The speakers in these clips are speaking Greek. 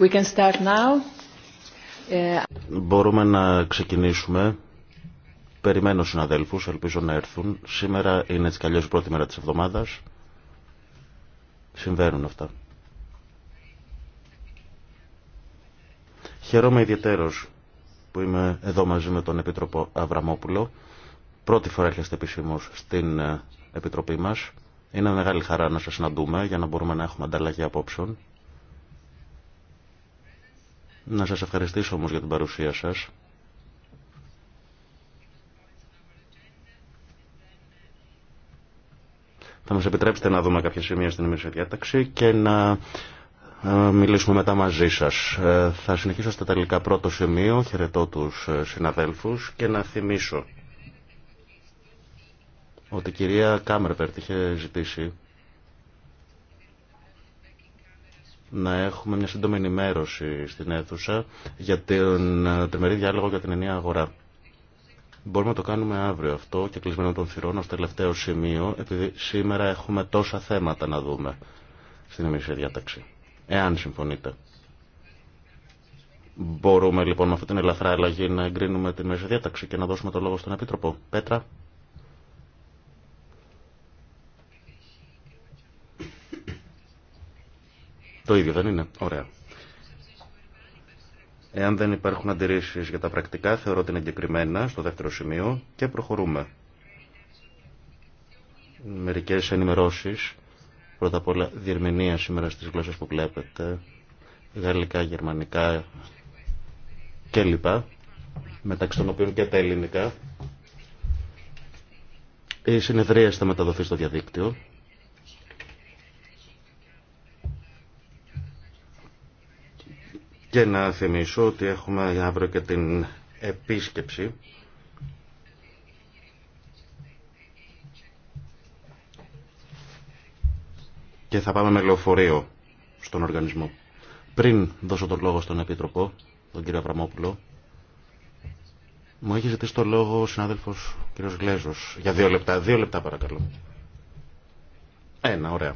Uh, μπορούμε να ξεκινήσουμε. Περιμένω συναδέλφους, ελπίζω να έρθουν. Σήμερα είναι έτσι καλλιώς η πρώτη μέρα της εβδομάδας. Συμβαίνουν αυτά. Χαίρομαι ιδιαίτερος που είμαι εδώ μαζί με τον Επίτροπο Αβραμόπουλο. Πρώτη φορά έρχεστε επισήμως στην ε, Επιτροπή μας. Είναι μεγάλη χαρά να σας συναντούμε για να μπορούμε να έχουμε ανταλλαγή απόψεων να σας ευχαριστήσω όμως για την παρουσία σας. Θα μας επιτρέψετε να δούμε κάποια σημεία στην ημερήσια διάταξη και να ε, μιλήσουμε μετά μαζί σας. Ε, θα συνεχίσω στα τελικά πρώτο σημείο, χαιρετώ τους ε, συναδέλφους και να θυμίσω ότι η κυρία Κάμερπερτ είχε ζητήσει να έχουμε μια σύντομη ενημέρωση στην αίθουσα για τον ε, τριμερή διάλογο για την ενιαία αγορά. Μπορούμε να το κάνουμε αύριο αυτό και κλεισμένο των θυρών ως τελευταίο σημείο, επειδή σήμερα έχουμε τόσα θέματα να δούμε στην εμείς διάταξη. Εάν συμφωνείτε. Μπορούμε λοιπόν με αυτή την ελαφρά αλλαγή να εγκρίνουμε την μέση διάταξη και να δώσουμε το λόγο στον Επίτροπο. Πέτρα. Το ίδιο δεν είναι. Ωραία. Εάν δεν υπάρχουν αντιρρήσεις για τα πρακτικά, θεωρώ είναι εγκεκριμένα στο δεύτερο σημείο και προχωρούμε. Μερικές ενημερώσεις. Πρώτα απ' όλα, διερμηνία σήμερα στις γλώσσες που βλέπετε. Γαλλικά, γερμανικά κλπ. Μεταξύ των οποίων και τα ελληνικά. Η συνεδρία θα μεταδοθεί στο διαδίκτυο. Και να θυμίσω ότι έχουμε αύριο και την επίσκεψη και θα πάμε με λεωφορείο στον οργανισμό. Πριν δώσω τον λόγο στον Επίτροπο, τον κύριο Αβραμόπουλο, μου έχει ζητήσει τον λόγο ο συνάδελφος κύριος Γλέζος. Για δύο λεπτά. Δύο λεπτά παρακαλώ. Ένα, ωραία.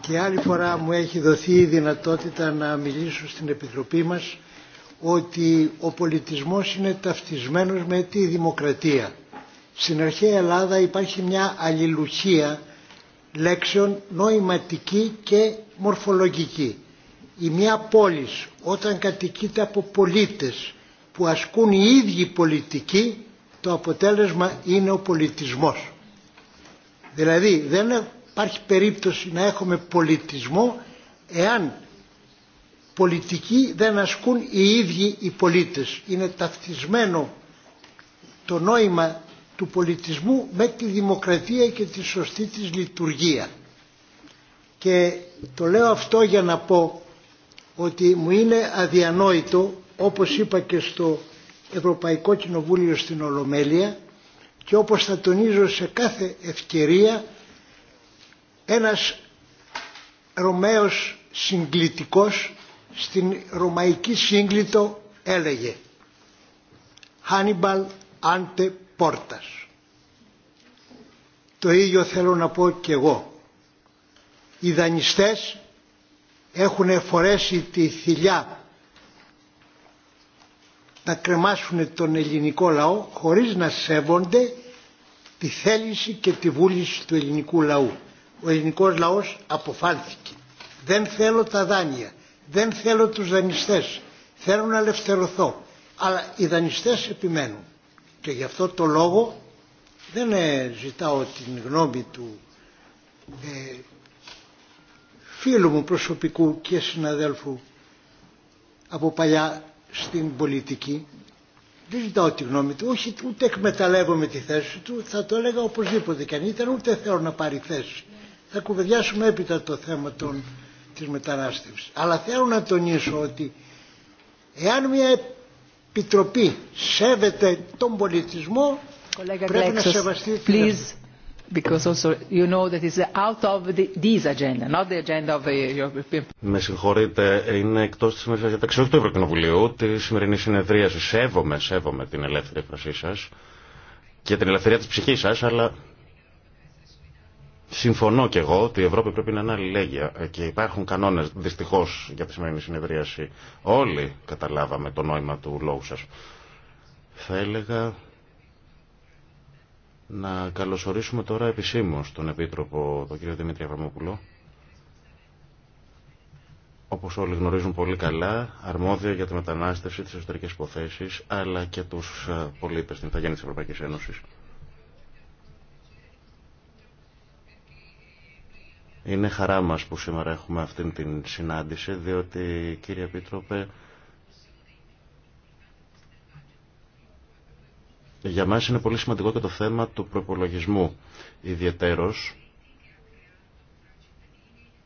Και άλλη φορά μου έχει δοθεί η δυνατότητα να μιλήσω στην Επιτροπή μας ότι ο πολιτισμός είναι ταυτισμένος με τη δημοκρατία. Στην αρχαία Ελλάδα υπάρχει μια αλληλουχία λέξεων νοηματική και μορφολογική. Η μια πόλη όταν κατοικείται από πολίτες που ασκούν οι ίδιοι πολιτικοί το αποτέλεσμα είναι ο πολιτισμός. Δηλαδή δεν υπάρχει περίπτωση να έχουμε πολιτισμό εάν πολιτικοί δεν ασκούν οι ίδιοι οι πολίτες. Είναι ταυτισμένο το νόημα του πολιτισμού με τη δημοκρατία και τη σωστή της λειτουργία. Και το λέω αυτό για να πω ότι μου είναι αδιανόητο, όπως είπα και στο Ευρωπαϊκό Κοινοβούλιο στην Ολομέλεια και όπως θα τονίζω σε κάθε ευκαιρία ένας Ρωμαίος συγκλητικός στην ρωμαϊκή Σύγκλητο έλεγε «Χάνιμπαλ άντε πόρτας». Το ίδιο θέλω να πω και εγώ. Οι δανειστές έχουν φορέσει τη θηλιά να κρεμάσουν τον ελληνικό λαό χωρίς να σέβονται τη θέληση και τη βούληση του ελληνικού λαού ο ελληνικός λαός αποφάνθηκε. Δεν θέλω τα δάνεια, δεν θέλω τους δανειστές, θέλω να ελευθερωθώ. Αλλά οι δανειστές επιμένουν και γι' αυτό το λόγο δεν ε, ζητάω την γνώμη του ε, φίλου μου προσωπικού και συναδέλφου από παλιά στην πολιτική. Δεν ζητάω τη γνώμη του, όχι ούτε εκμεταλλεύομαι τη θέση του, θα το έλεγα οπωσδήποτε και αν ήταν ούτε θέλω να πάρει θέση θα κουβεντιάσουμε έπειτα το θέμα των, της μετανάστευσης. Αλλά θέλω να τονίσω ότι εάν μια επιτροπή σέβεται τον πολιτισμό Collega πρέπει Alexis, να σεβαστεί please. Because also you know that is out of the, this agenda, not the agenda of the European. Με συγχωρείτε, είναι εκτός της ημέρα για του Ευρωκοινοβουλίου, τη σημερινή συνεδρίαση. Σέβομαι, σέβομαι την ελεύθερη εκφρασή σα και την ελευθερία της ψυχής σας, αλλά Συμφωνώ και εγώ ότι η Ευρώπη πρέπει να είναι αλληλέγγυα και υπάρχουν κανόνε δυστυχώ για τη σημερινή συνεδρίαση. Όλοι καταλάβαμε το νόημα του λόγου σα. Θα έλεγα να καλωσορίσουμε τώρα επισήμω τον Επίτροπο, τον κύριο Δημήτρη Αβραμόπουλο. Όπω όλοι γνωρίζουν πολύ καλά, αρμόδιο για τη μετανάστευση, τι εσωτερικέ υποθέσει αλλά και του ε, πολίτε, στην τη Ευρωπαϊκή Ένωση. Είναι χαρά μας που σήμερα έχουμε αυτήν την συνάντηση, διότι κύριε Επίτροπε, για μας είναι πολύ σημαντικό και το θέμα του προπολογισμού ιδιαιτέρως,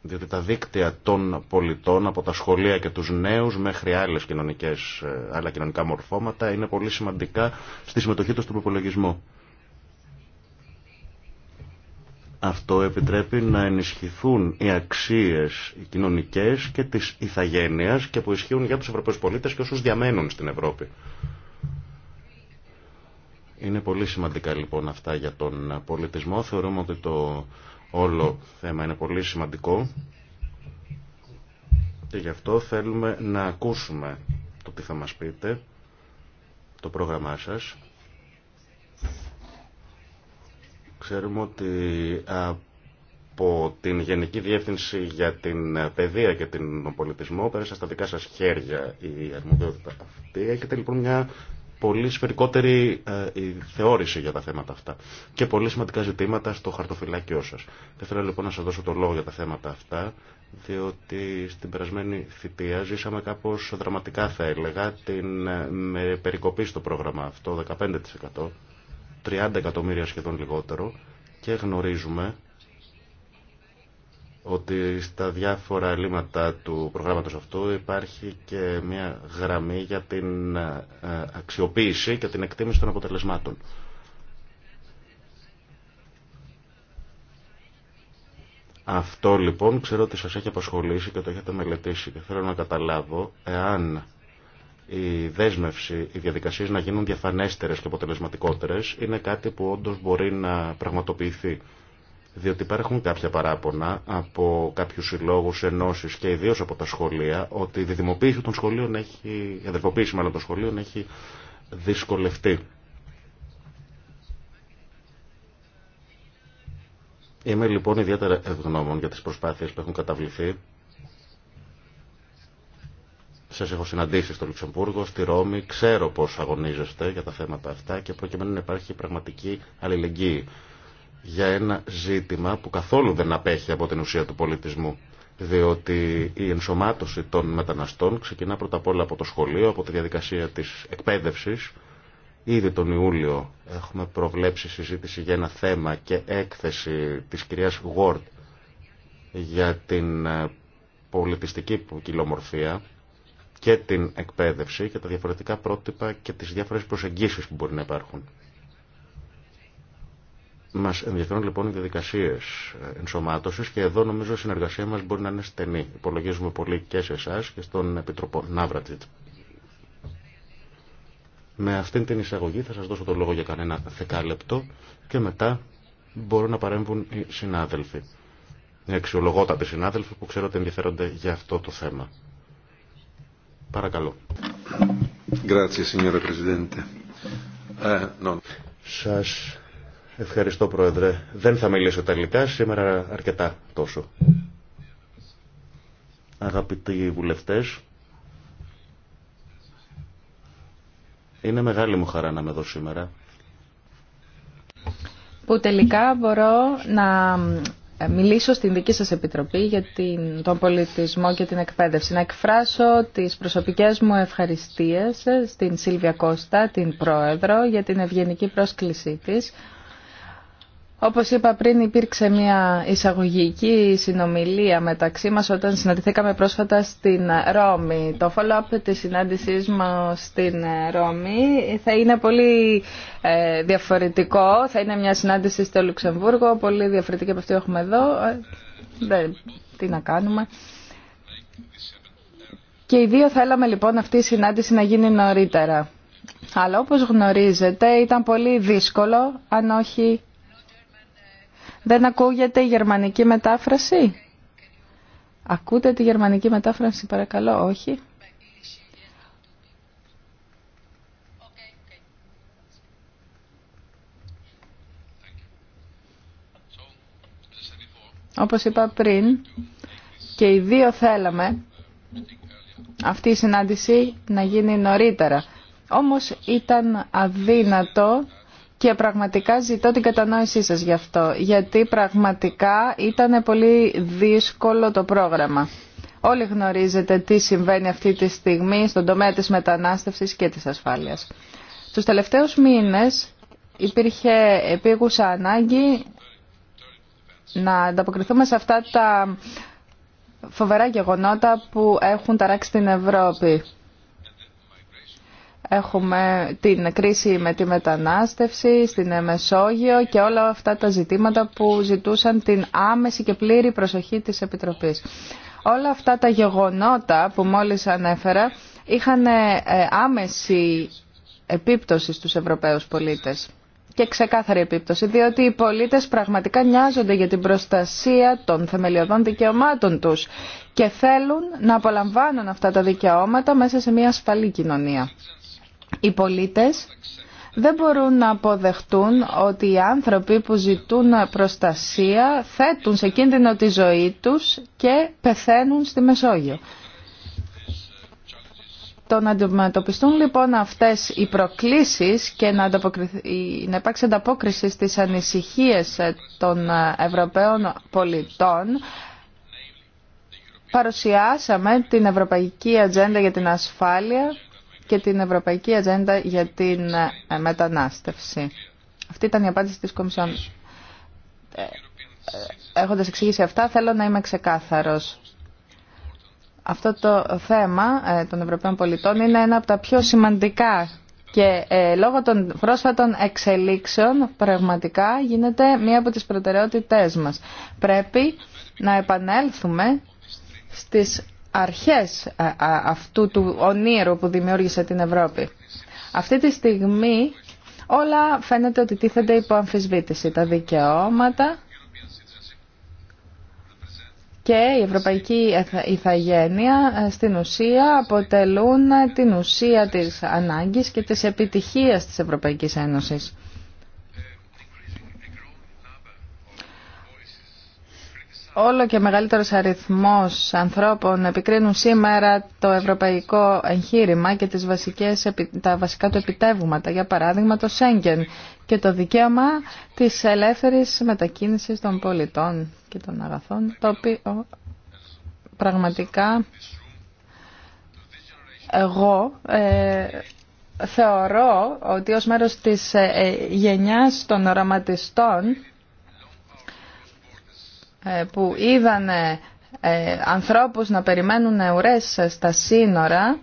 διότι τα δίκτυα των πολιτών από τα σχολεία και τους νέους μέχρι άλλες κοινωνικές, ε, άλλα κοινωνικά μορφώματα είναι πολύ σημαντικά στη συμμετοχή τους στον προπολογισμό. Αυτό επιτρέπει να ενισχυθούν οι αξίες οι κοινωνικές και της ηθαγένειας και που ισχύουν για τους Ευρωπαίους πολίτες και όσους διαμένουν στην Ευρώπη. Είναι πολύ σημαντικά λοιπόν αυτά για τον πολιτισμό. Θεωρούμε ότι το όλο θέμα είναι πολύ σημαντικό και γι' αυτό θέλουμε να ακούσουμε το τι θα μας πείτε, το πρόγραμμά σας Ξέρουμε ότι από την Γενική Διεύθυνση για την Παιδεία και την Πολιτισμό πέρασε στα δικά σας χέρια η αρμοδιότητα αυτή. Έχετε λοιπόν μια πολύ σφαιρικότερη ε, θεώρηση για τα θέματα αυτά και πολύ σημαντικά ζητήματα στο χαρτοφυλάκιό σας. Θα ήθελα λοιπόν να σας δώσω το λόγο για τα θέματα αυτά, διότι στην περασμένη θητεία ζήσαμε κάπως δραματικά θα έλεγα την ε, περικοπή στο πρόγραμμα αυτό, 15%. 30 εκατομμύρια σχεδόν λιγότερο και γνωρίζουμε ότι στα διάφορα ελλείμματα του προγράμματος αυτού υπάρχει και μια γραμμή για την ε, αξιοποίηση και την εκτίμηση των αποτελεσμάτων. Αυτό λοιπόν ξέρω ότι σας έχει απασχολήσει και το έχετε μελετήσει και θέλω να καταλάβω εάν η δέσμευση, οι διαδικασίες να γίνουν διαφανέστερες και αποτελεσματικότερες είναι κάτι που όντως μπορεί να πραγματοποιηθεί. Διότι υπάρχουν κάποια παράπονα από κάποιους συλλόγου, ενώσεις και ιδίως από τα σχολεία ότι η διδημοποίηση των σχολείων έχει, η αδερφοποίηση μάλλον των σχολείων έχει δυσκολευτεί. Είμαι λοιπόν ιδιαίτερα ευγνώμων για τις προσπάθειες που έχουν καταβληθεί Σα έχω συναντήσει στο Λουξεμβούργο, στη Ρώμη. Ξέρω πώ αγωνίζεστε για τα θέματα αυτά και προκειμένου να υπάρχει πραγματική αλληλεγγύη για ένα ζήτημα που καθόλου δεν απέχει από την ουσία του πολιτισμού. Διότι η ενσωμάτωση των μεταναστών ξεκινά πρώτα απ' όλα από το σχολείο, από τη διαδικασία τη εκπαίδευση. Ήδη τον Ιούλιο έχουμε προβλέψει συζήτηση για ένα θέμα και έκθεση της κυρία Γουόρτ για την πολιτιστική ποικιλομορφία και την εκπαίδευση και τα διαφορετικά πρότυπα και τις διάφορες προσεγγίσεις που μπορεί να υπάρχουν. Μας ενδιαφέρουν λοιπόν οι διαδικασίε ενσωμάτωσης και εδώ νομίζω η συνεργασία μα μπορεί να είναι στενή. Υπολογίζουμε πολύ και σε εσά και στον Επιτροπό Ναύρατζιτ. Με αυτήν την εισαγωγή θα σας δώσω το λόγο για κανένα δεκάλεπτο και μετά μπορούν να παρέμβουν οι συνάδελφοι. Οι αξιολογότατοι συνάδελφοι που ξέρω ότι ενδιαφέρονται για αυτό το θέμα. Παρακαλώ. Ε, Σας ευχαριστώ Πρόεδρε. Δεν θα μιλήσω τελικά, σήμερα αρκετά τόσο. Αγαπητοί βουλευτές, είναι μεγάλη μου χαρά να είμαι εδώ σήμερα που τελικά μπορώ να μιλήσω στην δική σας Επιτροπή για την, τον πολιτισμό και την εκπαίδευση. Να εκφράσω τις προσωπικές μου ευχαριστίες ε, στην Σίλβια Κώστα, την Πρόεδρο, για την ευγενική πρόσκλησή της όπως είπα πριν υπήρξε μια εισαγωγική συνομιλία μεταξύ μας όταν συναντηθήκαμε πρόσφατα στην Ρώμη. Το follow-up της συνάντησής μας στην Ρώμη θα είναι πολύ ε, διαφορετικό. Θα είναι μια συνάντηση στο Λουξεμβούργο, πολύ διαφορετική από αυτή που έχουμε εδώ. Ε, τι να κάνουμε. Και οι δύο θέλαμε λοιπόν αυτή η συνάντηση να γίνει νωρίτερα. Αλλά όπως γνωρίζετε ήταν πολύ δύσκολο, αν όχι δεν ακούγεται η γερμανική μετάφραση. Ακούτε τη γερμανική μετάφραση παρακαλώ, όχι. Όπως είπα πριν, και οι δύο θέλαμε αυτή η συνάντηση να γίνει νωρίτερα. Όμως ήταν αδύνατο και πραγματικά ζητώ την κατανόησή σας γι' αυτό, γιατί πραγματικά ήταν πολύ δύσκολο το πρόγραμμα. Όλοι γνωρίζετε τι συμβαίνει αυτή τη στιγμή στον τομέα της μετανάστευσης και της ασφάλειας. Τους τελευταίους μήνες υπήρχε επίγουσα ανάγκη να ανταποκριθούμε σε αυτά τα φοβερά γεγονότα που έχουν ταράξει την Ευρώπη. Έχουμε την κρίση με τη μετανάστευση στην Μεσόγειο και όλα αυτά τα ζητήματα που ζητούσαν την άμεση και πλήρη προσοχή της Επιτροπής. Όλα αυτά τα γεγονότα που μόλις ανέφερα είχαν ε, άμεση επίπτωση στους Ευρωπαίους πολίτες και ξεκάθαρη επίπτωση, διότι οι πολίτες πραγματικά νοιάζονται για την προστασία των θεμελιωδών δικαιωμάτων τους και θέλουν να απολαμβάνουν αυτά τα δικαιώματα μέσα σε μια ασφαλή κοινωνία οι πολίτες δεν μπορούν να αποδεχτούν ότι οι άνθρωποι που ζητούν προστασία θέτουν σε κίνδυνο τη ζωή τους και πεθαίνουν στη Μεσόγειο. Το να αντιμετωπιστούν λοιπόν αυτές οι προκλήσεις και να, να υπάρξει ανταπόκριση στις ανησυχίες ε, των ε, Ευρωπαίων πολιτών παρουσιάσαμε την Ευρωπαϊκή Ατζέντα για την Ασφάλεια και την Ευρωπαϊκή Ατζέντα για την ε, μετανάστευση. Αυτή ήταν η απάντηση της Κομισιόν. Ε, ε, έχοντας εξηγήσει αυτά, θέλω να είμαι ξεκάθαρος. Αυτό το θέμα των Ευρωπαίων πολιτών είναι ένα από τα πιο σημαντικά και λόγω των πρόσφατων εξελίξεων πραγματικά γίνεται μία από τις προτεραιότητές μας. Πρέπει να επανέλθουμε στις αρχές ε, ε, αυτού του ονείρου που δημιούργησε την Ευρώπη. Αυτή τη στιγμή όλα φαίνεται ότι τίθενται υπό αμφισβήτηση τα δικαιώματα και η Ευρωπαϊκή Ιθαγένεια ε, στην ουσία αποτελούν την ουσία της ανάγκης και της επιτυχίας της Ευρωπαϊκής Ένωσης. όλο και μεγαλύτερος αριθμός ανθρώπων επικρίνουν σήμερα το ευρωπαϊκό εγχείρημα και τις βασικές, τα βασικά του επιτεύγματα, για παράδειγμα το Σέγγεν και το δικαίωμα της ελεύθερης μετακίνησης των πολιτών και των αγαθών, το οποίο πραγματικά εγώ ε, θεωρώ ότι ως μέρος της ε, ε, γενιάς των οραματιστών ε, που είδαν ε, ανθρώπους να περιμένουν ουρές στα σύνορα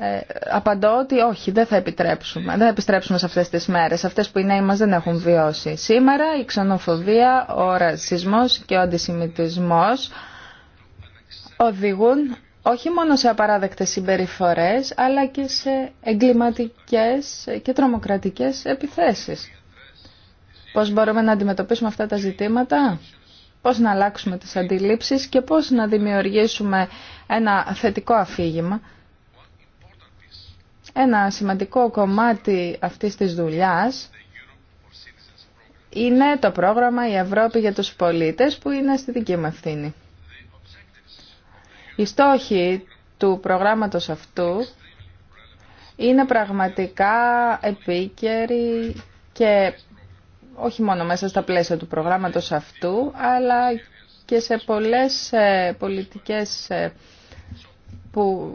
ε, απαντώ ότι όχι, δεν θα επιτρέψουμε. Δεν επιστρέψουμε σε αυτές τις μέρες. Αυτές που οι νέοι μας δεν έχουν βιώσει. Σήμερα η ξενοφοβία, ο ρατσισμός και ο αντισημιτισμός οδηγούν όχι μόνο σε απαράδεκτες συμπεριφορές, αλλά και σε εγκληματικές και τρομοκρατικές επιθέσεις. Πώς μπορούμε να αντιμετωπίσουμε αυτά τα ζητήματα? πώς να αλλάξουμε τις αντιλήψεις και πώς να δημιουργήσουμε ένα θετικό αφήγημα. Ένα σημαντικό κομμάτι αυτής της δουλειάς είναι το πρόγραμμα «Η Ευρώπη για τους πολίτες» που είναι στη δική μου ευθύνη. Οι στόχοι του προγράμματος αυτού είναι πραγματικά επίκαιροι και όχι μόνο μέσα στα πλαίσια του προγράμματος αυτού, αλλά και σε πολλές ε, πολιτικές ε, που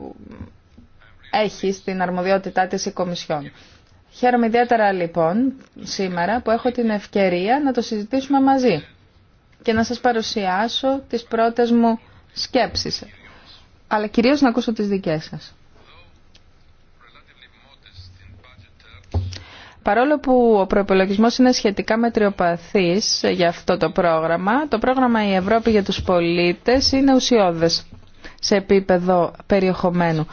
έχει στην αρμοδιότητά της η Κομισιόν. Χαίρομαι ιδιαίτερα λοιπόν σήμερα που έχω την ευκαιρία να το συζητήσουμε μαζί και να σας παρουσιάσω τις πρώτες μου σκέψεις, αλλά κυρίως να ακούσω τις δικές σας. Παρόλο που ο προπολογισμό είναι σχετικά μετριοπαθής για αυτό το πρόγραμμα, το πρόγραμμα «Η Ευρώπη για τους πολίτε είναι ουσιώδε σε επίπεδο περιεχομένου.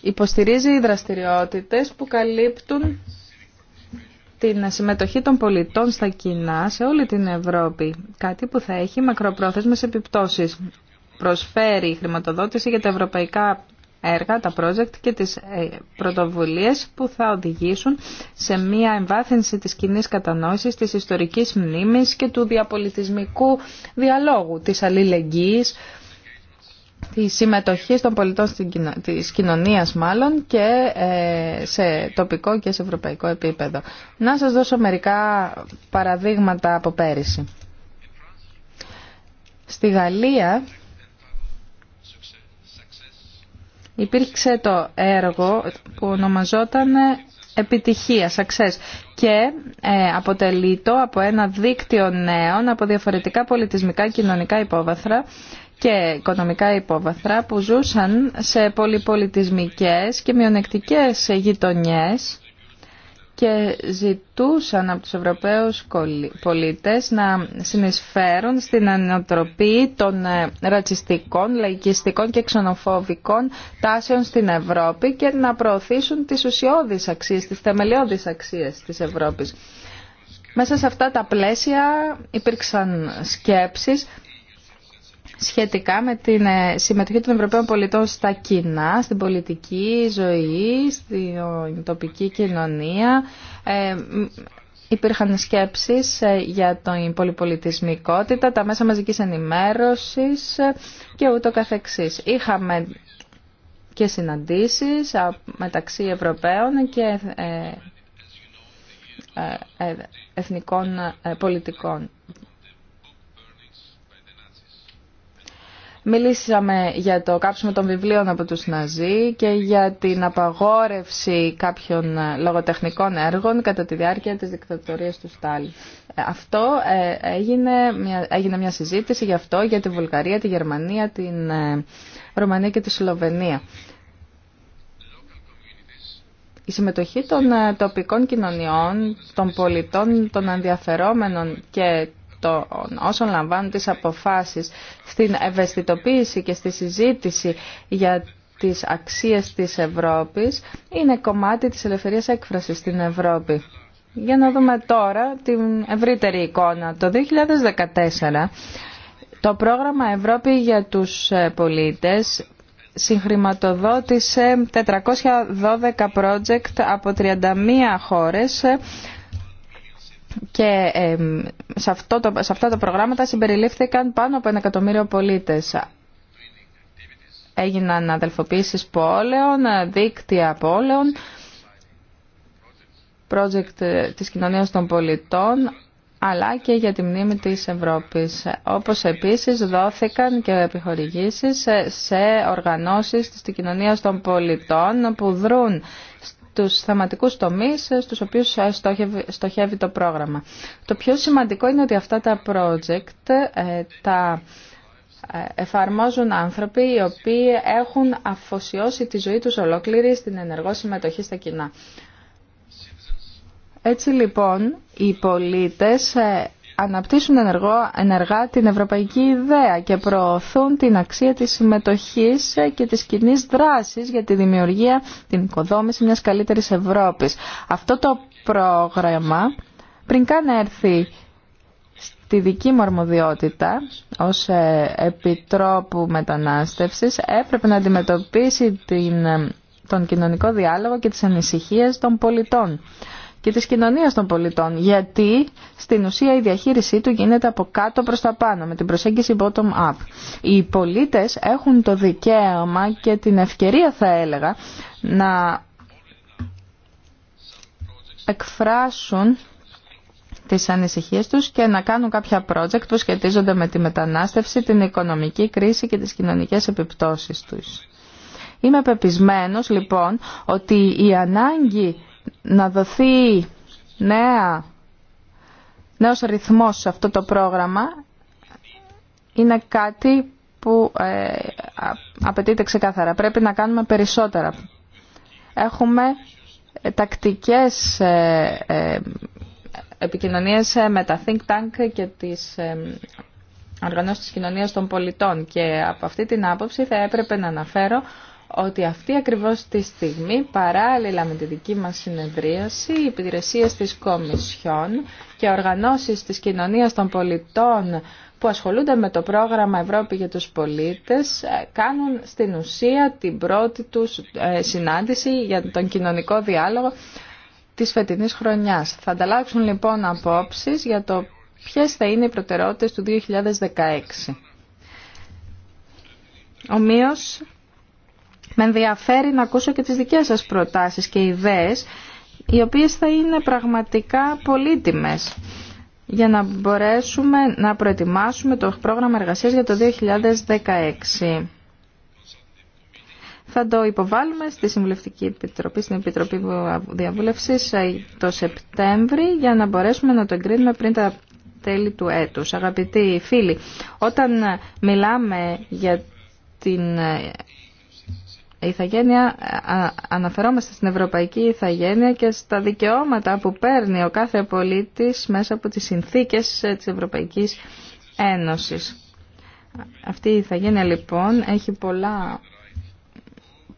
Υποστηρίζει δραστηριότητε που καλύπτουν την συμμετοχή των πολιτών στα κοινά σε όλη την Ευρώπη, κάτι που θα έχει μακροπρόθεσμες επιπτώσεις. Προσφέρει χρηματοδότηση για τα ευρωπαϊκά έργα, τα project και τις ε, πρωτοβουλίες που θα οδηγήσουν σε μία εμβάθυνση της κοινή κατανόησης, της ιστορικής μνήμης και του διαπολιτισμικού διαλόγου, της αλληλεγγύης, τη συμμετοχή των πολιτών της κοινωνίας μάλλον και ε, σε τοπικό και σε ευρωπαϊκό επίπεδο. Να σας δώσω μερικά παραδείγματα από πέρυσι. Στη Γαλλία υπήρξε το έργο που ονομαζόταν ε, επιτυχία, success και ε, αποτελεί το από ένα δίκτυο νέων από διαφορετικά πολιτισμικά, κοινωνικά υπόβαθρα και οικονομικά υπόβαθρα που ζούσαν σε πολυπολιτισμικές και μειονεκτικές γειτονιές και ζητούσαν από τους Ευρωπαίους πολίτες να συνεισφέρουν στην ανατροπή των ε, ρατσιστικών, λαϊκιστικών και ξενοφοβικών τάσεων στην Ευρώπη και να προωθήσουν τις ουσιώδεις αξίες, τις θεμελιώδεις αξίες της Ευρώπης. Μέσα σε αυτά τα πλαίσια υπήρξαν σκέψεις σχετικά με τη ε, συμμετοχή των Ευρωπαίων πολιτών στα κοινά, στην πολιτική ζωή, στην τοπική κοινωνία. Ε, υπήρχαν σκέψεις ε, για την πολυπολιτισμικότητα, τα μέσα μαζικής ενημέρωσης και ούτω καθεξής. Είχαμε και συναντήσεις μεταξύ Ευρωπαίων και εθνικών πολιτικών Μιλήσαμε για το κάψιμο των βιβλίων από τους Ναζί και για την απαγόρευση κάποιων λογοτεχνικών έργων κατά τη διάρκεια της δικτατορίας του Στάλι. Ε, αυτό ε, έγινε μια, έγινε μια συζήτηση γι' αυτό για τη Βουλγαρία, τη Γερμανία, την ε, Ρωμανία και τη Σλοβενία. Η συμμετοχή των τοπικών κοινωνιών, των πολιτών, των ενδιαφερόμενων και των όσων λαμβάνουν τις αποφάσεις στην ευαισθητοποίηση και στη συζήτηση για τις αξίες της Ευρώπης είναι κομμάτι της ελευθερίας έκφρασης στην Ευρώπη. Για να δούμε τώρα την ευρύτερη εικόνα. Το 2014 το πρόγραμμα Ευρώπη για τους ε, πολίτες συγχρηματοδότησε 412 project από 31 χώρες ε, και σε, αυτό το, σε αυτά τα προγράμματα συμπεριλήφθηκαν πάνω από ένα εκατομμύριο πολίτες. Έγιναν αδελφοποίησεις πόλεων, δίκτυα πόλεων, project της κοινωνίας των πολιτών, αλλά και για τη μνήμη της Ευρώπης. Όπως επίσης δόθηκαν και επιχορηγήσεις σε οργανώσεις της κοινωνίας των πολιτών που δρούν τους θεματικούς τομείς ε, στους οποίους ε, στοχεύει το πρόγραμμα. Το πιο σημαντικό είναι ότι αυτά τα project ε, τα εφαρμόζουν άνθρωποι οι οποίοι έχουν αφοσιώσει τη ζωή τους ολόκληρη στην ενεργό συμμετοχή στα κοινά. Έτσι λοιπόν οι πολίτες αναπτύσσουν ενεργό, ενεργά την ευρωπαϊκή ιδέα και προωθούν την αξία της συμμετοχής και της κοινή δράσης για τη δημιουργία, την οικοδόμηση μιας καλύτερης Ευρώπης. Αυτό το πρόγραμμα πριν καν έρθει στη δική μου αρμοδιότητα ως ε, Επιτρόπου Μετανάστευσης έπρεπε να αντιμετωπίσει την, τον κοινωνικό διάλογο και τις ανησυχίες των πολιτών και της κοινωνίας των πολιτών, γιατί στην ουσία η διαχείρισή του γίνεται από κάτω προς τα πάνω, με την προσέγγιση bottom-up. Οι πολίτες έχουν το δικαίωμα και την ευκαιρία, θα έλεγα, να εκφράσουν τις ανησυχίες τους και να κάνουν κάποια project που σχετίζονται με τη μετανάστευση, την οικονομική κρίση και τις κοινωνικές επιπτώσεις τους. Είμαι πεπισμένος λοιπόν ότι η ανάγκη να δοθεί νέα, νέος ρυθμός σε αυτό το πρόγραμμα είναι κάτι που ε, απαιτείται ξεκάθαρα. Πρέπει να κάνουμε περισσότερα. Έχουμε ε, τακτικές ε, ε επικοινωνίες με τα think tank και τις οργανώσεις της κοινωνίας των πολιτών και από αυτή την άποψη θα έπρεπε να αναφέρω ότι αυτή ακριβώς τη στιγμή, παράλληλα με τη δική μας συνεδρίαση, οι υπηρεσίε της Κομισιόν και οργανώσεις της κοινωνίας των πολιτών που ασχολούνται με το πρόγραμμα Ευρώπη για τους πολίτες ε, κάνουν στην ουσία την πρώτη τους ε, συνάντηση για τον κοινωνικό διάλογο της φετινής χρονιάς. Θα ανταλλάξουν λοιπόν απόψεις για το ποιες θα είναι οι προτεραιότητες του 2016. Ομοίως με ενδιαφέρει να ακούσω και τις δικές σας προτάσεις και ιδέες, οι οποίες θα είναι πραγματικά πολύτιμες για να μπορέσουμε να προετοιμάσουμε το πρόγραμμα εργασίας για το 2016. Θα το υποβάλουμε στη Συμβουλευτική Επιτροπή, στην Επιτροπή Διαβούλευσης ε, το Σεπτέμβρη για να μπορέσουμε να το εγκρίνουμε πριν τα τέλη του έτους. Αγαπητοί φίλοι, όταν μιλάμε για την ε, η ηθαγένεια, αναφερόμαστε στην ευρωπαϊκή ηθαγένεια και στα δικαιώματα που παίρνει ο κάθε πολίτης μέσα από τις συνθήκες ε, της Ευρωπαϊκής Ένωσης. Αυτή η ηθαγένεια λοιπόν έχει πολλά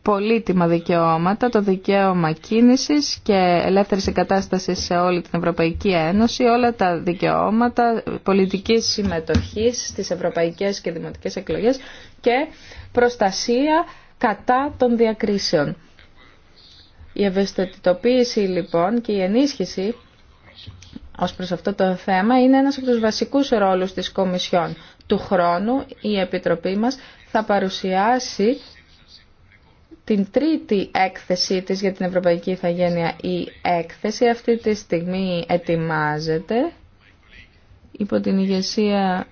πολύτιμα δικαιώματα, το δικαίωμα κίνησης και ελεύθερης εγκατάστασης σε όλη την Ευρωπαϊκή Ένωση, όλα τα δικαιώματα πολιτικής συμμετοχής στις ευρωπαϊκές και δημοτικές εκλογές και προστασία κατά των διακρίσεων. Η ευαισθητοποίηση λοιπόν και η ενίσχυση ως προς αυτό το θέμα είναι ένας από τους βασικούς ρόλους της Κομισιόν. Του χρόνου η Επιτροπή μας θα παρουσιάσει την τρίτη έκθεσή της για την Ευρωπαϊκή Ιθαγένεια. Η έκθεση αυτή τη στιγμή ετοιμάζεται υπό την ηγεσία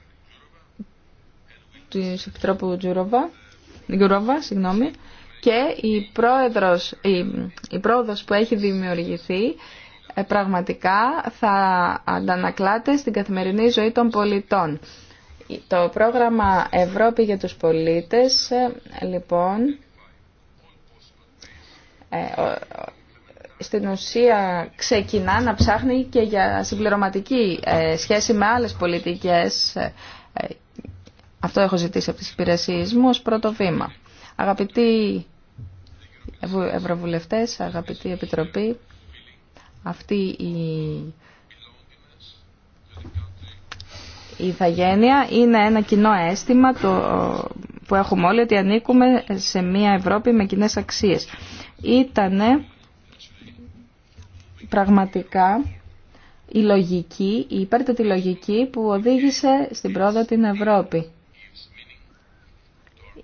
του Επιτρόπου Τζούροβα συγγνώμη, και η, πρόεδρος, η, η πρόοδος που έχει δημιουργηθεί ε, πραγματικά θα αντανακλάται στην καθημερινή ζωή των πολιτών. Το πρόγραμμα Ευρώπη για τους πολίτες, ε, λοιπόν, ε, στην ουσία ξεκινά να ψάχνει και για συμπληρωματική σχέση με άλλες πολιτικές αυτό έχω ζητήσει από τις υπηρεσίες μου ως πρώτο βήμα. Αγαπητοί Ευρωβουλευτές, αγαπητή Επιτροπή, αυτή η η ηθαγένεια είναι ένα κοινό αίσθημα το, που έχουμε όλοι ότι ανήκουμε σε μια Ευρώπη με κοινέ αξίες. Ήτανε πραγματικά η λογική, η λογική που οδήγησε στην πρόοδο την Ευρώπη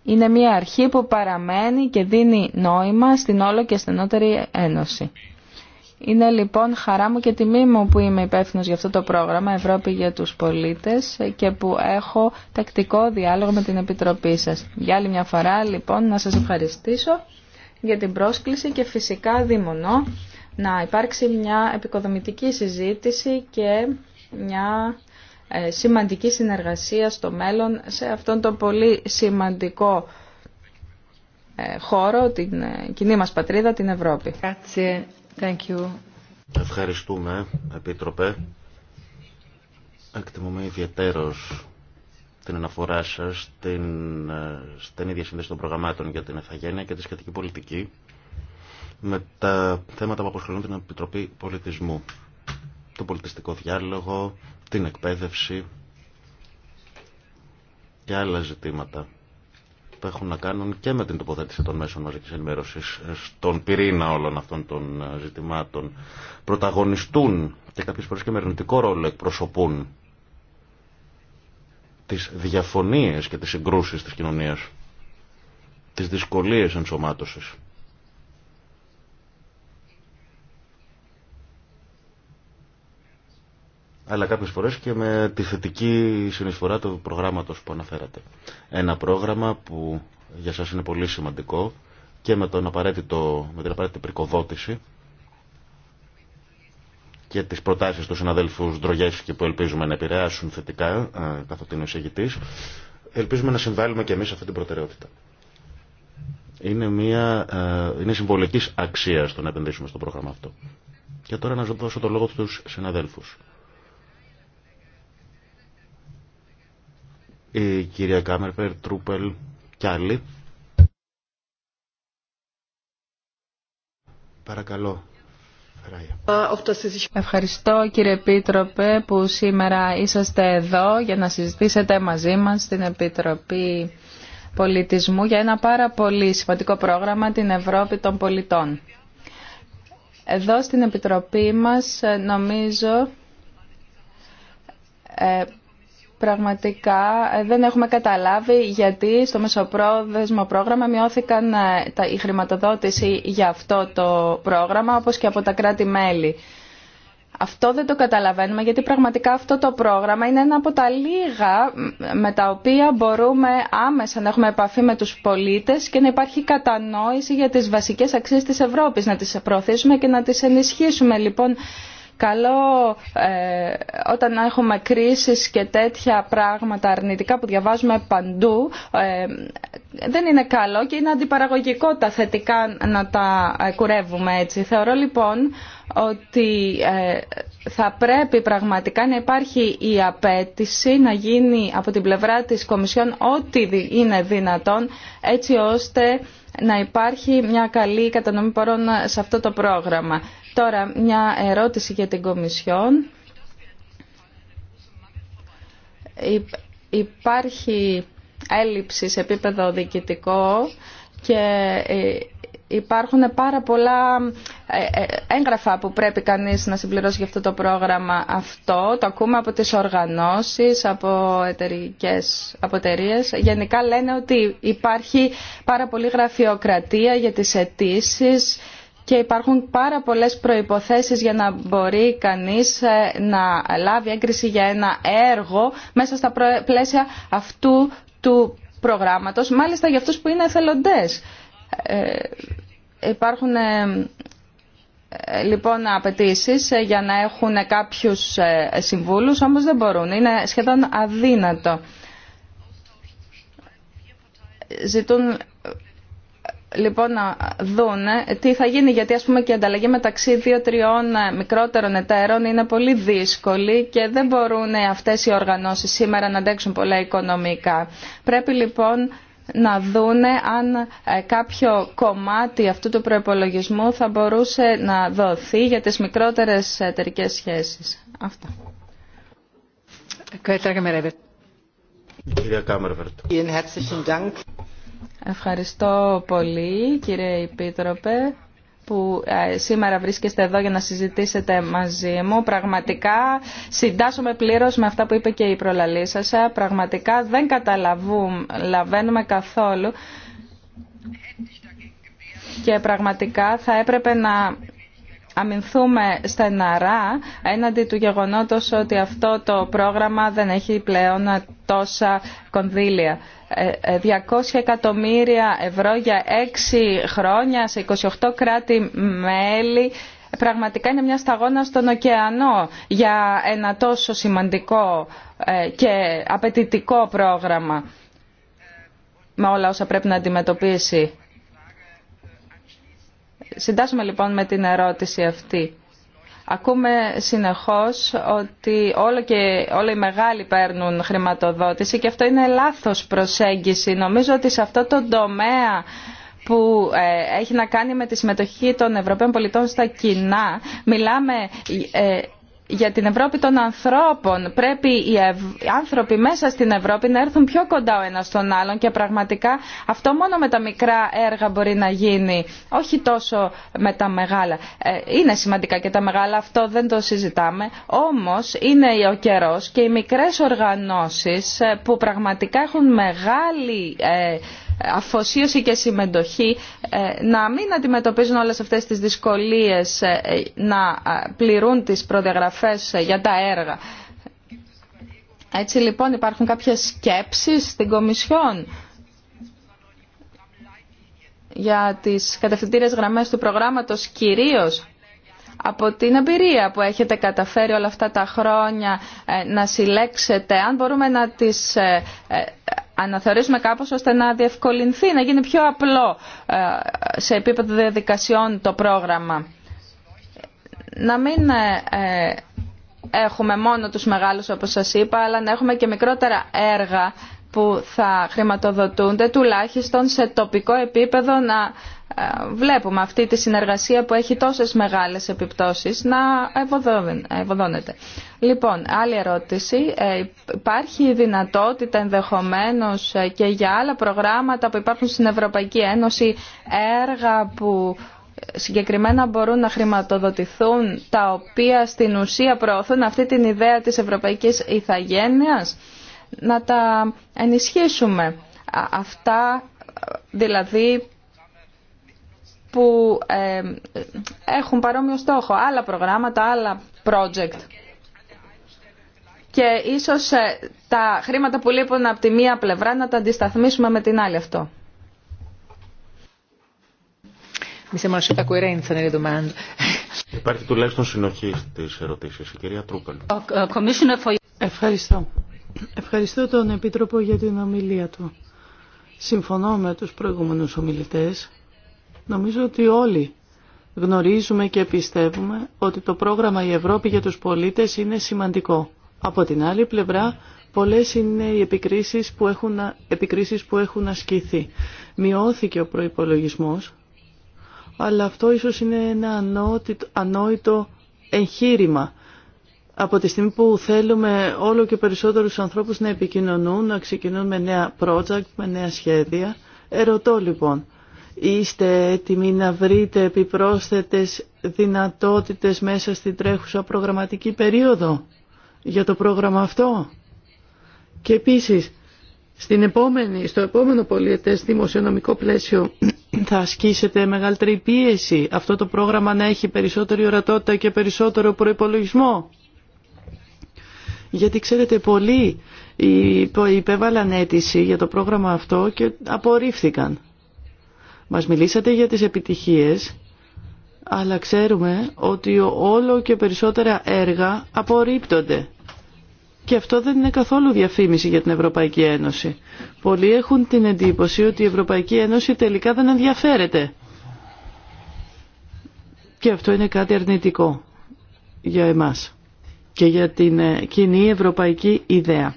είναι μια αρχή που παραμένει και δίνει νόημα στην όλο και στενότερη ένωση. Είναι λοιπόν χαρά μου και τιμή μου που είμαι υπεύθυνο για αυτό το πρόγραμμα Ευρώπη για τους πολίτες και που έχω τακτικό διάλογο με την Επιτροπή σας. Για άλλη μια φορά λοιπόν να σας ευχαριστήσω για την πρόσκληση και φυσικά δίμονο να υπάρξει μια επικοδομητική συζήτηση και μια ε, σημαντική συνεργασία στο μέλλον σε αυτόν τον πολύ σημαντικό ε, χώρο, την ε, κοινή μας πατρίδα, την Ευρώπη. Ευχαριστούμε, Επίτροπε. Εκτιμούμε ιδιαίτερος την αναφορά σας στην στενή διασύνδεση των προγραμμάτων για την Εθαγένεια και τη σχετική πολιτική με τα θέματα που αποσχολούν την Επιτροπή Πολιτισμού. Το πολιτιστικό διάλογο, την εκπαίδευση και άλλα ζητήματα που έχουν να κάνουν και με την τοποθέτηση των μέσων μαζικής ενημέρωσης στον πυρήνα όλων αυτών των ε, ζητημάτων πρωταγωνιστούν και κάποιες φορές και με ερνητικό ρόλο εκπροσωπούν τις διαφωνίες και τις συγκρούσεις της κοινωνίας τις δυσκολίες ενσωμάτωσης αλλά κάποιες φορές και με τη θετική συνεισφορά του προγράμματος που αναφέρατε. Ένα πρόγραμμα που για σας είναι πολύ σημαντικό και με, τον απαραίτητο, με την απαραίτητη πρικοδότηση και τις προτάσεις του συναδέλφου Ντρογεύσκη που ελπίζουμε να επηρεάσουν θετικά ε, καθ' ο εισηγητής, ελπίζουμε να συμβάλλουμε και εμείς αυτή την προτεραιότητα. Είναι, μια, ε, είναι συμβολικής αξίας το να επενδύσουμε στο πρόγραμμα αυτό. Και τώρα να δώσω το λόγο στους συναδέλφους. η κυρία Κάμερπερ, Τρούπελ και άλλοι. Παρακαλώ. Ευχαριστώ κύριε Επίτροπε που σήμερα είσαστε εδώ για να συζητήσετε μαζί μας στην Επιτροπή Πολιτισμού για ένα πάρα πολύ σημαντικό πρόγραμμα την Ευρώπη των Πολιτών. Εδώ στην Επιτροπή μας νομίζω ε, πραγματικά ε, δεν έχουμε καταλάβει γιατί στο μεσοπρόθεσμο πρόγραμμα μειώθηκαν ε, η χρηματοδότηση για αυτό το πρόγραμμα όπως και από τα κράτη-μέλη. Αυτό δεν το καταλαβαίνουμε γιατί πραγματικά αυτό το πρόγραμμα είναι ένα από τα λίγα με τα οποία μπορούμε άμεσα να έχουμε επαφή με τους πολίτες και να υπάρχει κατανόηση για τις βασικές αξίες της Ευρώπης, να τις προωθήσουμε και να τις ενισχύσουμε. Λοιπόν, Καλό ε, όταν έχουμε κρίσεις και τέτοια πράγματα αρνητικά που διαβάζουμε παντού, ε, δεν είναι καλό και είναι αντιπαραγωγικό τα θετικά να τα ε, κουρεύουμε έτσι. Θεωρώ λοιπόν ότι θα πρέπει πραγματικά να υπάρχει η απέτηση να γίνει από την πλευρά της Κομισιόν ό,τι είναι δυνατόν έτσι ώστε να υπάρχει μια καλή κατανομή πορών σε αυτό το πρόγραμμα. Τώρα, μια ερώτηση για την Κομισιόν. Υπάρχει έλλειψη σε επίπεδο διοικητικό και ε, υπάρχουν πάρα πολλά ε, ε, έγγραφα που πρέπει κανείς να συμπληρώσει για αυτό το πρόγραμμα αυτό. Το ακούμε από τις οργανώσεις, από εταιρικές αποτερίες. Γενικά λένε ότι υπάρχει πάρα πολύ γραφειοκρατία για τις αιτήσει και υπάρχουν πάρα πολλές προϋποθέσεις για να μπορεί κανείς ε, να λάβει έγκριση για ένα έργο μέσα στα πλαίσια αυτού του προγράμματος, μάλιστα για αυτούς που είναι εθελοντές. Ε, υπάρχουν ε, λοιπόν απαιτήσει για να έχουν κάποιους συμβούλους, όμως δεν μπορούν. Είναι σχεδόν αδύνατο. Ζητούν λοιπόν να δουν τι θα γίνει γιατί ας πούμε και η ανταλλαγή μεταξύ δύο-τριών ε, μικρότερων εταίρων είναι πολύ δύσκολη και δεν μπορούν αυτές οι οργανώσεις σήμερα να αντέξουν πολλά οικονομικά. Πρέπει λοιπόν να δούνε αν ε, κάποιο κομμάτι αυτού του προϋπολογισμού θα μπορούσε να δοθεί για τις μικρότερες εταιρικές σχέσεις. Αυτά. Ευχαριστώ πολύ κύριε Επίτροπε που ε, σήμερα βρίσκεστε εδώ για να συζητήσετε μαζί μου. Πραγματικά συντάσσομαι πλήρως με αυτά που είπε και η προλαλή σας. Ε, πραγματικά δεν καταλαβαίνουμε καθόλου και πραγματικά θα έπρεπε να αμυνθούμε στεναρά έναντι του γεγονότος ότι αυτό το πρόγραμμα δεν έχει πλέον τόσα κονδύλια. 200 ε, ε, εκατομμύρια ευρώ για έξι χρόνια σε 28 κράτη-μέλη πραγματικά είναι μια σταγόνα στον ωκεανό για ένα τόσο σημαντικό ε, και απαιτητικό πρόγραμμα με όλα όσα πρέπει να αντιμετωπίσει. Συντάσσουμε λοιπόν με την ερώτηση αυτή. Ακούμε συνεχώς ότι όλοι και, οι μεγάλοι παίρνουν χρηματοδότηση και αυτό είναι λάθος προσέγγιση. Νομίζω ότι σε αυτό το τομέα που ε, έχει να κάνει με τη συμμετοχή των Ευρωπαίων πολιτών στα κοινά. Μιλάμε ε, για την Ευρώπη των ανθρώπων. Πρέπει οι, άνθρωποι μέσα στην Ευρώπη να έρθουν πιο κοντά ο ένας στον άλλον και πραγματικά αυτό μόνο με τα μικρά έργα μπορεί να γίνει, όχι τόσο με τα μεγάλα. Ε, είναι σημαντικά και τα μεγάλα, αυτό δεν το συζητάμε, όμως είναι ο καιρός και οι μικρές οργανώσεις ε, που πραγματικά έχουν μεγάλη ε, αφοσίωση και συμμετοχή ε, να μην αντιμετωπίζουν όλες αυτές τις δυσκολίες ε, να ε, πληρούν τις προδιαγραφές για τα έργα. Έτσι λοιπόν υπάρχουν κάποιες σκέψεις στην Κομισιόν για τις κατευθυντήρες γραμμές του προγράμματος κυρίως από την εμπειρία που έχετε καταφέρει όλα αυτά τα χρόνια να συλλέξετε, αν μπορούμε να τις αναθεωρήσουμε κάπως ώστε να διευκολυνθεί, να γίνει πιο απλό ε, σε επίπεδο διαδικασιών το πρόγραμμα. Να μην ε, ε, έχουμε μόνο τους μεγάλους όπως σας είπα, αλλά να έχουμε και μικρότερα έργα που θα χρηματοδοτούνται τουλάχιστον σε τοπικό επίπεδο να ε, βλέπουμε αυτή τη συνεργασία που έχει τόσες μεγάλες επιπτώσεις να ευωδώνεται. Λοιπόν, άλλη ερώτηση. Ε, υπάρχει δυνατότητα ενδεχομένως ε, και για άλλα προγράμματα που υπάρχουν στην Ευρωπαϊκή Ένωση έργα που συγκεκριμένα μπορούν να χρηματοδοτηθούν τα οποία στην ουσία προωθούν αυτή την ιδέα της Ευρωπαϊκής Ιθαγένειας να τα ενισχύσουμε. Αυτά δηλαδή που ε, έχουν παρόμοιο στόχο, άλλα προγράμματα, άλλα project. Και ίσως ε, τα χρήματα που λείπουν από τη μία πλευρά να τα αντισταθμίσουμε με την άλλη αυτό. Υπάρχει τουλάχιστον συνοχή στις ερωτήσεις. Η κυρία Τρούπελ. Ευχαριστώ. Ευχαριστώ τον Επίτροπο για την ομιλία του. Συμφωνώ με τους προηγούμενους ομιλητές. Νομίζω ότι όλοι γνωρίζουμε και πιστεύουμε ότι το πρόγραμμα «Η Ευρώπη για τους πολίτες» είναι σημαντικό. Από την άλλη πλευρά, πολλές είναι οι επικρίσεις που έχουν, επικρίσεις που έχουν ασκηθεί. Μειώθηκε ο προϋπολογισμός, αλλά αυτό ίσως είναι ένα ανόητο εγχείρημα από τη στιγμή που θέλουμε όλο και περισσότερους ανθρώπους να επικοινωνούν, να ξεκινούν με νέα project, με νέα σχέδια. Ερωτώ λοιπόν, είστε έτοιμοι να βρείτε επιπρόσθετες δυνατότητες μέσα στην τρέχουσα προγραμματική περίοδο για το πρόγραμμα αυτό. Και επίσης, στην επόμενη, στο επόμενο πολιετές δημοσιονομικό πλαίσιο θα ασκήσετε μεγαλύτερη πίεση αυτό το πρόγραμμα να έχει περισσότερη ορατότητα και περισσότερο προϋπολογισμό. Γιατί ξέρετε πολλοί υπέβαλαν αίτηση για το πρόγραμμα αυτό και απορρίφθηκαν. Μας μιλήσατε για τις επιτυχίες, αλλά ξέρουμε ότι όλο και περισσότερα έργα απορρίπτονται. Και αυτό δεν είναι καθόλου διαφήμιση για την Ευρωπαϊκή Ένωση. Πολλοί έχουν την εντύπωση ότι η Ευρωπαϊκή Ένωση τελικά δεν ενδιαφέρεται. Και αυτό είναι κάτι αρνητικό για εμάς και για την ε, κοινή ευρωπαϊκή ιδέα.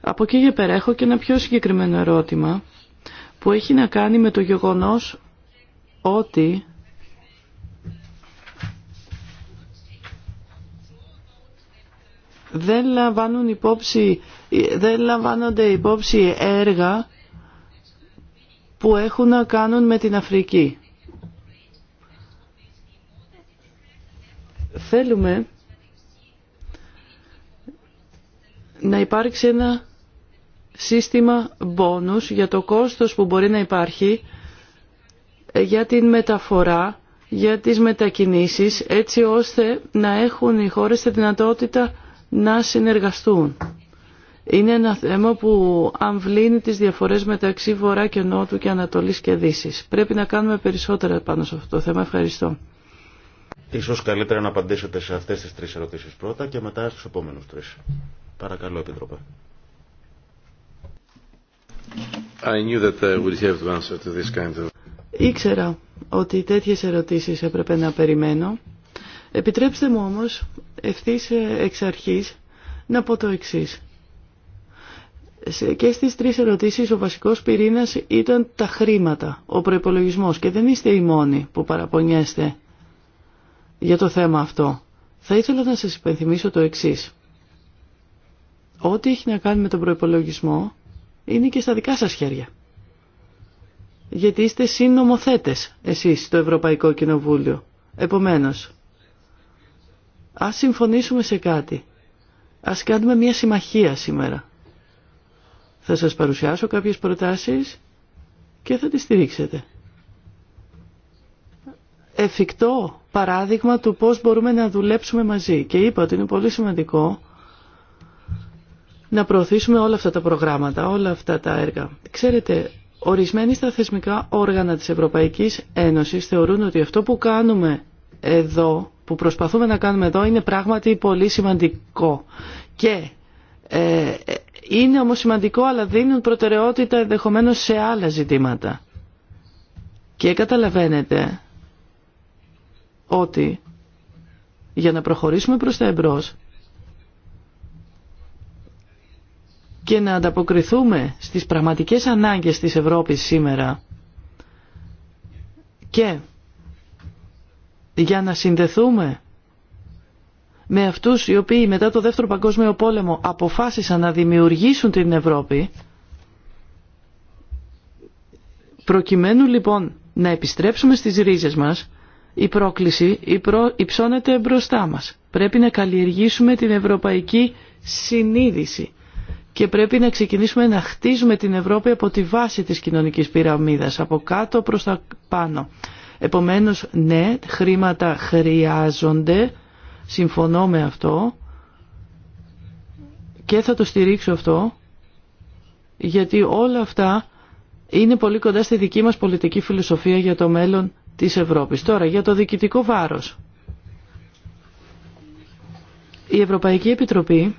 Από εκεί και πέρα και ένα πιο συγκεκριμένο ερώτημα που έχει να κάνει με το γεγονός ότι δεν, λαμβάνουν υπόψη, δεν λαμβάνονται υπόψη έργα που έχουν να κάνουν με την Αφρική. Θέλουμε να υπάρξει ένα σύστημα μπόνους για το κόστος που μπορεί να υπάρχει ε, για την μεταφορά, για τις μετακινήσεις, έτσι ώστε να έχουν οι χώρες τη δυνατότητα να συνεργαστούν. Είναι ένα θέμα που αμβλύνει τις διαφορές μεταξύ Βορρά και Νότου και Ανατολής και Δύσης. Πρέπει να κάνουμε περισσότερα πάνω σε αυτό το θέμα. Ευχαριστώ. Ίσως καλύτερα να απαντήσετε σε αυτές τις τρεις ερωτήσεις πρώτα και μετά στους επόμενους τρεις. Παρακαλώ, Επίτροπε. Ήξερα ότι τέτοιες ερωτήσεις έπρεπε να περιμένω. Επιτρέψτε μου όμως ευθύς ε, εξ αρχής να πω το εξής. Και στις τρεις ερωτήσεις ο βασικός πυρήνας ήταν τα χρήματα, ο προϋπολογισμός και δεν είστε οι μόνοι που παραπονιέστε για το θέμα αυτό. Θα ήθελα να σας υπενθυμίσω το εξής ό,τι έχει να κάνει με τον προϋπολογισμό είναι και στα δικά σας χέρια. Γιατί είστε συνομοθέτες εσείς στο Ευρωπαϊκό Κοινοβούλιο. Επομένως, ας συμφωνήσουμε σε κάτι. Ας κάνουμε μια συμμαχία σήμερα. Θα σας παρουσιάσω κάποιες προτάσεις και θα τις στηρίξετε. Εφικτό παράδειγμα του πώς μπορούμε να δουλέψουμε μαζί. Και είπα ότι είναι πολύ σημαντικό να προωθήσουμε όλα αυτά τα προγράμματα, όλα αυτά τα έργα. Ξέρετε, ορισμένοι στα θεσμικά όργανα της Ευρωπαϊκής Ένωσης θεωρούν ότι αυτό που κάνουμε εδώ, που προσπαθούμε να κάνουμε εδώ, είναι πράγματι πολύ σημαντικό. Και ε, είναι όμως σημαντικό, αλλά δίνουν προτεραιότητα ενδεχομένως σε άλλα ζητήματα. Και καταλαβαίνετε ότι για να προχωρήσουμε προς τα εμπρός και να ανταποκριθούμε στις πραγματικές ανάγκες της Ευρώπης σήμερα και για να συνδεθούμε με αυτούς οι οποίοι μετά το Δεύτερο Παγκόσμιο Πόλεμο αποφάσισαν να δημιουργήσουν την Ευρώπη, προκειμένου λοιπόν να επιστρέψουμε στις ρίζες μας, η πρόκληση υψώνεται μπροστά μας. Πρέπει να καλλιεργήσουμε την ευρωπαϊκή συνείδηση και πρέπει να ξεκινήσουμε να χτίζουμε την Ευρώπη από τη βάση της κοινωνικής πυραμίδας, από κάτω προς τα πάνω. Επομένως, ναι, χρήματα χρειάζονται, συμφωνώ με αυτό και θα το στηρίξω αυτό, γιατί όλα αυτά είναι πολύ κοντά στη δική μας πολιτική φιλοσοφία για το μέλλον της Ευρώπης. Τώρα, για το διοικητικό βάρος. Η Ευρωπαϊκή Επιτροπή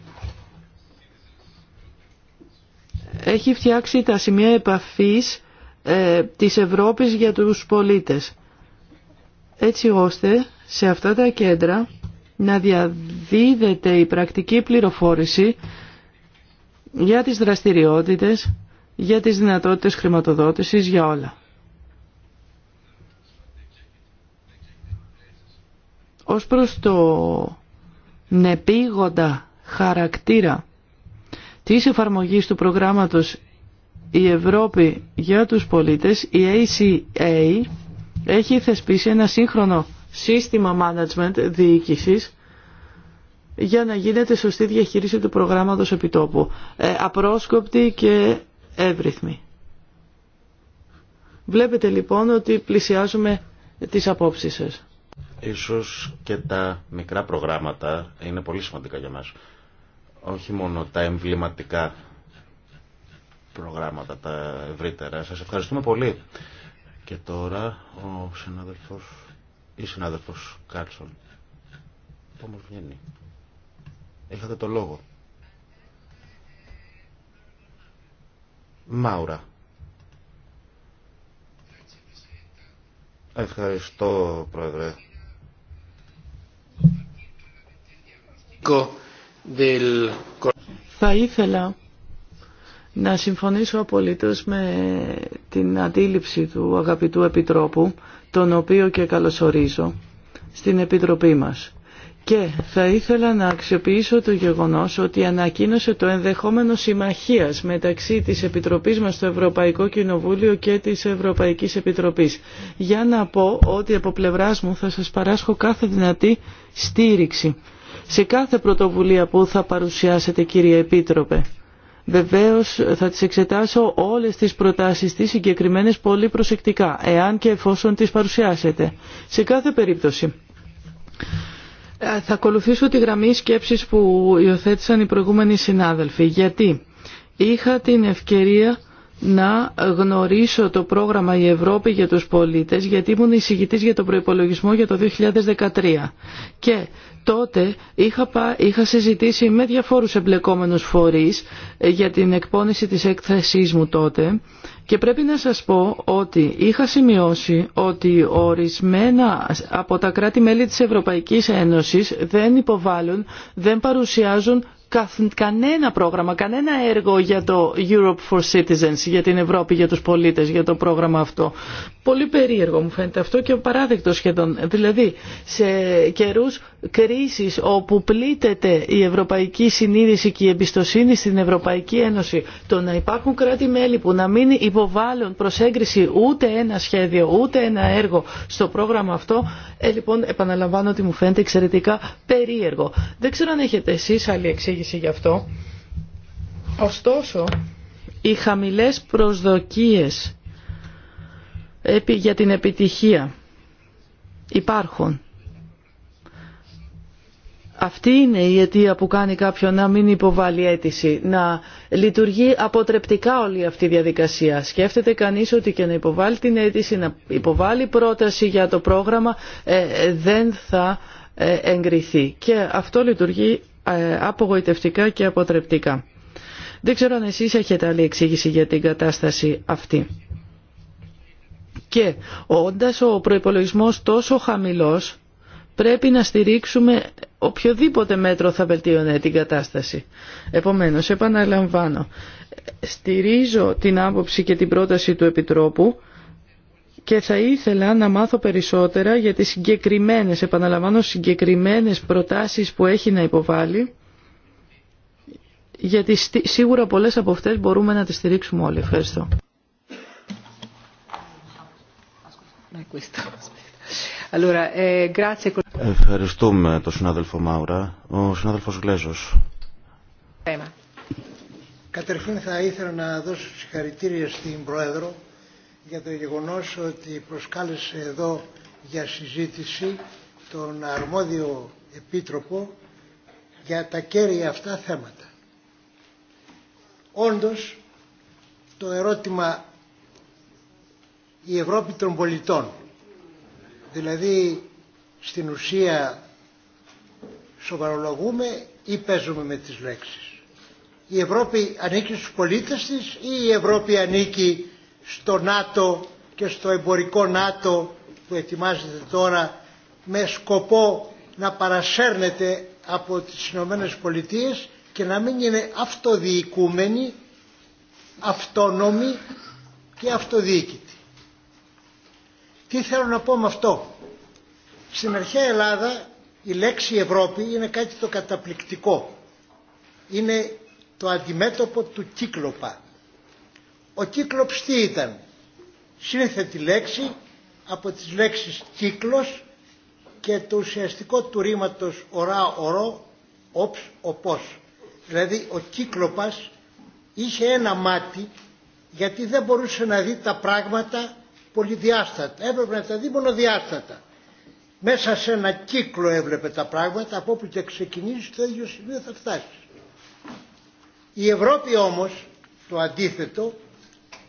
έχει φτιάξει τα σημεία επαφής ε, της Ευρώπης για τους πολίτες. Έτσι ώστε σε αυτά τα κέντρα να διαδίδεται η πρακτική πληροφόρηση για τις δραστηριότητες, για τις δυνατότητες χρηματοδότησης, για όλα. Ως προς το νεπίγοντα χαρακτήρα της εφαρμογής του προγράμματος «Η Ευρώπη για τους πολίτες», η ACA, έχει θεσπίσει ένα σύγχρονο σύστημα management διοίκησης για να γίνεται σωστή διαχείριση του προγράμματος επιτόπου, ε, απρόσκοπτη και εύρυθμη. Βλέπετε λοιπόν ότι πλησιάζουμε τις απόψεις σας. Ίσως και τα μικρά προγράμματα είναι πολύ σημαντικά για μας όχι μόνο τα εμβληματικά προγράμματα, τα ευρύτερα. Σας ευχαριστούμε πολύ. Και τώρα ο συνάδελφος ή συνάδελφος Κάρσον. Όμως βγαίνει. Έχατε το λόγο. Μάουρα. Ευχαριστώ, Πρόεδρε. Θα ήθελα να συμφωνήσω απολύτως με την αντίληψη του αγαπητού Επιτρόπου, τον οποίο και καλωσορίζω στην Επιτροπή μας. Και θα ήθελα να αξιοποιήσω το γεγονός ότι ανακοίνωσε το ενδεχόμενο συμμαχίας μεταξύ της Επιτροπής μας στο Ευρωπαϊκό Κοινοβούλιο και της Ευρωπαϊκής Επιτροπής. Για να πω ότι από πλευράς μου θα σας παράσχω κάθε δυνατή στήριξη σε κάθε πρωτοβουλία που θα παρουσιάσετε κύριε Επίτροπε. Βεβαίως θα τις εξετάσω όλες τις προτάσεις τις συγκεκριμένες πολύ προσεκτικά, εάν και εφόσον τις παρουσιάσετε. Σε κάθε περίπτωση. Ε, θα ακολουθήσω τη γραμμή σκέψης που υιοθέτησαν οι προηγούμενοι συνάδελφοι. Γιατί είχα την ευκαιρία να γνωρίσω το πρόγραμμα «Η Ευρώπη για τους πολίτες» γιατί ήμουν εισηγητής για τον προϋπολογισμό για το 2013 και τότε είχα, πα, είχα συζητήσει με διαφόρους εμπλεκόμενους φορείς ε, για την εκπόνηση της έκθεσής μου τότε και πρέπει να σας πω ότι είχα σημειώσει ότι ορισμένα από τα κράτη-μέλη της Ευρωπαϊκής Ένωσης δεν υποβάλλουν, δεν παρουσιάζουν κανένα πρόγραμμα, κανένα έργο για το Europe for Citizens, για την Ευρώπη, για τους πολίτες, για το πρόγραμμα αυτό. Πολύ περίεργο μου φαίνεται αυτό και παράδεκτο σχεδόν. Δηλαδή σε καιρούς κρίσης όπου πλήττεται η ευρωπαϊκή συνείδηση και η εμπιστοσύνη στην Ευρωπαϊκή Ένωση το να υπάρχουν κράτη-μέλη που να μην υποβάλλουν προς έγκριση ούτε ένα σχέδιο ούτε ένα έργο στο πρόγραμμα αυτό ε, λοιπόν επαναλαμβάνω ότι μου φαίνεται εξαιρετικά περίεργο. Δεν ξέρω αν έχετε εσείς άλλη εξήγηση γι' αυτό. Ωστόσο, οι χαμηλές προσδοκίες για την επιτυχία υπάρχουν. Αυτή είναι η αιτία που κάνει κάποιον να μην υποβάλει αίτηση, να λειτουργεί αποτρεπτικά όλη αυτή η διαδικασία. Σκέφτεται κανείς ότι και να υποβάλει την αίτηση, να υποβάλει πρόταση για το πρόγραμμα ε, δεν θα ε, εγκριθεί. Και αυτό λειτουργεί ε, απογοητευτικά και αποτρεπτικά. Δεν ξέρω αν εσείς έχετε άλλη εξήγηση για την κατάσταση αυτή. Και όντας ο προϋπολογισμός τόσο χαμηλός, πρέπει να στηρίξουμε οποιοδήποτε μέτρο θα βελτίωνε την κατάσταση. Επομένως, επαναλαμβάνω, στηρίζω την άποψη και την πρόταση του Επιτρόπου και θα ήθελα να μάθω περισσότερα για τις συγκεκριμένες, επαναλαμβάνω, συγκεκριμένες προτάσεις που έχει να υποβάλει γιατί σίγουρα πολλές από αυτές μπορούμε να τις στηρίξουμε όλοι. Ευχαριστώ. Eh, Ευχαριστούμε τον συνάδελφο Μάουρα. Ο συνάδελφος Γλέζος. Καταρχήν θα ήθελα να δώσω συγχαρητήρια στην Πρόεδρο για το γεγονός ότι προσκάλεσε εδώ για συζήτηση τον αρμόδιο επίτροπο για τα κέρια αυτά θέματα. Όντως, το ερώτημα η Ευρώπη των πολιτών. Δηλαδή στην ουσία σοβαρολογούμε ή παίζουμε με τις λέξεις. Η Ευρώπη ανήκει στους πολίτες της ή η Ευρώπη ανήκει στο ΝΑΤΟ και στο εμπορικό ΝΑΤΟ που ετοιμάζεται τώρα με σκοπό να παρασέρνεται από τις Ηνωμένε Πολιτείες και να μην είναι αυτοδιοικούμενη, αυτόνομη και αυτοδιοίκητη. Τι θέλω να πω με αυτό. Στην αρχαία Ελλάδα η λέξη Ευρώπη είναι κάτι το καταπληκτικό. Είναι το αντιμέτωπο του κύκλοπα. Ο κύκλοπς τι ήταν. Σύνθετη λέξη από τις λέξεις κύκλος και το ουσιαστικό του ρήματος ορά ορό όψ οπός. Δηλαδή ο κύκλοπας είχε ένα μάτι γιατί δεν μπορούσε να δει τα πράγματα πολυδιάστατα. Έπρεπε να τα δει μονοδιάστατα. Μέσα σε ένα κύκλο έβλεπε τα πράγματα, από όπου και ξεκινήσει το ίδιο σημείο θα φτάσει. Η Ευρώπη όμως, το αντίθετο,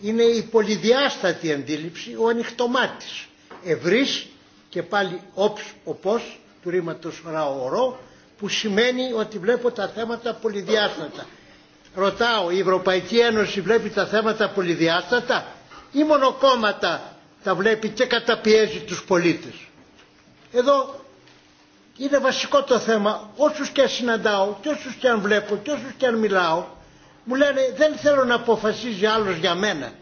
είναι η πολυδιάστατη αντίληψη, ο ανοιχτομάτης, ευρύς και πάλι όψ όπως, του ρήματος ραωρό, που σημαίνει ότι βλέπω τα θέματα πολυδιάστατα. Ρωτάω, η Ευρωπαϊκή Ένωση βλέπει τα θέματα πολυδιάστατα ή μονοκόμματα τα βλέπει και καταπιέζει τους πολίτες. Εδώ είναι βασικό το θέμα. Όσους και συναντάω και όσους και αν βλέπω και όσους και αν μιλάω μου λένε δεν θέλω να αποφασίζει άλλος για μένα.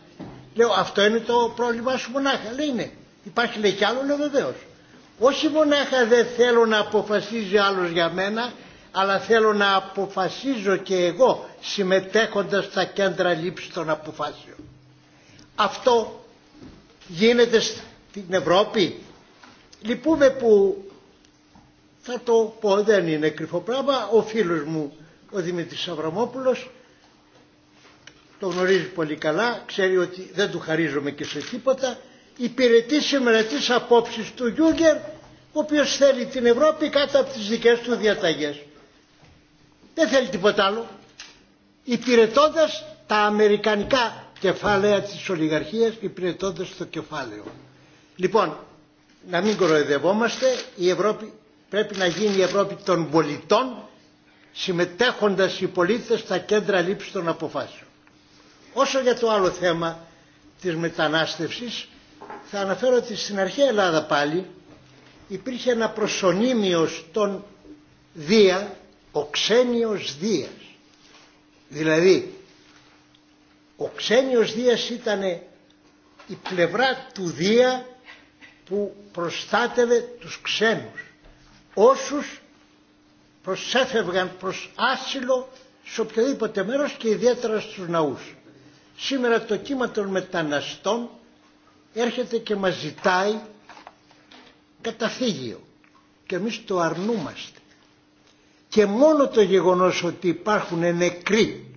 Λέω αυτό είναι το πρόβλημά σου μονάχα. Λέει είναι. Υπάρχει λέει κι άλλο, λέω βεβαίω. Όχι μονάχα δεν θέλω να αποφασίζει άλλος για μένα αλλά θέλω να αποφασίζω και εγώ συμμετέχοντας στα κέντρα λήψη των αποφάσεων. Αυτό γίνεται στην Ευρώπη. Λυπούμε που θα το πω, δεν είναι κρυφό πράγμα, ο φίλος μου ο Δημήτρης Αβραμόπουλος το γνωρίζει πολύ καλά, ξέρει ότι δεν του χαρίζομαι και σε τίποτα, υπηρετεί σήμερα τις απόψεις του Γιούγκερ, ο οποίος θέλει την Ευρώπη κάτω από τις δικές του διαταγές. Δεν θέλει τίποτα άλλο. Υπηρετώντας τα αμερικανικά κεφάλαια της ολιγαρχίας υπηρετώντας το κεφάλαιο. Λοιπόν, να μην κοροϊδευόμαστε, η Ευρώπη πρέπει να γίνει η Ευρώπη των πολιτών, συμμετέχοντας οι πολίτες στα κέντρα λήψη των αποφάσεων. Όσο για το άλλο θέμα της μετανάστευσης, θα αναφέρω ότι στην αρχαία Ελλάδα πάλι υπήρχε ένα προσωνύμιο στον Δία, ο ξένιος Δίας. Δηλαδή, ο Ξένιος Δίας ήταν η πλευρά του Δία που προστάτευε τους ξένους. Όσους προσέφευγαν προς άσυλο σε οποιοδήποτε μέρος και ιδιαίτερα στους ναούς. Σήμερα το κύμα των μεταναστών έρχεται και μας ζητάει καταφύγιο και εμείς το αρνούμαστε. Και μόνο το γεγονός ότι υπάρχουν νεκροί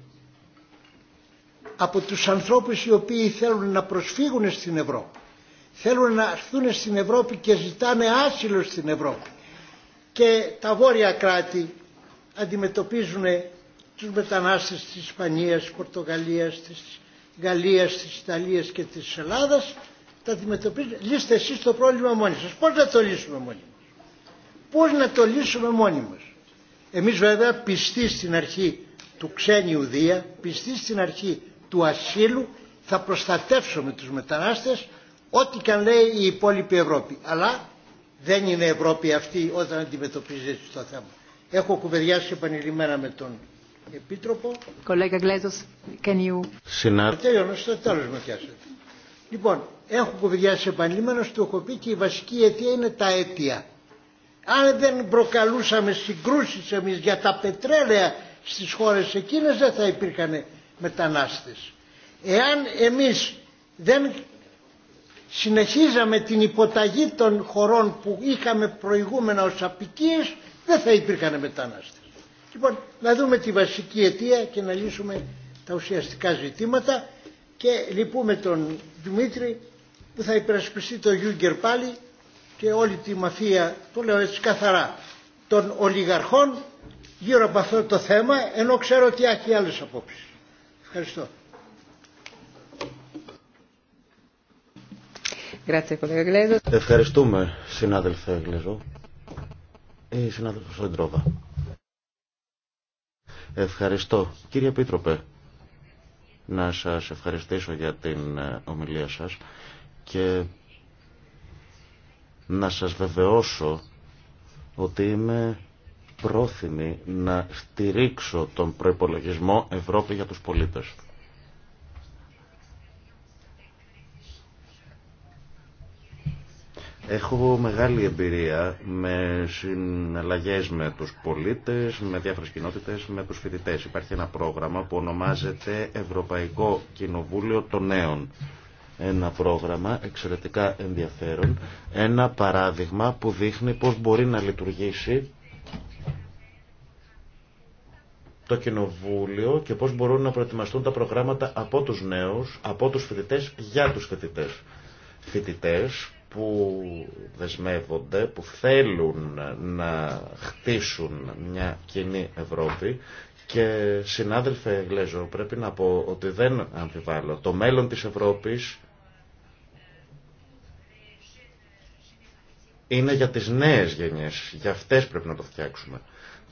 από τους ανθρώπους οι οποίοι θέλουν να προσφύγουν στην Ευρώπη. Θέλουν να έρθουν στην Ευρώπη και ζητάνε άσυλο στην Ευρώπη. Και τα βόρεια κράτη αντιμετωπίζουν τους μετανάστες της Ισπανίας, της Πορτογαλίας, της Γαλλίας, της Ιταλίας και της Ελλάδας τα αντιμετωπίζουν. Λύστε εσείς το πρόβλημα μόνοι σας. Πώς να το λύσουμε μόνοι μας. Πώς να το λύσουμε μόνοι μας. Εμείς βέβαια πιστοί στην αρχή του ξένου Ουδία, πιστοί στην αρχή του ασύλου θα προστατεύσουμε τους μετανάστες ό,τι και αν λέει η υπόλοιπη Ευρώπη. Αλλά δεν είναι Ευρώπη αυτή όταν αντιμετωπίζει έτσι το θέμα. Έχω κουβεντιάσει επανειλημμένα με τον Επίτροπο. Κολέγα Γκλέτος, can you... στο τέλος με πιάσετε. Λοιπόν, έχω κουβεντιάσει επανειλημμένα, στο έχω πει και η βασική αιτία είναι τα αίτια. Αν δεν προκαλούσαμε συγκρούσεις εμείς για τα πετρέλαια στις χώρες εκείνες δεν θα υπήρχαν μετανάστες. Εάν εμείς δεν συνεχίζαμε την υποταγή των χωρών που είχαμε προηγούμενα ως απικίες, δεν θα υπήρχαν μετανάστες. Λοιπόν, να δούμε τη βασική αιτία και να λύσουμε τα ουσιαστικά ζητήματα και λυπούμε τον Δημήτρη που θα υπερασπιστεί το Γιούγκερ πάλι και όλη τη μαφία, το λέω έτσι καθαρά, των ολιγαρχών γύρω από αυτό το θέμα, ενώ ξέρω ότι έχει άλλες απόψεις. Ευχαριστώ. Ευχαριστούμε, συνάδελφε Γλέζο. Η ε, συνάδελφος Σοντρόβα. Ευχαριστώ. Κύριε Επίτροπε, να σας ευχαριστήσω για την ε, ομιλία σας και να σας βεβαιώσω ότι είμαι πρόθυμη να στηρίξω τον προϋπολογισμό Ευρώπη για τους πολίτες. Έχω μεγάλη εμπειρία με συναλλαγές με τους πολίτες, με διάφορες κοινότητες, με τους φοιτητές. Υπάρχει ένα πρόγραμμα που ονομάζεται Ευρωπαϊκό Κοινοβούλιο των Νέων. Ένα πρόγραμμα εξαιρετικά ενδιαφέρον, ένα παράδειγμα που δείχνει πώς μπορεί να λειτουργήσει το κοινοβούλιο και πώς μπορούν να προετοιμαστούν τα προγράμματα από τους νέους, από τους φοιτητές, για τους φοιτητές. Φοιτητές που δεσμεύονται, που θέλουν να χτίσουν μια κοινή Ευρώπη και συνάδελφε Γλέζο πρέπει να πω ότι δεν αμφιβάλλω. Το μέλλον της Ευρώπης είναι για τις νέες γενιές, για αυτές πρέπει να το φτιάξουμε.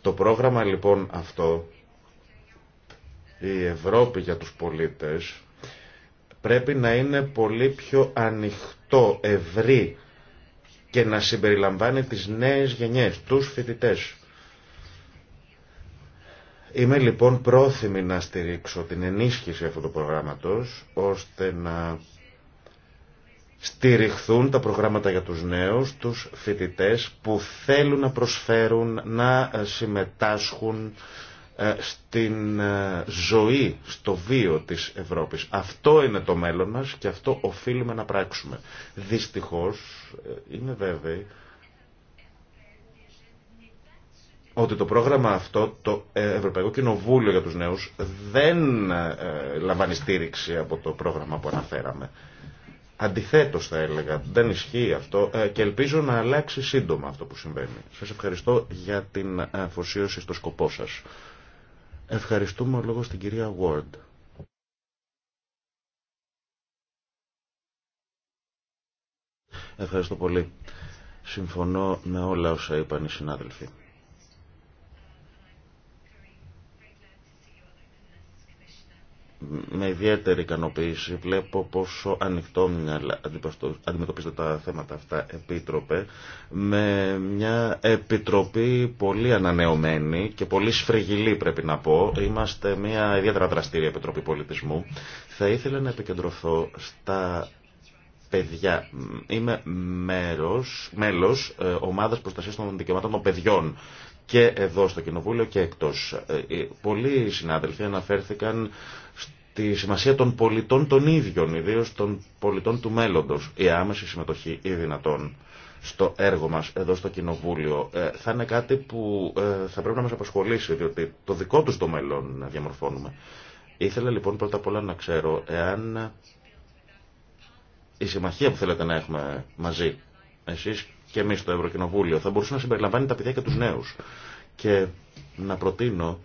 Το πρόγραμμα λοιπόν αυτό η Ευρώπη για τους πολίτες πρέπει να είναι πολύ πιο ανοιχτό, ευρύ και να συμπεριλαμβάνει τις νέες γενιές, τους φοιτητές. Είμαι λοιπόν πρόθυμη να στηρίξω την ενίσχυση αυτού του προγράμματος, ώστε να στηριχθούν τα προγράμματα για τους νέους, τους φοιτητές που θέλουν να προσφέρουν, να συμμετάσχουν ε, στην ε, ζωή, στο βίο της Ευρώπης. Αυτό είναι το μέλλον μας και αυτό οφείλουμε να πράξουμε. Δυστυχώς, ε, είναι βέβαιοι ότι το πρόγραμμα αυτό, το Ευρωπαϊκό Κοινοβούλιο για τους Νέους, δεν λαμβάνει στήριξη από το πρόγραμμα που αναφέραμε. Αντιθέτως θα έλεγα, δεν ισχύει αυτό και ελπίζω να αλλάξει σύντομα αυτό που συμβαίνει. Σας ευχαριστώ για την αφοσίωση στο σκοπό σας. Ευχαριστούμε ο λόγος στην κυρία Ward. Ευχαριστώ πολύ. Συμφωνώ με όλα όσα είπαν οι συνάδελφοι. με ιδιαίτερη ικανοποίηση βλέπω πόσο ανοιχτό αντιμετωπίζεται τα θέματα αυτά επίτροπε με μια επιτροπή πολύ ανανεωμένη και πολύ σφρυγιλή πρέπει να πω. Είμαστε μια ιδιαίτερα δραστήρια επιτροπή πολιτισμού. Θα ήθελα να επικεντρωθώ στα παιδιά. Είμαι μέρος, μέλος ε, ομάδας προστασίας των δικαιωμάτων των παιδιών και εδώ στο Κοινοβούλιο και εκτός. Ε, ε, πολλοί συνάδελφοι αναφέρθηκαν στη σημασία των πολιτών των ίδιων, ιδίως των πολιτών του μέλλοντος, η άμεση συμμετοχή ή δυνατόν στο έργο μας εδώ στο Κοινοβούλιο ε, θα είναι κάτι που θα πρέπει να μας απασχολήσει, διότι το δικό τους το μέλλον να διαμορφώνουμε. Ήθελα λοιπόν πρώτα απ' όλα να ξέρω εάν η συμμαχία που θέλετε να έχουμε μαζί, εσείς και εμεί στο Ευρωκοινοβούλιο. Θα μπορούσε να συμπεριλαμβάνει τα παιδιά και του νέου. Και να προτείνω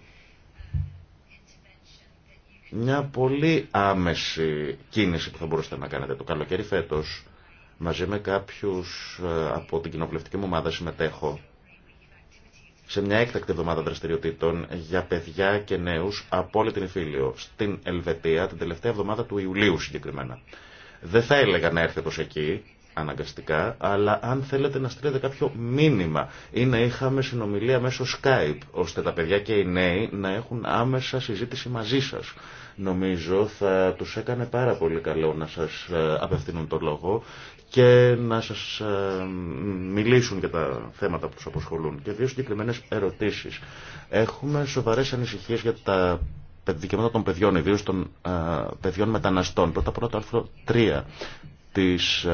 μια πολύ άμεση κίνηση που θα μπορούσατε να κάνετε το καλοκαίρι φέτο. Μαζί με κάποιου ε, από την κοινοβουλευτική μου ομάδα συμμετέχω σε μια έκτακτη εβδομάδα δραστηριοτήτων για παιδιά και νέου από όλη την Ιφίλιο, στην Ελβετία, την τελευταία εβδομάδα του Ιουλίου συγκεκριμένα. Δεν θα έλεγα να έρθετε ω εκεί, αναγκαστικά, αλλά αν θέλετε να στείλετε κάποιο μήνυμα ή να είχαμε συνομιλία μέσω Skype, ώστε τα παιδιά και οι νέοι να έχουν άμεσα συζήτηση μαζί σας. Νομίζω θα τους έκανε πάρα πολύ καλό να σας ε, απευθύνουν το λόγο και να σας ε, μιλήσουν για τα θέματα που τους αποσχολούν. Και δύο συγκεκριμένε ερωτήσεις. Έχουμε σοβαρές ανησυχίες για τα δικαιώματα των παιδιών, ιδίως των ε, παιδιών μεταναστών. Πρώτα απ' το άρθρο 3 της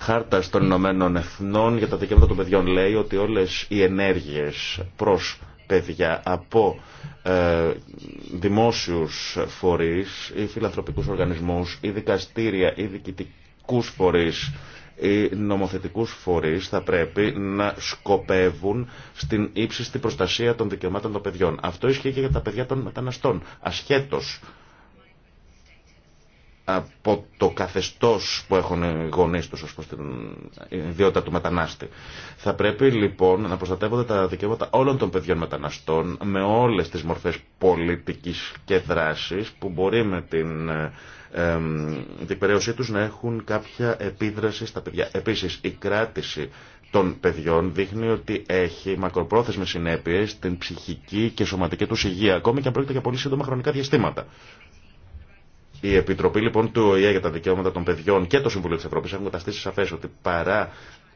χάρτα των Ηνωμένων Εθνών για τα δικαιώματα των παιδιών λέει ότι όλες οι ενέργειες προς παιδιά από ε, δημόσιους φορείς ή φιλανθρωπικούς οργανισμούς ή δικαστήρια ή διοικητικούς φορείς ή νομοθετικούς φορείς θα πρέπει να σκοπεύουν στην ύψιστη προστασία των δικαιωμάτων των παιδιών. Αυτό ισχύει και για τα παιδιά των μεταναστών, ασχέτως από το καθεστώς που έχουν οι γονείς τους ως προς την ιδιότητα του μετανάστη. Θα πρέπει λοιπόν να προστατεύονται τα δικαιώματα όλων των παιδιών μεταναστών με όλες τις μορφές πολιτικής και δράσης που μπορεί με την ε, διεκπαιρέωσή τους να έχουν κάποια επίδραση στα παιδιά. Επίσης η κράτηση των παιδιών δείχνει ότι έχει μακροπρόθεσμες συνέπειες στην ψυχική και σωματική τους υγεία, ακόμη και αν πρόκειται για πολύ σύντομα χρονικά διαστήματα. Η Επιτροπή λοιπόν του ΟΗΕ για τα δικαιώματα των παιδιών και το Συμβουλίο της Ευρώπης έχουν καταστήσει σαφές ότι παρά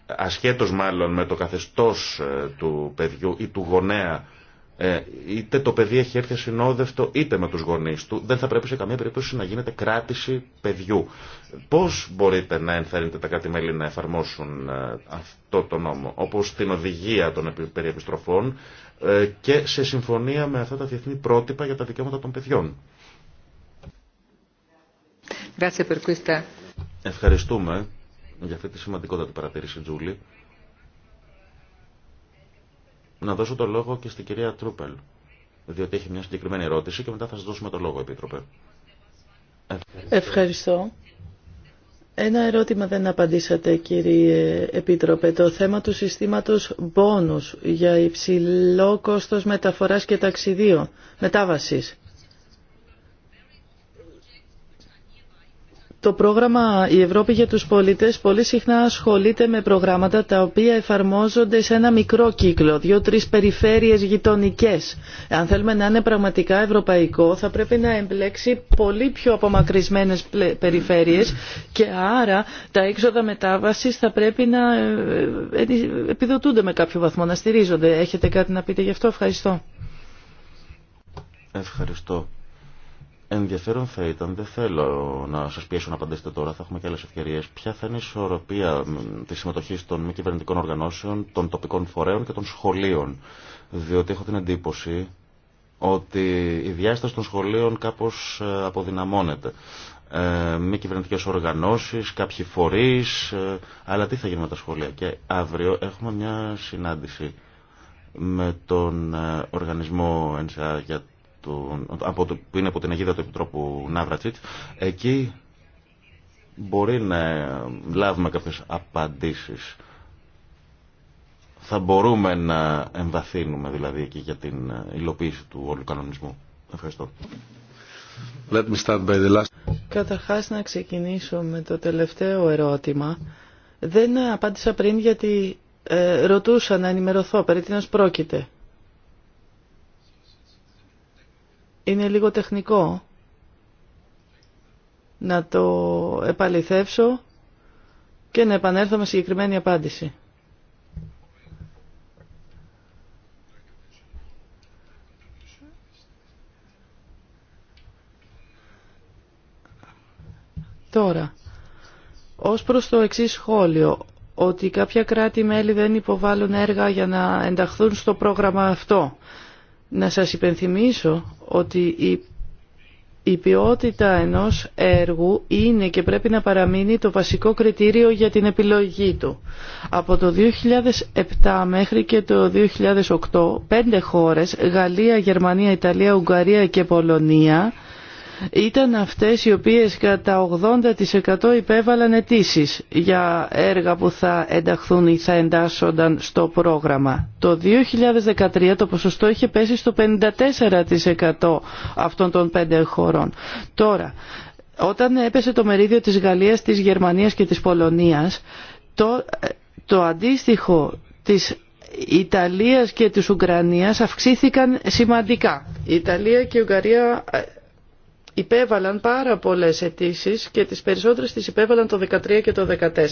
ασχέτως μάλλον με το καθεστώς ε, του παιδιού ή του γονέα ε, είτε το παιδί έχει έρθει συνόδευτο είτε με τους γονείς του δεν θα πρέπει σε καμία περίπτωση να γίνεται κράτηση παιδιού. Πώς μπορείτε να ενθαρρύνετε τα κρατη μέλη να εφαρμόσουν ε, αυτό το νόμο όπως την οδηγία των περιεπιστροφών και σε συμφωνία με αυτά τα διεθνή πρότυπα για τα δικαιώματα των παιδιών. Ευχαριστούμε για αυτή τη του παρατήρηση, Τζούλη. Να δώσω το λόγο και στην κυρία Τρούπελ, διότι έχει μια συγκεκριμένη ερώτηση και μετά θα σας δώσουμε το λόγο, Επίτροπε. Ευχαριστώ. Ένα ερώτημα δεν απαντήσατε κύριε Επίτροπε. Το θέμα του συστήματος μπόνους για υψηλό κόστος μεταφοράς και ταξιδίου μετάβασης. Το πρόγραμμα «Η Ευρώπη για τους πολίτες» πολύ συχνά ασχολείται με προγράμματα τα οποία εφαρμόζονται σε ένα μικρό κύκλο, δύο-τρεις περιφέρειες γειτονικές. Αν θέλουμε να είναι πραγματικά ευρωπαϊκό θα πρέπει να εμπλέξει πολύ πιο απομακρυσμένες περιφέρειες και άρα τα έξοδα μετάβασης θα πρέπει να ε, ε, επιδοτούνται με κάποιο βαθμό, να στηρίζονται. Έχετε κάτι να πείτε γι' αυτό. Ευχαριστώ. Ευχαριστώ ενδιαφέρον θα ήταν, δεν θέλω να σας πιέσω να απαντήσετε τώρα, θα έχουμε και άλλε ευκαιρίες, ποια θα είναι η ισορροπία τη συμμετοχή των μη κυβερνητικών οργανώσεων, των τοπικών φορέων και των σχολείων. Διότι έχω την εντύπωση ότι η διάσταση των σχολείων κάπως ε, αποδυναμώνεται. Ε, μη κυβερνητικέ οργανώσει, κάποιοι φορεί, ε, αλλά τι θα γίνει με τα σχολεία. Και αύριο έχουμε μια συνάντηση με τον οργανισμό ΕΝΣΑ για από που είναι από την αιγίδα του Επιτρόπου Ναύρατσιτ, εκεί μπορεί να λάβουμε κάποιες απαντήσεις. Θα μπορούμε να εμβαθύνουμε δηλαδή εκεί για την υλοποίηση του όλου κανονισμού. Ευχαριστώ. Let me start by the last... Καταρχάς να ξεκινήσω με το τελευταίο ερώτημα. Δεν απάντησα πριν γιατί ε, ρωτούσα να ενημερωθώ περί τίνος πρόκειται. είναι λίγο τεχνικό να το επαληθεύσω και να επανέλθω με συγκεκριμένη απάντηση. Τώρα, ως προς το εξής σχόλιο, ότι κάποια κράτη-μέλη δεν υποβάλλουν έργα για να ενταχθούν στο πρόγραμμα αυτό να σας υπενθυμίσω ότι η η ποιότητα ενός έργου είναι και πρέπει να παραμείνει το βασικό κριτήριο για την επιλογή του. Από το 2007 μέχρι και το 2008, πέντε χώρες, Γαλλία, Γερμανία, Ιταλία, Ουγγαρία και Πολωνία, ήταν αυτές οι οποίες κατά 80% υπέβαλαν αιτήσει για έργα που θα ενταχθούν ή θα εντάσσονταν στο πρόγραμμα. Το 2013 το ποσοστό είχε πέσει στο 54% αυτών των πέντε χωρών. Τώρα, όταν έπεσε το μερίδιο της Γαλλίας, της Γερμανίας και της Πολωνίας, το, το αντίστοιχο της Ιταλίας και της Ουγγρανίας αυξήθηκαν σημαντικά. Η Ιταλία και η Ουγγαρία ε, υπέβαλαν πάρα πολλές αιτήσει και τις περισσότερες τις υπέβαλαν το 2013 και το 2014.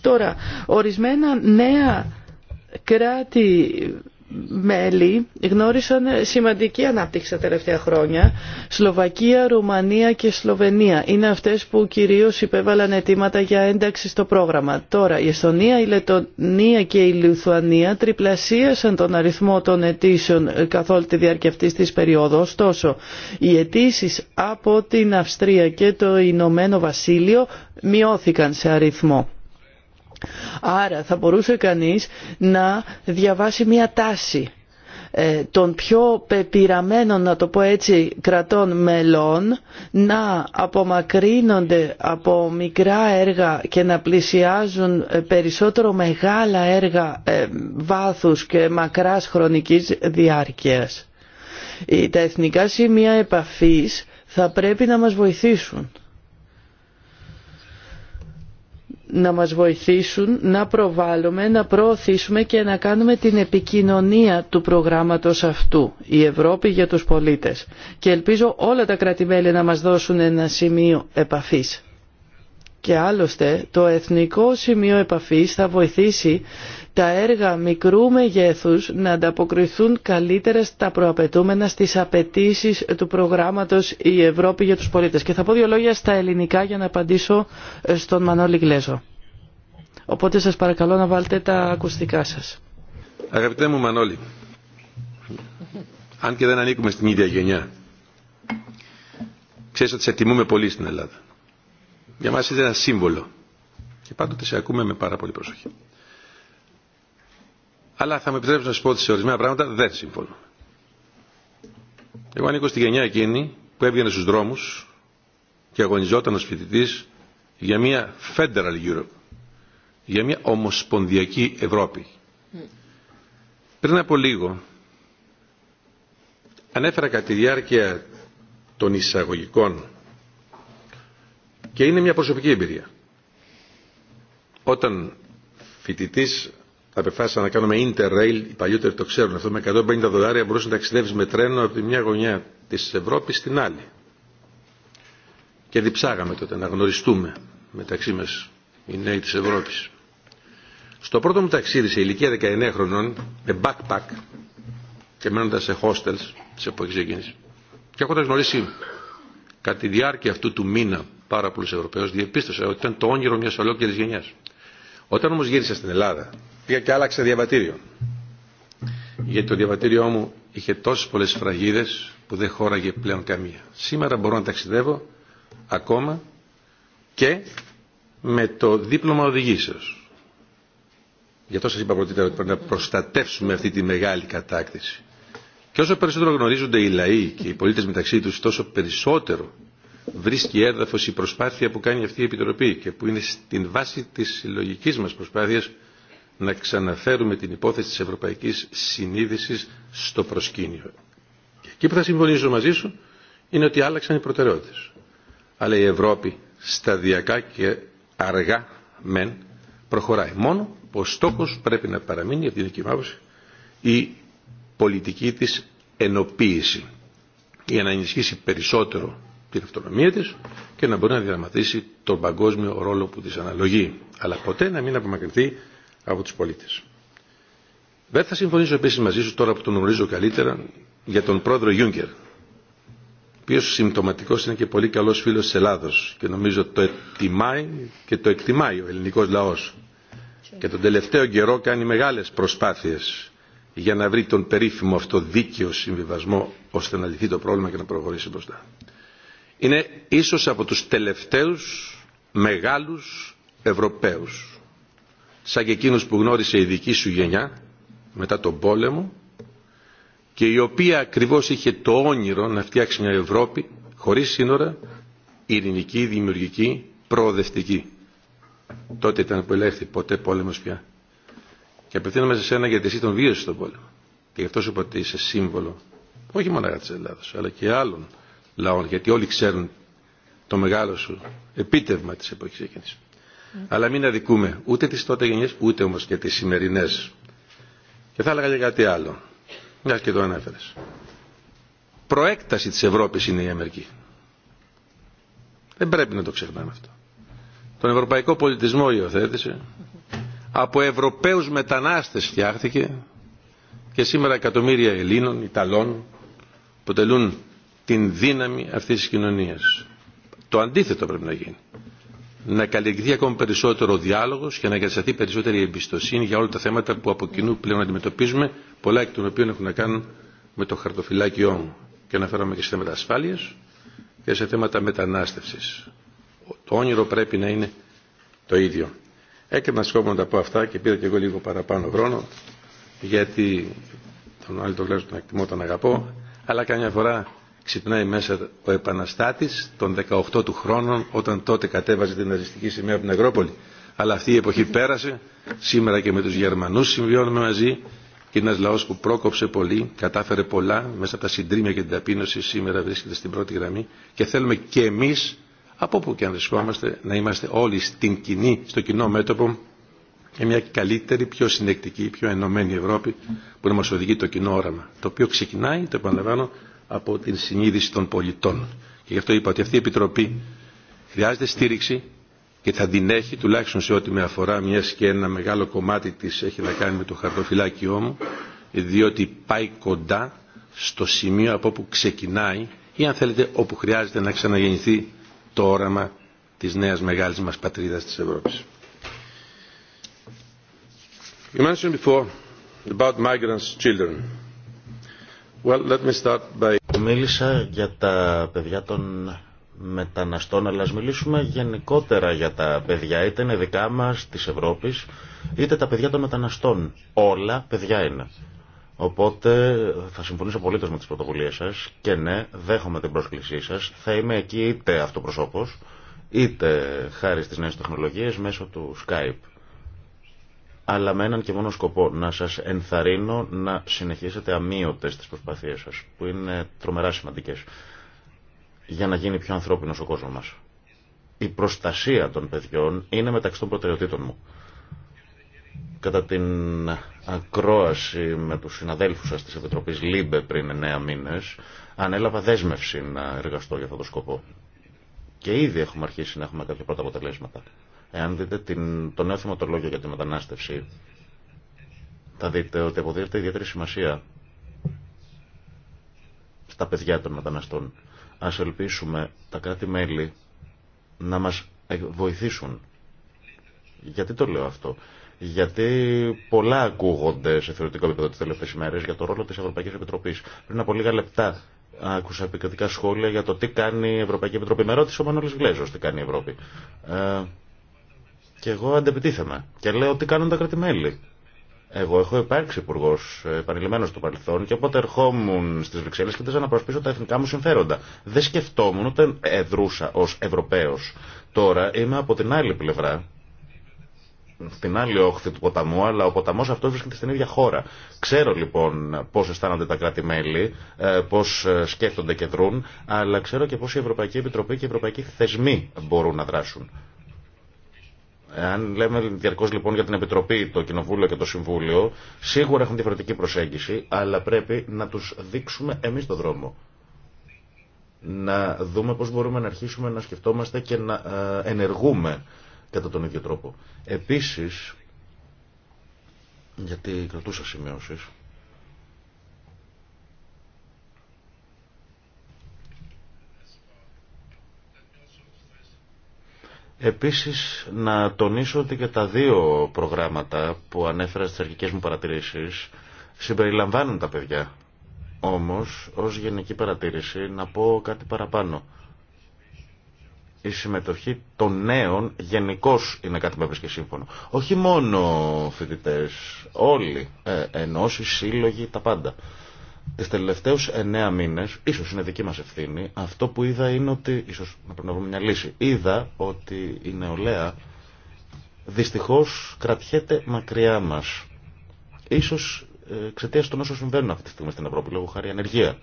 Τώρα, ορισμένα νέα κράτη μέλη γνώρισαν σημαντική ανάπτυξη τα τελευταία χρόνια. Σλοβακία, Ρουμανία και Σλοβενία είναι αυτές που κυρίως υπέβαλαν αιτήματα για ένταξη στο πρόγραμμα. Τώρα η Εστονία, η Λετωνία και η Λιθουανία τριπλασίασαν τον αριθμό των αιτήσεων καθ' όλη τη διάρκεια αυτή της περίοδου. Ωστόσο, οι αιτήσει από την Αυστρία και το Ηνωμένο Βασίλειο μειώθηκαν σε αριθμό. Άρα θα μπορούσε κανείς να διαβάσει μια τάση ε, των πιο πεπειραμένων, να το πω έτσι, κρατών μελών να απομακρύνονται από μικρά έργα και να πλησιάζουν ε, περισσότερο μεγάλα έργα ε, βάθους και μακράς χρονικής διάρκειας. Τα εθνικά σημεία επαφής θα πρέπει να μας βοηθήσουν να μας βοηθήσουν να προβάλλουμε, να προωθήσουμε και να κάνουμε την επικοινωνία του προγράμματος αυτού, η Ευρώπη για τους πολίτες. Και ελπίζω όλα τα κρατημέλη να μας δώσουν ένα σημείο επαφής. Και άλλωστε το Εθνικό Σημείο Επαφής θα βοηθήσει τα έργα μικρού μεγέθους να ανταποκριθούν καλύτερα στα προαπαιτούμενα, στις απαιτήσει του προγράμματος «Η Ευρώπη για τους πολίτες». Και θα πω δύο λόγια στα ελληνικά για να απαντήσω ε, στον Μανώλη Γλέζο. Οπότε σας παρακαλώ να βάλτε τα ακουστικά σας. Αγαπητέ μου Μανώλη, αν και δεν ανήκουμε στην ίδια γενιά, ξέρεις ότι σε τιμούμε πολύ στην Ελλάδα. Για μας είσαι ένα σύμβολο και πάντοτε σε ακούμε με πάρα πολύ προσοχή αλλά θα με επιτρέψετε να σα πω ότι σε ορισμένα πράγματα δεν συμφωνώ. Εγώ ανήκω στη γενιά εκείνη που έβγαινε στου δρόμου και αγωνιζόταν ω φοιτητή για μια Federal Europe, για μια ομοσπονδιακή Ευρώπη. Mm. Πριν από λίγο ανέφερα κατά τη διάρκεια των εισαγωγικών και είναι μια προσωπική εμπειρία. Όταν φοιτητής θα να κάνουμε Interrail, οι παλιότεροι το ξέρουν αυτό, με 150 δολάρια μπορούσε να ταξιδεύει με τρένο από τη μια γωνιά τη Ευρώπη στην άλλη. Και διψάγαμε τότε να γνωριστούμε μεταξύ μα οι νέοι τη Ευρώπη. Στο πρώτο μου ταξίδι σε ηλικία 19 χρονών, με backpack και μένοντα σε hostels τη εποχή εκείνη, και έχοντα γνωρίσει κατά τη διάρκεια αυτού του μήνα πάρα πολλού Ευρωπαίου, διεπίστωσα ότι ήταν το όνειρο μια ολόκληρη γενιά. Όταν όμω γύρισα στην Ελλάδα πήγα και άλλαξα διαβατήριο. Γιατί το διαβατήριό μου είχε τόσες πολλές φραγίδες που δεν χώραγε πλέον καμία. Σήμερα μπορώ να ταξιδεύω ακόμα και με το δίπλωμα οδηγήσεως. Γι' αυτό σας είπα πρωτήτερα ότι πρέπει να προστατεύσουμε αυτή τη μεγάλη κατάκτηση. Και όσο περισσότερο γνωρίζονται οι λαοί και οι πολίτες μεταξύ τους, τόσο περισσότερο βρίσκει έδαφος η προσπάθεια που κάνει αυτή η Επιτροπή και που είναι στην βάση της συλλογική μας προσπάθειας να ξαναφέρουμε την υπόθεση της ευρωπαϊκής συνείδησης στο προσκήνιο. Και εκεί που θα συμφωνήσω μαζί σου είναι ότι άλλαξαν οι προτεραιότητες. Αλλά η Ευρώπη σταδιακά και αργά μεν προχωράει. Μόνο που ο στόχος πρέπει να παραμείνει, από την δική η πολιτική της ενοποίηση για να ενισχύσει περισσότερο την αυτονομία της και να μπορεί να διαδραματίσει τον παγκόσμιο ρόλο που της αναλογεί. Αλλά ποτέ να μην απομακρυνθεί από τους πολίτες. Δεν θα συμφωνήσω επίσης μαζί σου τώρα που τον γνωρίζω καλύτερα για τον πρόεδρο Γιούγκερ, οποίο συμπτωματικό είναι και πολύ καλό φίλο τη Ελλάδο και νομίζω το ετοιμάει και το εκτιμάει ο ελληνικό λαό. Και τον τελευταίο καιρό κάνει μεγάλε προσπάθειε για να βρει τον περίφημο αυτό δίκαιο συμβιβασμό ώστε να λυθεί το πρόβλημα και να προχωρήσει μπροστά. Είναι ίσω από του τελευταίου μεγάλου Ευρωπαίους σαν και εκείνους που γνώρισε η δική σου γενιά μετά τον πόλεμο και η οποία ακριβώς είχε το όνειρο να φτιάξει μια Ευρώπη χωρίς σύνορα, ειρηνική, δημιουργική, προοδευτική. Τότε ήταν που ελέγχθη ποτέ πόλεμος πια. Και απευθύνομαι σε σένα γιατί εσύ τον βίωσε τον πόλεμο. Και γι' αυτό σου είπα ότι είσαι σύμβολο όχι μόνο της Ελλάδα, αλλά και άλλων λαών γιατί όλοι ξέρουν το μεγάλο σου επίτευγμα της εποχής εκείνης αλλά μην αδικούμε ούτε τις τότε γενιές, ούτε όμως και τις σημερινές. Και θα έλεγα και κάτι άλλο, μιας και το ανέφερες. Προέκταση της Ευρώπης είναι η Αμερική. Δεν πρέπει να το ξεχνάμε αυτό. Τον ευρωπαϊκό πολιτισμό υιοθέτησε, από Ευρωπαίους μετανάστες φτιάχτηκε και σήμερα εκατομμύρια Ελλήνων, Ιταλών αποτελούν την δύναμη αυτής της κοινωνίας. Το αντίθετο πρέπει να γίνει να καλλιεργηθεί ακόμη περισσότερο ο διάλογο και να εγκατασταθεί περισσότερη εμπιστοσύνη για όλα τα θέματα που από κοινού πλέον αντιμετωπίζουμε, πολλά εκ των οποίων έχουν να κάνουν με το χαρτοφυλάκιό μου. Και αναφέρομαι και σε θέματα ασφάλεια και σε θέματα μετανάστευση. Το όνειρο πρέπει να είναι το ίδιο. Έκανα σκόπο να τα πω αυτά και πήρα και εγώ λίγο παραπάνω χρόνο, γιατί τον άλλο τον βλέπω τον εκτιμώ, τον αγαπώ, αλλά καμιά φορά ξυπνάει μέσα ο επαναστάτης των 18 του χρόνων όταν τότε κατέβαζε την αριστική σημαία από την Αγρόπολη. Αλλά αυτή η εποχή πέρασε, σήμερα και με τους Γερμανούς συμβιώνουμε μαζί και ένας λαός που πρόκοψε πολύ, κατάφερε πολλά μέσα από τα συντρίμια και την ταπείνωση σήμερα βρίσκεται στην πρώτη γραμμή και θέλουμε και εμείς από όπου και αν βρισκόμαστε να είμαστε όλοι στην κοινή, στο κοινό μέτωπο και μια καλύτερη, πιο συνεκτική, πιο ενωμένη Ευρώπη που να μας οδηγεί το κοινό όραμα το οποίο ξεκινάει, το επαναλαμβάνω, από την συνείδηση των πολιτών. Και γι' αυτό είπα ότι αυτή η Επιτροπή χρειάζεται στήριξη και θα την έχει, τουλάχιστον σε ό,τι με αφορά, μια και ένα μεγάλο κομμάτι της έχει να κάνει με το χαρτοφυλάκιό μου, διότι πάει κοντά στο σημείο από όπου ξεκινάει ή αν θέλετε όπου χρειάζεται να ξαναγεννηθεί το όραμα της νέας μεγάλης μας πατρίδας της Ευρώπης. before about migrants' children. Μίλησα για τα παιδιά των μεταναστών, αλλά ας μιλήσουμε γενικότερα για τα παιδιά, είτε είναι δικά μας της Ευρώπης, είτε τα παιδιά των μεταναστών. Όλα παιδιά είναι. Οπότε θα συμφωνήσω πολύ με τις πρωτοβουλίες σας και ναι, δέχομαι την πρόσκλησή σας. Θα είμαι εκεί είτε αυτοπροσώπος, είτε χάρη στις νέες τεχνολογίες μέσω του Skype αλλά με έναν και μόνο σκοπό, να σας ενθαρρύνω να συνεχίσετε αμύωτες τις προσπαθίες σας, που είναι τρομερά σημαντικές, για να γίνει πιο ανθρώπινος ο κόσμος μας. Η προστασία των παιδιών είναι μεταξύ των προτεραιοτήτων μου. Κατά την ακρόαση με τους συναδέλφους σας της Επιτροπής ΛΥΜΠΕ πριν 9 μήνες, ανέλαβα δέσμευση να εργαστώ για αυτό το σκοπό. Και ήδη έχουμε αρχίσει να έχουμε κάποια πρώτα αποτελέσματα. Εάν δείτε την, το νέο θεματολόγιο για τη μετανάστευση, θα δείτε ότι αποδίδεται ιδιαίτερη σημασία στα παιδιά των μεταναστών. Ας ελπίσουμε τα κράτη-μέλη να μας βοηθήσουν. Γιατί το λέω αυτό. Γιατί πολλά ακούγονται σε θεωρητικό επίπεδο τι τελευταίε ημέρε για το ρόλο της Ευρωπαϊκής Επιτροπή. Πριν από λίγα λεπτά άκουσα επικριτικά σχόλια για το τι κάνει η Ευρωπαϊκή Επιτροπή. Με ρώτησε ο Μανώλης Γλέζος τι κάνει η Ευρώπη. Ε, και εγώ αντεπιτίθεμαι και λέω τι κάνουν τα κρατημέλη. Εγώ έχω υπάρξει υπουργό ε, επανειλημμένο στο παρελθόν και όποτε ερχόμουν στι Βρυξέλλε και να προσπίσω τα εθνικά μου συμφέροντα. Δεν σκεφτόμουν ούτε εδρούσα ω Ευρωπαίο. Τώρα είμαι από την άλλη πλευρά, στην άλλη όχθη του ποταμού, αλλά ο ποταμό αυτό βρίσκεται στην ίδια χώρα. Ξέρω λοιπόν πώ αισθάνονται τα κράτη-μέλη, ε, πώ ε, σκέφτονται και δρούν, αλλά ξέρω και πώ η Ευρωπαϊκή Επιτροπή και οι ευρωπαϊκοί θεσμοί μπορούν να δράσουν. Αν λέμε διαρκώ λοιπόν για την Επιτροπή, το Κοινοβούλιο και το Συμβούλιο, σίγουρα έχουν διαφορετική προσέγγιση, αλλά πρέπει να του δείξουμε εμεί τον δρόμο. Να δούμε πώ μπορούμε να αρχίσουμε να σκεφτόμαστε και να ε, ενεργούμε κατά τον ίδιο τρόπο. Επίση, γιατί κρατούσα σημειώσει. Επίσης να τονίσω ότι και τα δύο προγράμματα που ανέφερα στις αρχικές μου παρατηρήσεις συμπεριλαμβάνουν τα παιδιά. Όμως, ως γενική παρατήρηση, να πω κάτι παραπάνω. Η συμμετοχή των νέων γενικώ είναι κάτι που έβρισκε σύμφωνο. Όχι μόνο φοιτητέ, όλοι, ε, ενώσεις, σύλλογοι, τα πάντα. Τις τελευταίους εννέα μήνες, ίσως είναι δική μας ευθύνη, αυτό που είδα είναι ότι, ίσως να πρέπει να βρούμε είδα ότι η νεολαία δυστυχώς κρατιέται μακριά μας. Ίσως ε, εξαιτία των όσων συμβαίνουν αυτή τη στιγμή στην Ευρώπη, λόγω χάρη ανεργία.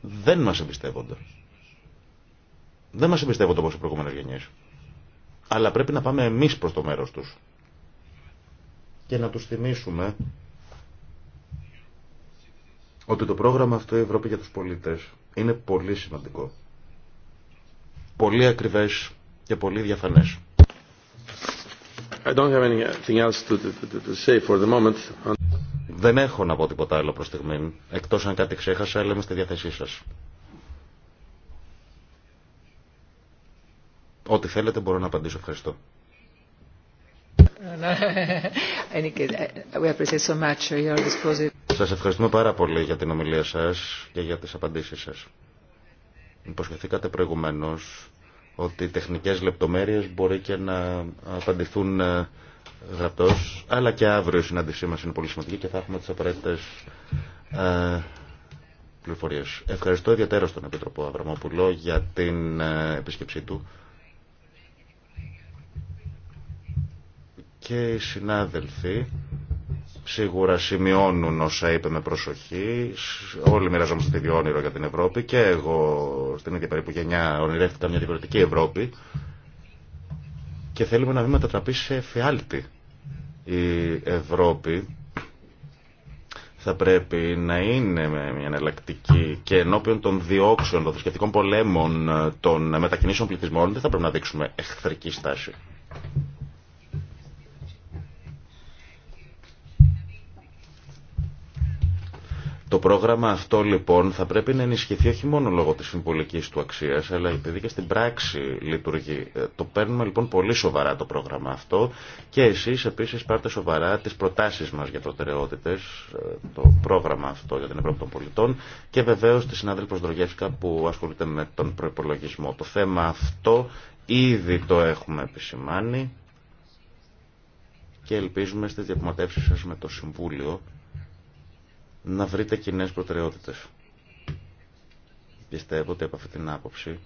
Δεν μας εμπιστεύονται. Δεν μας εμπιστεύονται όπως οι προηγούμενες γενιές. Αλλά πρέπει να πάμε εμείς προς το μέρος τους. Και να τους θυμίσουμε ότι το πρόγραμμα αυτό η Ευρώπη για τους πολίτες είναι πολύ σημαντικό. Πολύ ακριβές και πολύ διαφανές. I don't have else to, to, say for the moment. Δεν έχω να πω τίποτα άλλο προς στιγμή, εκτός αν κάτι ξέχασα, αλλά είμαι στη διάθεσή σας. Ό,τι θέλετε μπορώ να απαντήσω. Ευχαριστώ. Uh, uh, σας ευχαριστούμε πάρα πολύ για την ομιλία σας και για τις απαντήσεις σας. Υποσχεθήκατε προηγουμένως ότι οι τεχνικές λεπτομέρειες μπορεί και να απαντηθούν ε, γραπτός, αλλά και αύριο η συνάντησή μας είναι πολύ σημαντική και θα έχουμε τις απαραίτητες ε, πληροφορίες. Ευχαριστώ ιδιαίτερα τον Επιτροπό Αβραμόπουλο για την ε, επίσκεψή του. και οι συνάδελφοι σίγουρα σημειώνουν όσα είπε με προσοχή. Όλοι μοιραζόμαστε τη ίδιο όνειρο για την Ευρώπη και εγώ στην ίδια περίπου γενιά ονειρεύτηκα μια διαφορετική Ευρώπη και θέλουμε να μην μετατραπεί σε φιάλτη η Ευρώπη θα πρέπει να είναι μια εναλλακτική και ενώπιον των διώξεων, των θρησκευτικών πολέμων, των μετακινήσεων πληθυσμών, δεν θα πρέπει να δείξουμε εχθρική στάση. Το πρόγραμμα αυτό λοιπόν θα πρέπει να ενισχυθεί όχι μόνο λόγω της συμβολικής του αξίας, αλλά επειδή και στην πράξη λειτουργεί. Ε, το παίρνουμε λοιπόν πολύ σοβαρά το πρόγραμμα αυτό και εσείς επίσης πάρτε σοβαρά τις προτάσεις μας για προτεραιότητες, ε, το πρόγραμμα αυτό για την Ευρώπη των Πολιτών και βεβαίως τη συνάδελφος Δρογεύσκα που ασχολείται με τον προπολογισμό. Το θέμα αυτό ήδη το έχουμε επισημάνει και ελπίζουμε στις διαπραγματεύσεις σας με το Συμβούλιο να βρείτε κοινέ προτεραιότητες. Πιστεύω ότι από αυτή την άποψη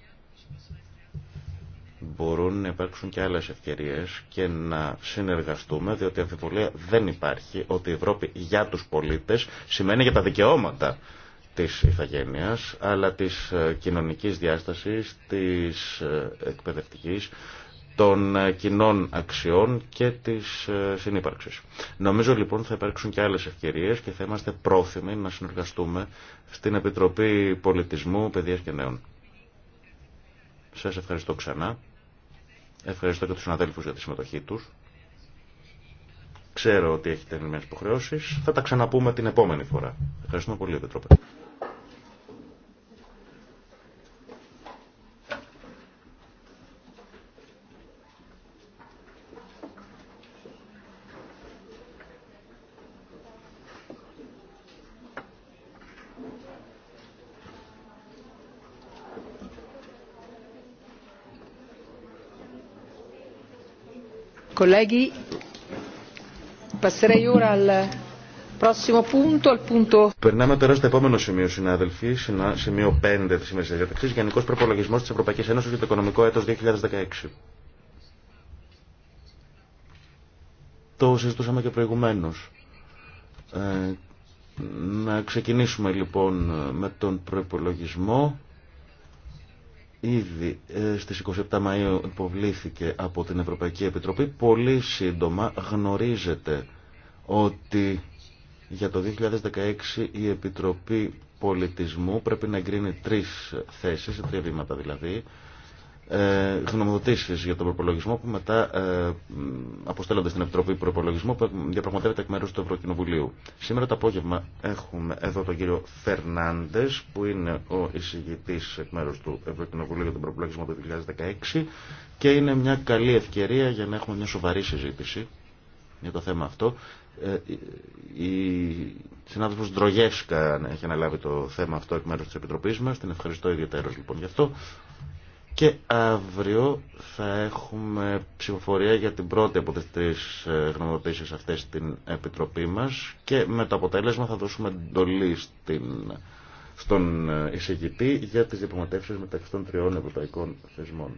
μπορούν να υπάρξουν και άλλες ευκαιρίες και να συνεργαστούμε, διότι αμφιβολία δεν υπάρχει ότι η Ευρώπη για τους πολίτες σημαίνει για τα δικαιώματα της ηθαγένειας, αλλά της ε, κοινωνικής διάστασης, της ε, εκπαιδευτικής, των ε, κοινών αξιών και της ε, συνύπαρξης. Νομίζω λοιπόν θα υπάρξουν και άλλες ευκαιρίες και θα είμαστε πρόθυμοι να συνεργαστούμε στην Επιτροπή Πολιτισμού, Παιδείας και Νέων. Σας ευχαριστώ ξανά. Ευχαριστώ και τους συναδέλφους για τη συμμετοχή τους. Ξέρω ότι έχετε ενημένες υποχρεώσεις. Θα τα ξαναπούμε την επόμενη φορά. Ευχαριστούμε πολύ, Επιτροπέ. Colleghi, Περνάμε τώρα στο επόμενο σημείο, συνάδελφοι, σημείο 5 της σημερινής διαταξής, Γενικό Προπολογισμό τη Ευρωπαϊκή Ένωση για το οικονομικό Έτο 2016. Το συζητούσαμε και προηγουμένω. Ε, να ξεκινήσουμε λοιπόν με τον προπολογισμό ήδη ε, στις 27 Μαΐου υποβλήθηκε από την Ευρωπαϊκή Επιτροπή. Πολύ σύντομα γνωρίζετε ότι για το 2016 η Επιτροπή Πολιτισμού πρέπει να εγκρίνει τρεις θέσεις, τρία βήματα δηλαδή, ε, γνωμοδοτήσεις για τον προπολογισμό που μετά ε, αποστέλλονται στην Επιτροπή Προπολογισμού που διαπραγματεύεται εκ μέρους του Ευρωκοινοβουλίου. Σήμερα το απόγευμα έχουμε εδώ τον κύριο Φερνάντες που είναι ο εισηγητής εκ μέρους του Ευρωκοινοβουλίου για τον προπολογισμό του 2016 και είναι μια καλή ευκαιρία για να έχουμε μια σοβαρή συζήτηση για το θέμα αυτό. Ε, η συνάδελφος Ντρογεύσκα έχει αναλάβει το θέμα αυτό εκ μέρους της Επιτροπή μα. Την ευχαριστώ ιδιαίτερα λοιπόν γι' αυτό. Και αύριο θα έχουμε ψηφοφορία για την πρώτη από τις τρεις ε, γνωμοποιήσεις αυτές στην Επιτροπή μας και με το αποτέλεσμα θα δώσουμε εντολή στην, στον ε, εισηγητή για τις διαπραγματεύσεις μεταξύ των τριών ευρωπαϊκών θεσμών.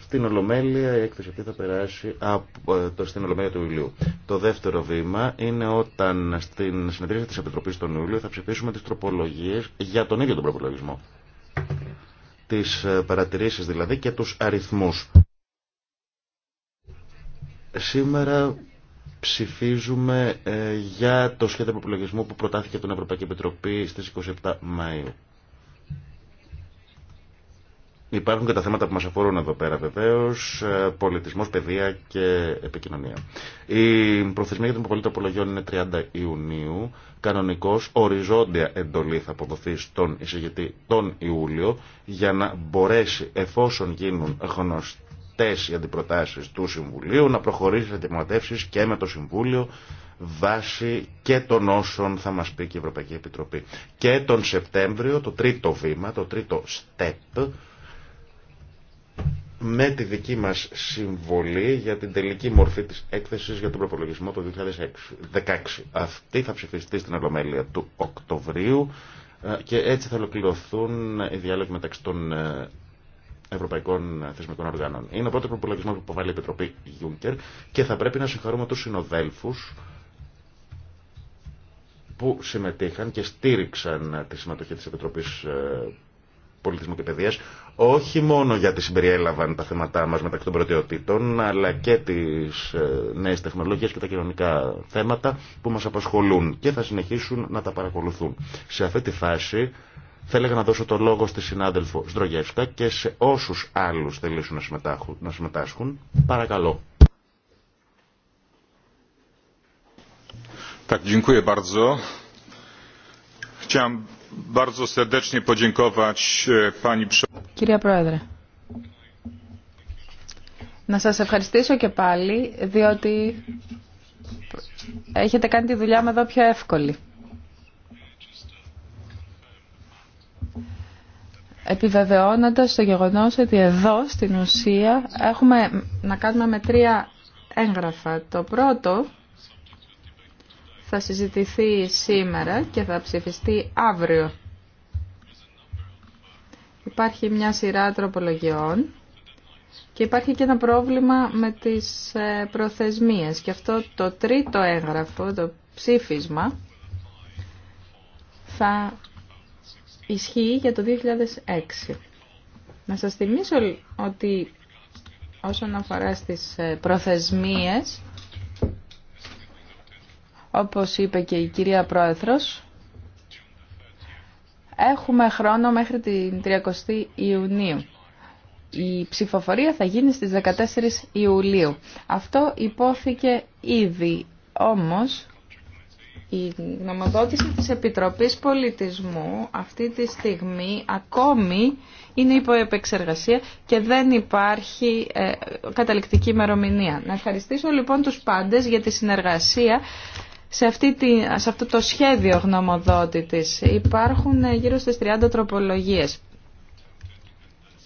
Στην Ολομέλεια η έκθεση αυτή θα περάσει από, ε, το, στην Ολομέλεια του Ιουλίου. Το δεύτερο βήμα είναι όταν στην συνεδρία της Επιτροπής τον Ιούλιο θα ψηφίσουμε τις τροπολογίες για τον ίδιο τον προπολογισμό τις ε, παρατηρήσεις δηλαδή και τους αριθμούς. Σήμερα ψηφίζουμε ε, για το σχέδιο προπολογισμού που προτάθηκε από την Ευρωπαϊκή Επιτροπή στις 27 Μαΐου. Υπάρχουν και τα θέματα που μας αφορούν εδώ πέρα βεβαίως, ε, πολιτισμός, παιδεία και επικοινωνία. Η προθεσμία για την των απολογιών είναι 30 Ιουνίου. Κανονικώς οριζόντια εντολή θα αποδοθεί στον εισηγητή τον Ιούλιο για να μπορέσει εφόσον γίνουν γνωστές οι αντιπροτάσεις του Συμβουλίου να προχωρήσει σε διαπραγματεύσεις και με το Συμβούλιο βάσει και των όσων θα μας πει και η Ευρωπαϊκή Επιτροπή. Και τον Σεπτέμβριο το τρίτο βήμα, το τρίτο step με τη δική μας συμβολή για την τελική μορφή της έκθεσης για τον προπολογισμό το 2016. Αυτή θα ψηφιστεί στην Ολομέλεια του Οκτωβρίου ε, και έτσι θα ολοκληρωθούν οι διάλογοι μεταξύ των ε, ευρωπαϊκών θεσμικών οργάνων. Είναι ο πρώτο προπολογισμό που υποβάλλει η Επιτροπή Juncker και θα πρέπει να συγχαρούμε τους συνοδέλφου που συμμετείχαν και στήριξαν τη συμμετοχή της Επιτροπής ε, Πολιτισμού και Παιδείας όχι μόνο γιατί συμπεριέλαβαν τα θέματά μας μεταξύ των προτεραιοτήτων, αλλά και τις ε, νέες τεχνολογίες και τα κοινωνικά θέματα που μας απασχολούν και θα συνεχίσουν να τα παρακολουθούν. Σε αυτή τη φάση θα να δώσω το λόγο στη συνάδελφο Στρογεύσκα και σε όσους άλλους θελήσουν να συμμετάσχουν. Παρακαλώ. Tak, E, Κυρία Πρόεδρε, να σα ευχαριστήσω και πάλι, διότι έχετε κάνει τη δουλειά μου εδώ πιο εύκολη. Επιβεβαιώνοντας το γεγονός ότι εδώ στην ουσία έχουμε να κάνουμε με τρία έγγραφα. Το πρώτο θα συζητηθεί σήμερα και θα ψηφιστεί αύριο. Υπάρχει μια σειρά τροπολογιών και υπάρχει και ένα πρόβλημα με τις ε, προθεσμίες. Και αυτό το τρίτο έγγραφο, το ψήφισμα, θα ισχύει για το 2006. Να σας θυμίσω ότι όσον αφορά στις ε, προθεσμίες, όπως είπε και η κυρία Πρόεδρος, έχουμε χρόνο μέχρι την 30η Ιουνίου. Η ψηφοφορία θα γίνει στις 14 Ιουλίου. Αυτό υπόθηκε ήδη, όμως η νομοδότηση της Επιτροπής Πολιτισμού αυτή τη στιγμή ακόμη είναι υπό επεξεργασία και δεν υπάρχει ε, καταληκτική ημερομηνία. Να ευχαριστήσω λοιπόν τους πάντες για τη συνεργασία σε, αυτό το σχέδιο γνωμοδότητης υπάρχουν ε, γύρω στις 30 τροπολογίες.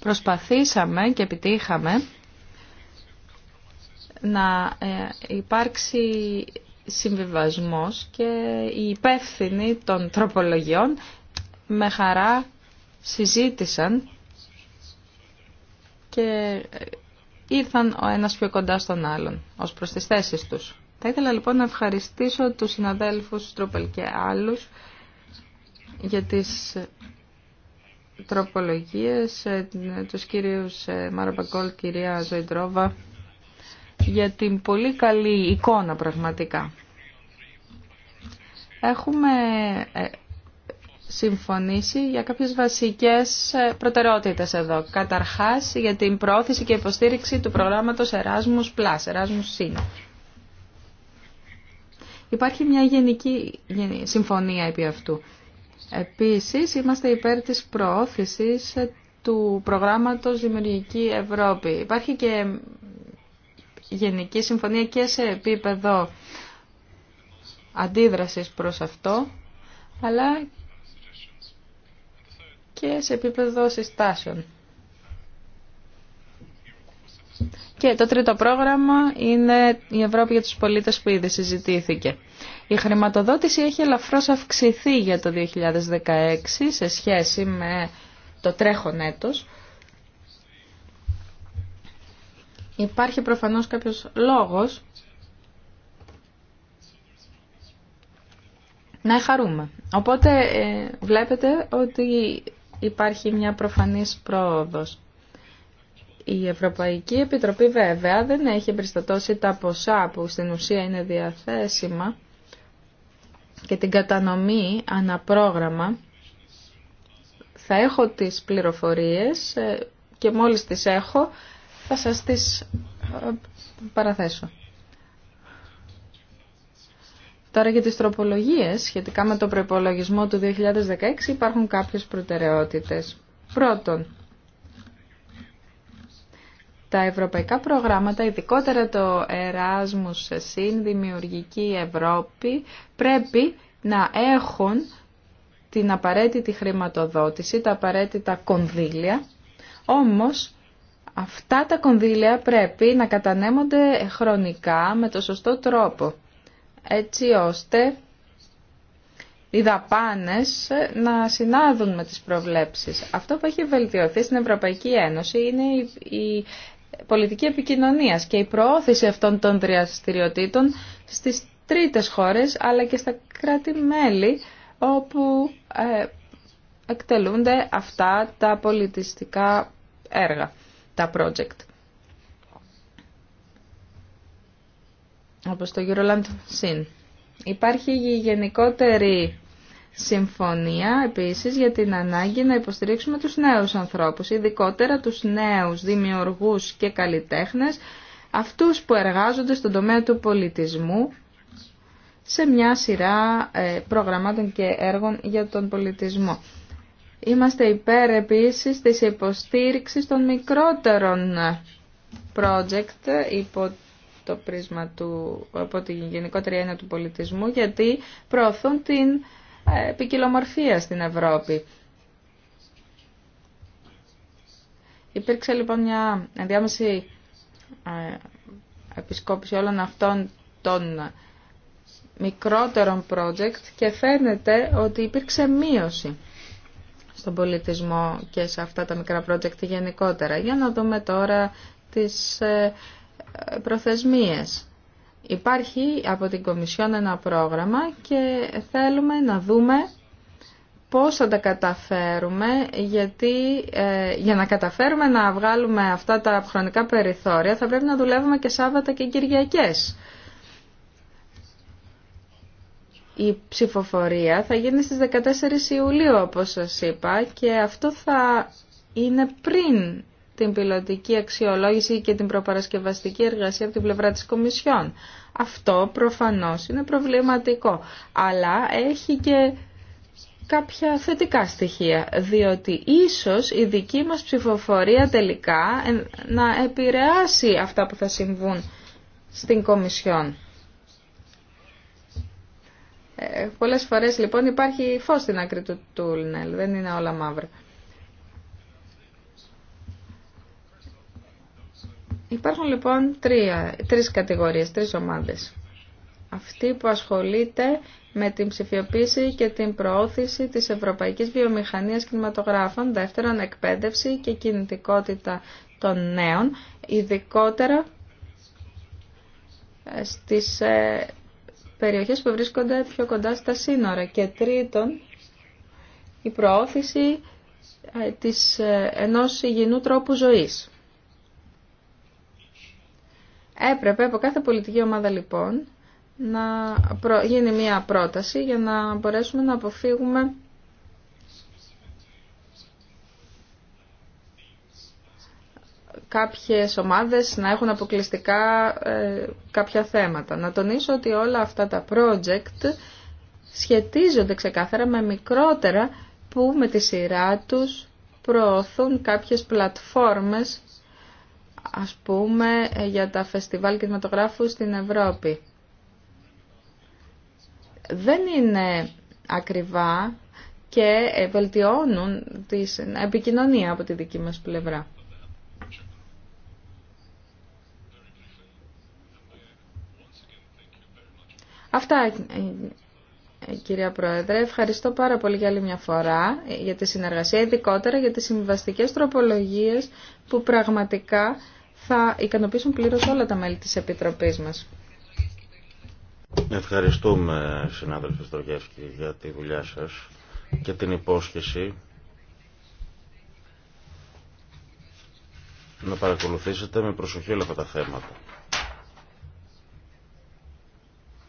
Προσπαθήσαμε και επιτύχαμε να ε, υπάρξει συμβιβασμός και οι υπεύθυνοι των τροπολογιών με χαρά συζήτησαν και ε, ήρθαν ο ένας πιο κοντά στον άλλον ως προς τις θέσεις τους. Θα ήθελα λοιπόν να ευχαριστήσω τους συναδέλφους Στρόπελ και άλλους για τις τροπολογίες, ε, τους κύριους ε, Μάρα κυρία Ζωηντρόβα, για την πολύ καλή εικόνα πραγματικά. Έχουμε ε, συμφωνήσει για κάποιες βασικές προτεραιότητες εδώ. Καταρχάς για την πρόθεση και υποστήριξη του προγράμματος Erasmus Plus, Erasmus Sin. Υπάρχει μια γενική συμφωνία επί αυτού. Επίσης, είμαστε υπέρ της προώθησης του προγράμματος Δημιουργική Ευρώπη. Υπάρχει και γενική συμφωνία και σε επίπεδο αντίδρασης προς αυτό, αλλά και σε επίπεδο συστάσεων. Και το τρίτο πρόγραμμα είναι η Ευρώπη για τους πολίτες που ήδη συζητήθηκε. Η χρηματοδότηση έχει ελαφρώς αυξηθεί για το 2016 σε σχέση με το τρέχον έτος. Υπάρχει προφανώς κάποιος λόγος να χαρούμε. Οπότε ε, βλέπετε ότι υπάρχει μια προφανής πρόοδος. Η Ευρωπαϊκή Επιτροπή βέβαια δεν έχει εμπριστατώσει τα ποσά που στην ουσία είναι διαθέσιμα και την κατανομή αναπρόγραμμα. Θα έχω τις πληροφορίες ε, και μόλις τις έχω θα σας τις ε, παραθέσω. Τώρα για τις τροπολογίες σχετικά με το προϋπολογισμό του 2016 υπάρχουν κάποιες προτεραιότητες. Πρώτον, τα ευρωπαϊκά προγράμματα, ειδικότερα το Erasmus ΣΥΝ, Δημιουργική Ευρώπη, πρέπει να έχουν την απαραίτητη χρηματοδότηση, τα απαραίτητα κονδύλια, όμως αυτά τα κονδύλια πρέπει να κατανέμονται χρονικά με το σωστό τρόπο, έτσι ώστε οι δαπάνες να συνάδουν με τις προβλέψεις. Αυτό που έχει βελτιωθεί στην Ευρωπαϊκή Ένωση είναι η πολιτική επικοινωνία και η προώθηση αυτών των δραστηριοτήτων στι τρίτες χώρε, αλλά και στα κράτη-μέλη όπου ε, εκτελούνται αυτά τα πολιτιστικά έργα, τα project. Όπως το Euroland Sin. Υπάρχει η γενικότερη συμφωνία επίσης για την ανάγκη να υποστηρίξουμε τους νέους ανθρώπους, ειδικότερα τους νέους δημιουργούς και καλλιτέχνες, αυτούς που εργάζονται στον τομέα του πολιτισμού σε μια σειρά ε, προγραμμάτων και έργων για τον πολιτισμό. Είμαστε υπέρ επίσης της υποστήριξης των μικρότερων project υπό το πρίσμα του, από την γενικότερη έννοια του πολιτισμού, γιατί προωθούν την ποικιλομορφία στην Ευρώπη. Υπήρξε λοιπόν μια ενδιάμεση ε, επισκόπηση όλων αυτών των μικρότερων project και φαίνεται ότι υπήρξε μείωση στον πολιτισμό και σε αυτά τα μικρά project γενικότερα. Για να δούμε τώρα τις ε, προθεσμίες. Υπάρχει από την Κομισιόν ένα πρόγραμμα και θέλουμε να δούμε πώς θα τα καταφέρουμε γιατί ε, για να καταφέρουμε να βγάλουμε αυτά τα χρονικά περιθώρια θα πρέπει να δουλεύουμε και Σάββατα και Κυριακές. Η ψηφοφορία θα γίνει στις 14 Ιουλίου όπως σας είπα και αυτό θα είναι πριν την πιλωτική αξιολόγηση και την προπαρασκευαστική εργασία από την πλευρά της Κομισιόν. Αυτό προφανώς είναι προβληματικό, αλλά έχει και κάποια θετικά στοιχεία, διότι ίσως η δική μας ψηφοφορία τελικά να επηρεάσει αυτά που θα συμβούν στην Κομισιόν. Ε, πολλές φορές λοιπόν υπάρχει φως στην άκρη του τούλνελ, δεν είναι όλα μαύρα. Υπάρχουν λοιπόν τρία, τρεις κατηγορίες, τρεις ομάδες. Αυτή που ασχολείται με την ψηφιοποίηση και την προώθηση της ευρωπαϊκής βιομηχανίας κινηματογράφων, δεύτερον εκπαίδευση και κινητικότητα των νέων, ειδικότερα ε, στις ε, περιοχές που βρίσκονται πιο κοντά στα σύνορα και τρίτον η προώθηση ε, της, ενός υγιεινού τρόπου ζωής. Έπρεπε από κάθε πολιτική ομάδα λοιπόν να γίνει μια πρόταση για να μπορέσουμε να αποφύγουμε κάποιες ομάδες να έχουν αποκλειστικά ε, κάποια θέματα. Να τονίσω ότι όλα αυτά τα project σχετίζονται ξεκάθαρα με μικρότερα που με τη σειρά τους προωθούν κάποιες πλατφόρμες ας πούμε για τα φεστιβάλ κινηματογράφου στην Ευρώπη. Δεν είναι ακριβά και βελτιώνουν την επικοινωνία από τη δική μας πλευρά. Αυτά κυρία Πρόεδρε. Ευχαριστώ πάρα πολύ για άλλη μια φορά για τη συνεργασία, ειδικότερα για τις συμβαστικές τροπολογίες που πραγματικά θα ικανοποιήσουν πλήρως όλα τα μέλη της Επιτροπής μας. Ευχαριστούμε συνάδελφε Στρογεύσκη για τη δουλειά σας και την υπόσχεση να παρακολουθήσετε με προσοχή όλα αυτά τα θέματα.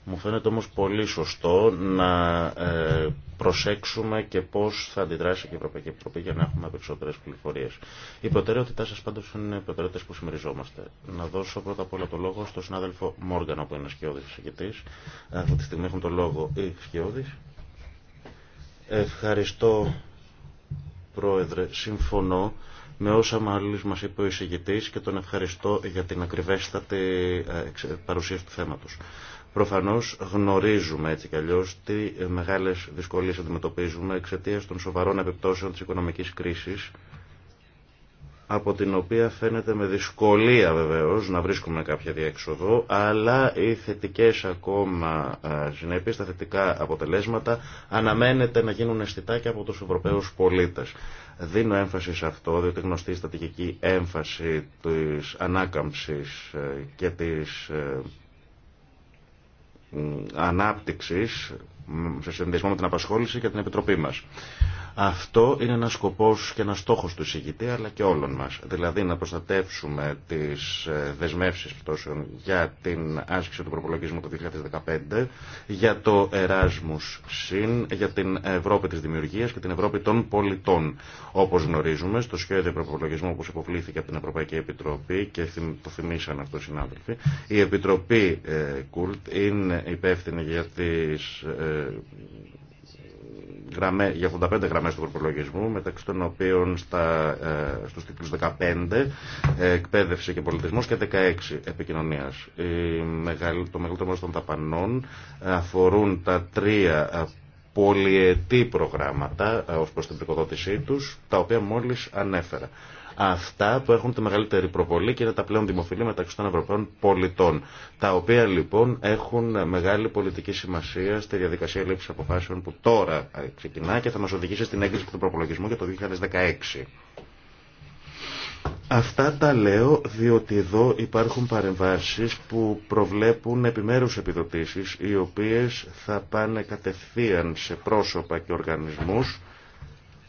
Μου φαίνεται όμως πολύ σωστό να ε, προσέξουμε και πώς θα αντιδράσει και η Ευρωπαϊκή Επιτροπή για να έχουμε περισσότερες πληροφορίες. Η προτεραιότητά σας πάντως είναι προτεραιότητες που συμμεριζόμαστε. Να δώσω πρώτα απ' όλα το λόγο στον συνάδελφο Μόργανο που είναι σκιώδης εισηγητής. Αυτή τη στιγμή έχουν το λόγο οι σκιώδης. Ευχαριστώ Πρόεδρε. Συμφωνώ με όσα μάλλον μας είπε ο εισηγητής και τον ευχαριστώ για την ακριβέστατη ε, παρουσίαση του θέματος. Προφανώς γνωρίζουμε έτσι κι αλλιώς τι μεγάλες δυσκολίες αντιμετωπίζουμε εξαιτία των σοβαρών επιπτώσεων της οικονομικής κρίσης από την οποία φαίνεται με δυσκολία βεβαίως να βρίσκουμε κάποια διέξοδο, αλλά οι θετικές ακόμα ε, συνέπειες, τα θετικά αποτελέσματα αναμένεται να γίνουν αισθητά και από τους Ευρωπαίους πολίτες. Δίνω έμφαση σε αυτό, διότι γνωστή η στατικική έμφαση της ανάκαμψης ε, και της ε, Ανάπτυξης σε συνδυασμό με την απασχόληση και την Επιτροπή μας. Αυτό είναι ένας σκοπός και ένας στόχος του εισηγητή αλλά και όλων μας. Δηλαδή να προστατεύσουμε τις ε, δεσμεύσεις πτώσεων για την άσκηση του προπολογισμού του 2015, για το Erasmus ΣΥΝ, για την Ευρώπη της Δημιουργίας και την Ευρώπη των Πολιτών. Όπως γνωρίζουμε στο σχέδιο προπολογισμού όπως υποβλήθηκε από την Ευρωπαϊκή Επιτροπή και το θυμήσαν αυτό οι συνάδελφοι, η Επιτροπή ε, Κουλτ είναι υπεύθυνη για τις ε, για 85 γραμμές του προπολογισμού, μεταξύ των οποίων στα, ε, στους τίτλους 15, εκπαίδευση και πολιτισμός και 16 επικοινωνίας. το μεγαλύτερο μέρος των δαπανών αφορούν τα τρία πολυετή προγράμματα ε, ως προς την πρικοδότησή τους, τα οποία μόλις ανέφερα. Αυτά που έχουν τη μεγαλύτερη προβολή και είναι τα πλέον δημοφιλή μεταξύ των Ευρωπαίων πολιτών. Τα οποία λοιπόν έχουν μεγάλη πολιτική σημασία στη διαδικασία λήψη αποφάσεων που τώρα ξεκινά και θα μα οδηγήσει στην έγκριση του προπολογισμού για το 2016. Αυτά τα λέω διότι εδώ υπάρχουν παρεμβάσεις που προβλέπουν επιμέρους επιδοτήσεις οι οποίες θα πάνε κατευθείαν σε πρόσωπα και οργανισμούς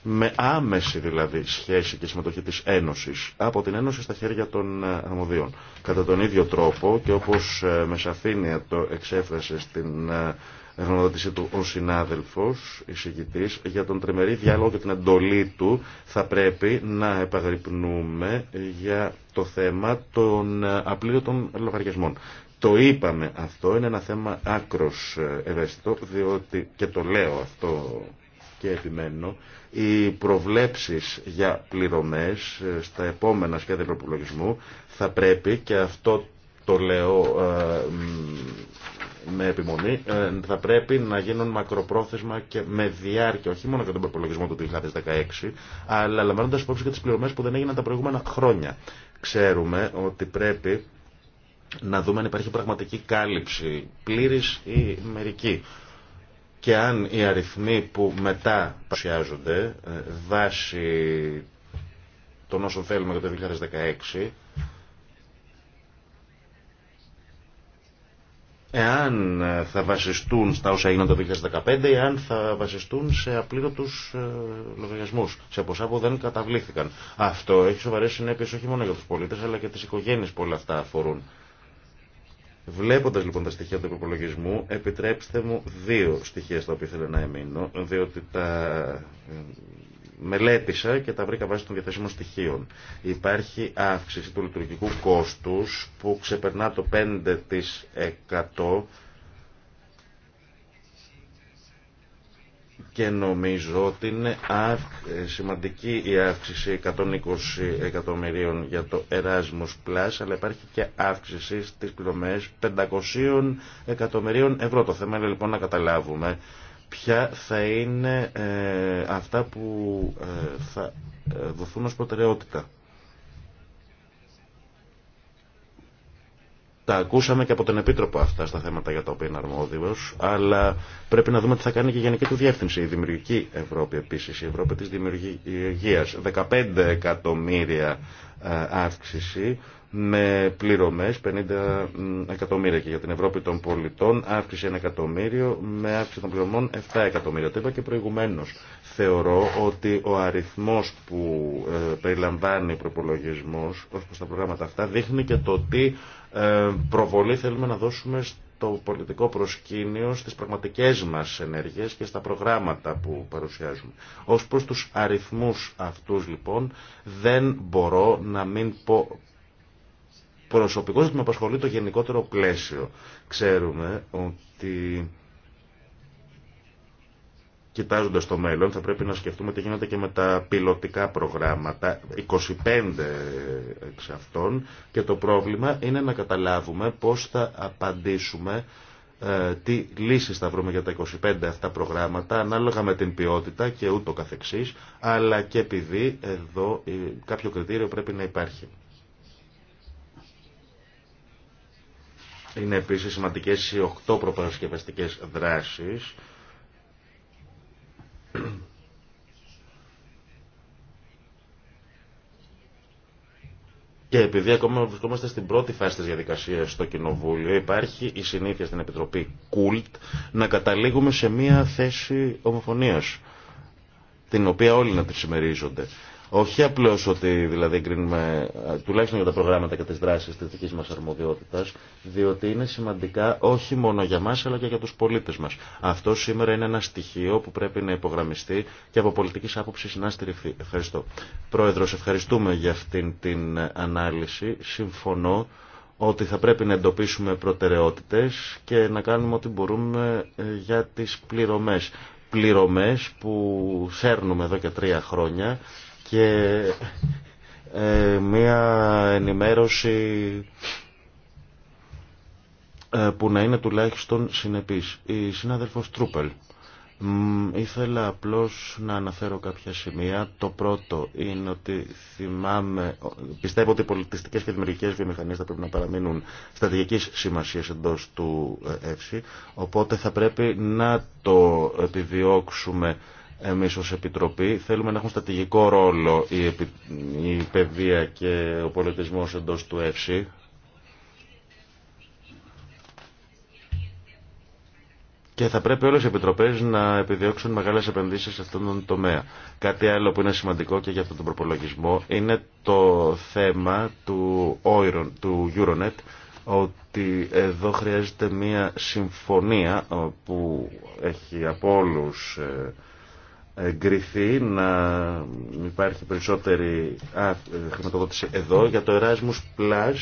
με άμεση δηλαδή σχέση και συμμετοχή της Ένωσης από την Ένωση στα χέρια των ε, αρμοδίων. Κατά τον ίδιο τρόπο και όπως ε, με σαφήνεια το εξέφρασε στην ε, γνωμοδότησή του ο συνάδελφος, εισηγητής, για τον τριμερή διάλογο και την εντολή του θα πρέπει να επαγρυπνούμε για το θέμα των απλήρωτων λογαριασμών. Το είπαμε αυτό, είναι ένα θέμα άκρος ευαίσθητο, διότι και το λέω αυτό και επιμένω, οι προβλέψεις για πληρωμές ε, στα επόμενα σχέδια προπολογισμού θα πρέπει και αυτό το λέω ε, με επιμονή, ε, θα πρέπει να γίνουν μακροπρόθεσμα και με διάρκεια, όχι μόνο για τον προπολογισμό του 2016, αλλά λαμβάνοντας υπόψη και τις πληρωμές που δεν έγιναν τα προηγούμενα χρόνια. Ξέρουμε ότι πρέπει να δούμε αν υπάρχει πραγματική κάλυψη, πλήρης ή μερική και αν οι αριθμοί που μετά παρουσιάζονται ε, βάσει των όσων θέλουμε για το 2016 εάν θα βασιστούν στα όσα έγιναν το 2015 εάν θα βασιστούν σε απλήρωτους ε, λογαριασμούς σε ποσά που δεν καταβλήθηκαν αυτό έχει σοβαρές συνέπειες όχι μόνο για τους πολίτες αλλά και τις οικογένειες που όλα αυτά αφορούν Βλέποντα λοιπόν τα στοιχεία του υπολογισμού, επιτρέψτε μου δύο στοιχεία στα οποία ήθελα να εμείνω, διότι τα ε, μελέτησα και τα βρήκα βάσει των διαθέσιμων στοιχείων. Υπάρχει αύξηση του λειτουργικού κόστους που ξεπερνά το 5% και νομίζω ότι είναι σημαντική η αύξηση 120 εκατομμυρίων για το Erasmus Plus αλλά υπάρχει και αύξηση στις πληρωμές 500 εκατομμυρίων ευρώ. Το θέμα είναι λοιπόν να καταλάβουμε ποια θα είναι ε, αυτά που ε, θα ε, δοθούν ως προτεραιότητα. Τα ακούσαμε και από τον Επίτροπο αυτά στα θέματα για τα οποία είναι αρμόδιο, αλλά πρέπει να δούμε τι θα κάνει και η Γενική του Διεύθυνση. Η Δημιουργική Ευρώπη επίση, η Ευρώπη τη Δημιουργία. 15 εκατομμύρια ε, αύξηση με πληρωμές 50 εκατομμύρια και για την Ευρώπη των πολιτών αύξηση 1 εκατομμύριο με αύξηση των πληρωμών 7 εκατομμύρια. Το είπα και προηγουμένως. Θεωρώ ότι ο αριθμός που ε, περιλαμβάνει ο προπολογισμός ως προς τα προγράμματα αυτά δείχνει και το τι ε, προβολή θέλουμε να δώσουμε το πολιτικό προσκήνιο στις πραγματικές μας ενέργειες και στα προγράμματα που παρουσιάζουμε. Ως προς τους αριθμούς αυτούς λοιπόν δεν μπορώ να μην πω προσωπικώς ότι με απασχολεί το γενικότερο πλαίσιο. Ξέρουμε ότι κοιτάζοντα το μέλλον, θα πρέπει να σκεφτούμε τι γίνεται και με τα πιλωτικά προγράμματα. 25 εξ αυτών και το πρόβλημα είναι να καταλάβουμε πώς θα απαντήσουμε ε, τι λύσεις θα βρούμε για τα 25 αυτά προγράμματα ανάλογα με την ποιότητα και ούτω καθεξής αλλά και επειδή εδώ ε, κάποιο κριτήριο πρέπει να υπάρχει. Είναι επίσης σημαντικές οι 8 προπαρασκευαστικές δράσεις και επειδή ακόμα βρισκόμαστε στην πρώτη φάση της διαδικασίας στο Κοινοβούλιο, υπάρχει η συνήθεια στην Επιτροπή Κούλτ να καταλήγουμε σε μία θέση ομοφωνίας, την οποία όλοι να τη συμμερίζονται. Όχι απλώ ότι δηλαδή εγκρίνουμε τουλάχιστον για τα προγράμματα και τι δράσει τη δική μα αρμοδιότητα, διότι είναι σημαντικά όχι μόνο για μα αλλά και για του πολίτε μα. Αυτό σήμερα είναι ένα στοιχείο που πρέπει να υπογραμμιστεί και από πολιτική άποψη να στηριχθεί. Ευχαριστώ. Πρόεδρο, ευχαριστούμε για αυτήν την ανάλυση. Συμφωνώ ότι θα πρέπει να εντοπίσουμε προτεραιότητε και να κάνουμε ό,τι μπορούμε ε, για τι πληρωμές. Πληρωμέ που σέρνουμε εδώ και τρία χρόνια και ε, μία ενημέρωση ε, που να είναι τουλάχιστον συνεπής. Η συνάδελφος Τρούπελ. Ήθελα απλώς να αναφέρω κάποια σημεία. Το πρώτο είναι ότι θυμάμαι, πιστεύω ότι οι πολιτιστικές και δημιουργικές βιομηχανίες θα πρέπει να παραμείνουν στρατηγικής σημασίας εντός του ε, ΕΦΣΥ, οπότε θα πρέπει να το επιδιώξουμε εμείς ως Επιτροπή θέλουμε να έχουν στατηγικό ρόλο η, επι... παιδεία και ο πολιτισμός εντός του ΕΦΣΥ. Και θα πρέπει όλες οι επιτροπές να επιδιώξουν μεγάλες επενδύσεις σε αυτόν τον τομέα. Κάτι άλλο που είναι σημαντικό και για αυτόν τον προπολογισμό είναι το θέμα του, Oiron, του Euronet, ότι εδώ χρειάζεται μια συμφωνία ε, που έχει από όλους ε, εγκριθεί να υπάρχει περισσότερη ε, χρηματοδότηση εδώ για το Erasmus Plus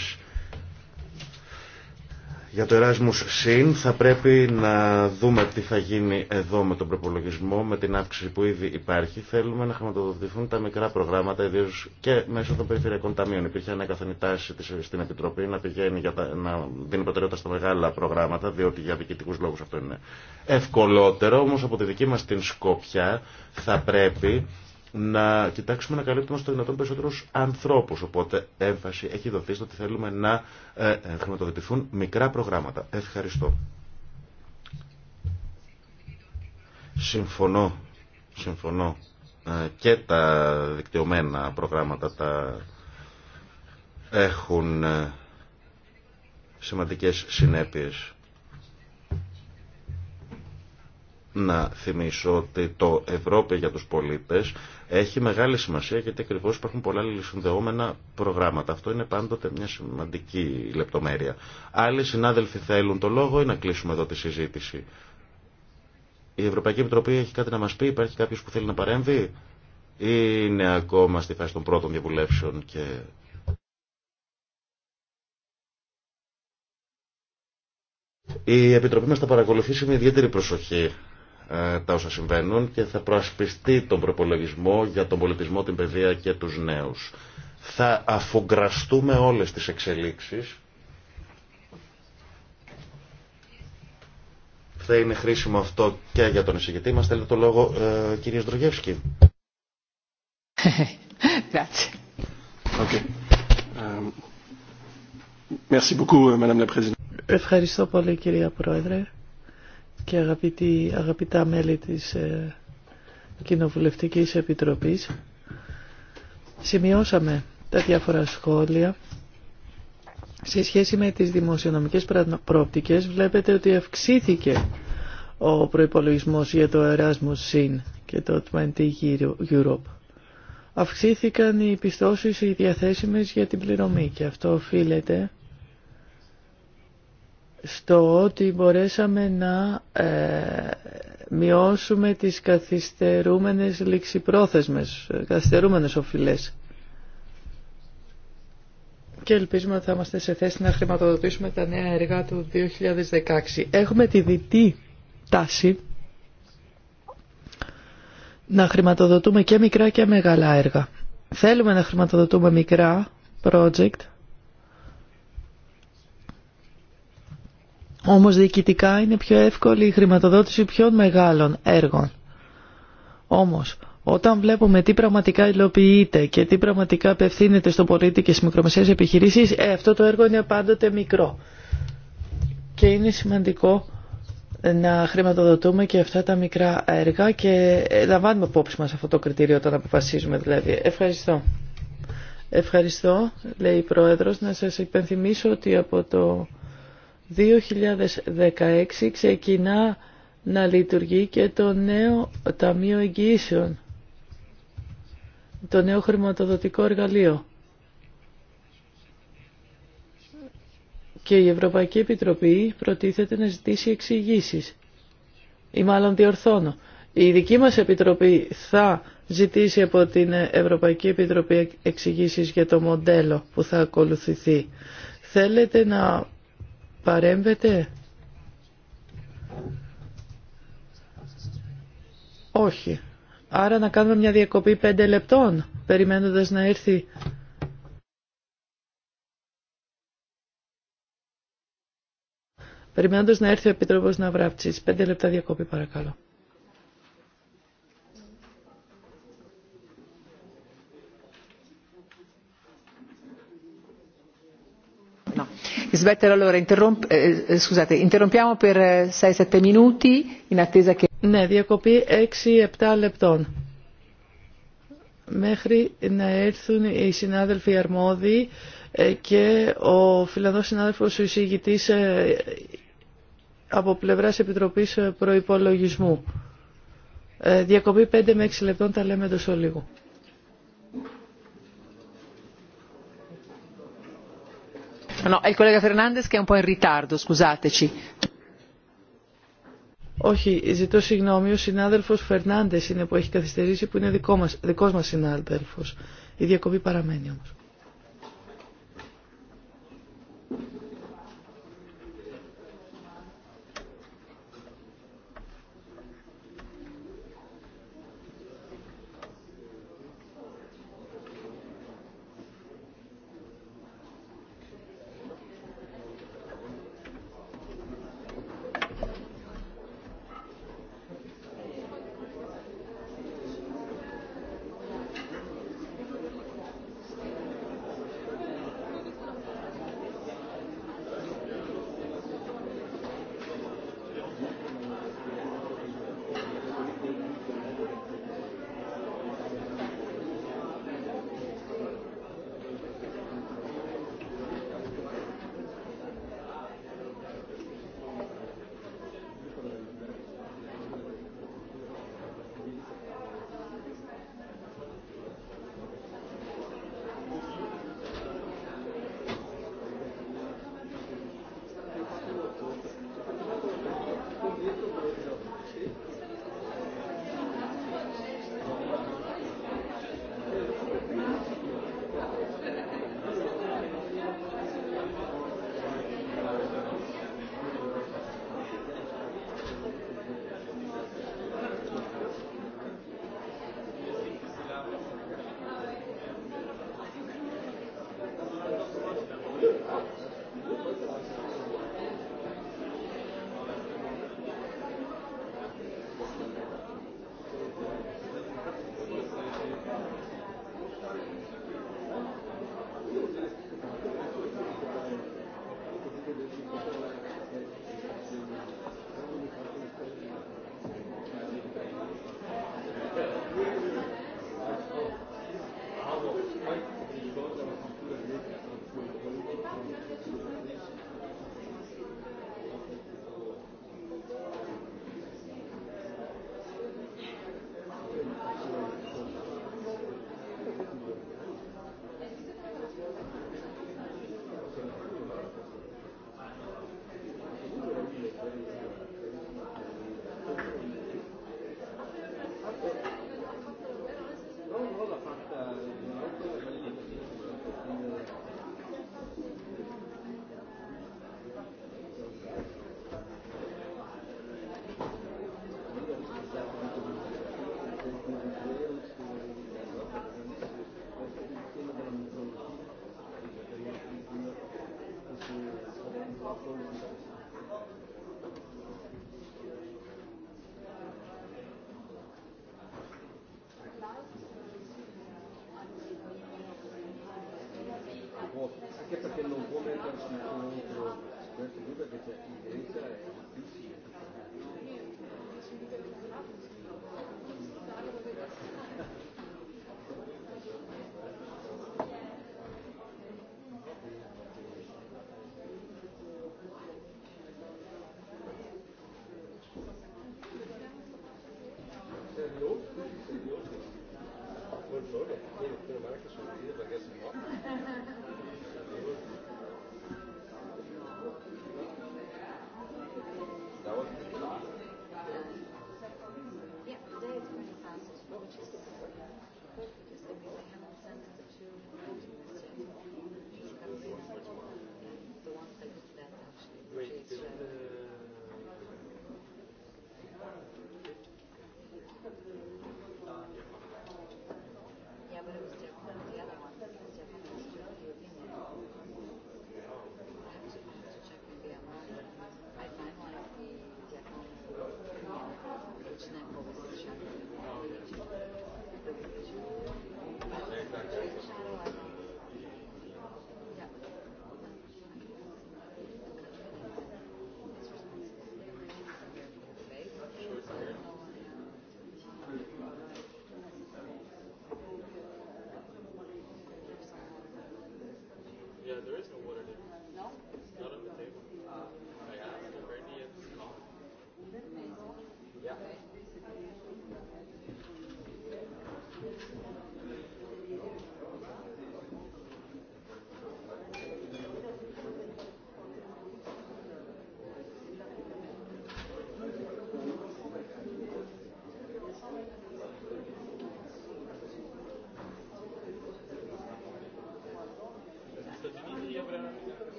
για το Erasmus ΣΥΝ θα πρέπει να δούμε τι θα γίνει εδώ με τον προπολογισμό, με την αύξηση που ήδη υπάρχει. Θέλουμε να χρηματοδοτηθούν τα μικρά προγράμματα, ιδίω και μέσω των περιφερειακών ταμείων. Υπήρχε ανέκαθεν τάση στην Επιτροπή να, πηγαίνει για να δίνει προτεραιότητα στα μεγάλα προγράμματα, διότι για διοικητικού λόγου αυτό είναι ευκολότερο. Όμω από τη δική μα την Σκόπια θα πρέπει να κοιτάξουμε να καλύπτουμε στο δυνατόν περισσότερους ανθρώπου, Οπότε έμφαση έχει δοθεί στο ότι θέλουμε να ε, ε, χρηματοδοτηθούν μικρά προγράμματα. Ευχαριστώ. Συμφωνώ. Συμφωνώ. Ε, και τα δικτυωμένα προγράμματα τα έχουν σημαντικές συνέπειες. Να θυμίσω ότι το Ευρώπη για τους πολίτες έχει μεγάλη σημασία γιατί ακριβώ υπάρχουν πολλά λησυνδεόμενα προγράμματα. Αυτό είναι πάντοτε μια σημαντική λεπτομέρεια. Άλλοι συνάδελφοι θέλουν το λόγο ή να κλείσουμε εδώ τη συζήτηση. Η Ευρωπαϊκή Επιτροπή έχει κάτι να μας πει, υπάρχει κάποιος που θέλει να παρέμβει ή είναι ακόμα στη φάση των πρώτων διαβουλεύσεων και... Η Επιτροπή μας θα παρακολουθήσει με ιδιαίτερη προσοχή ε, τα όσα συμβαίνουν και θα προασπιστεί τον προπολογισμό για τον πολιτισμό, την παιδεία και τους νέους. Θα αφογκραστούμε όλες τις εξελίξεις. Θα είναι χρήσιμο αυτό και για τον εισηγητή μας. Θέλετε το λόγο, ε, κύριε Στρογεύσκη. Ε, Ευχαριστώ πολύ, κυρία Πρόεδρε και αγαπητοί, αγαπητά μέλη της ε, Κοινοβουλευτικής Επιτροπής. Σημειώσαμε τα διάφορα σχόλια σε σχέση με τις δημοσιονομικές προοπτικές. Βλέπετε ότι αυξήθηκε ο προϋπολογισμός για το Erasmus Sin και το 20 Europe. Αυξήθηκαν οι πιστώσεις οι διαθέσιμες για την πληρωμή και αυτό οφείλεται στο ότι μπορέσαμε να ε, μειώσουμε τις καθυστερούμενες ληξιπρόθεσμες, καθυστερούμενες οφειλές. Και ελπίζουμε ότι θα είμαστε σε θέση να χρηματοδοτήσουμε τα νέα έργα του 2016. Έχουμε τη διτή τάση να χρηματοδοτούμε και μικρά και μεγάλα έργα. Θέλουμε να χρηματοδοτούμε μικρά project, Όμως διοικητικά είναι πιο εύκολη η χρηματοδότηση πιο μεγάλων έργων. Όμως, όταν βλέπουμε τι πραγματικά υλοποιείται και τι πραγματικά απευθύνεται στον πολίτη και στις μικρομεσαίες επιχειρήσεις, ε, αυτό το έργο είναι πάντοτε μικρό. Και είναι σημαντικό να χρηματοδοτούμε και αυτά τα μικρά έργα και ε, λαμβάνουμε υπόψη μας αυτό το κριτήριο όταν αποφασίζουμε δηλαδή. Ευχαριστώ. Ευχαριστώ, λέει η Πρόεδρος, να σας υπενθυμίσω ότι από το... 2016 ξεκινά να λειτουργεί και το νέο Ταμείο Εγγυήσεων, το νέο χρηματοδοτικό εργαλείο. Και η Ευρωπαϊκή Επιτροπή προτίθεται να ζητήσει εξηγήσει. Ή μάλλον διορθώνω. Η δική μας Επιτροπή θα ζητήσει από την Ευρωπαϊκή Επιτροπή εξηγήσει για το μοντέλο που θα ακολουθηθεί. Θέλετε να παρέμβετε. Όχι. Άρα να κάνουμε μια διακοπή 5 λεπτών, περιμένοντας να έρθει Περιμένοντας να έρθει ο Επίτροπος βράψεις. Πέντε λεπτά διακόπη παρακαλώ. Ναι, διακοπή 6-7 λεπτών. Μέχρι να έρθουν οι συνάδελφοι αρμόδιοι ε, και ο φιλανδός συνάδελφος ο εισηγητής ε, από πλευράς Επιτροπής ε, Προϋπολογισμού. Διακοπή 5 6 λεπτών, τα λέμε εντός ολίγου. No, il collega Fernandez che è un po' in ritardo, scusateci. Όχι, ζητώ συγγνώμη, ο συνάδελφος Φερνάντες είναι που έχει καθυστερήσει, που είναι δικό μας, δικός μας συνάδελφος. Η διακοπή παραμένει όμως.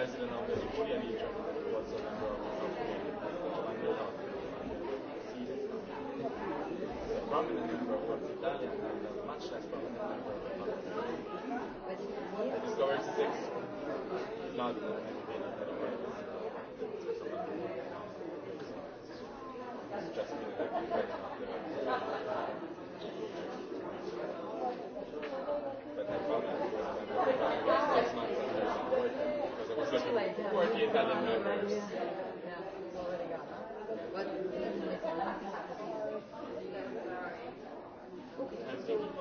president of the was a member of the prominent member Italian and much less prominent member of the six not just Okay. the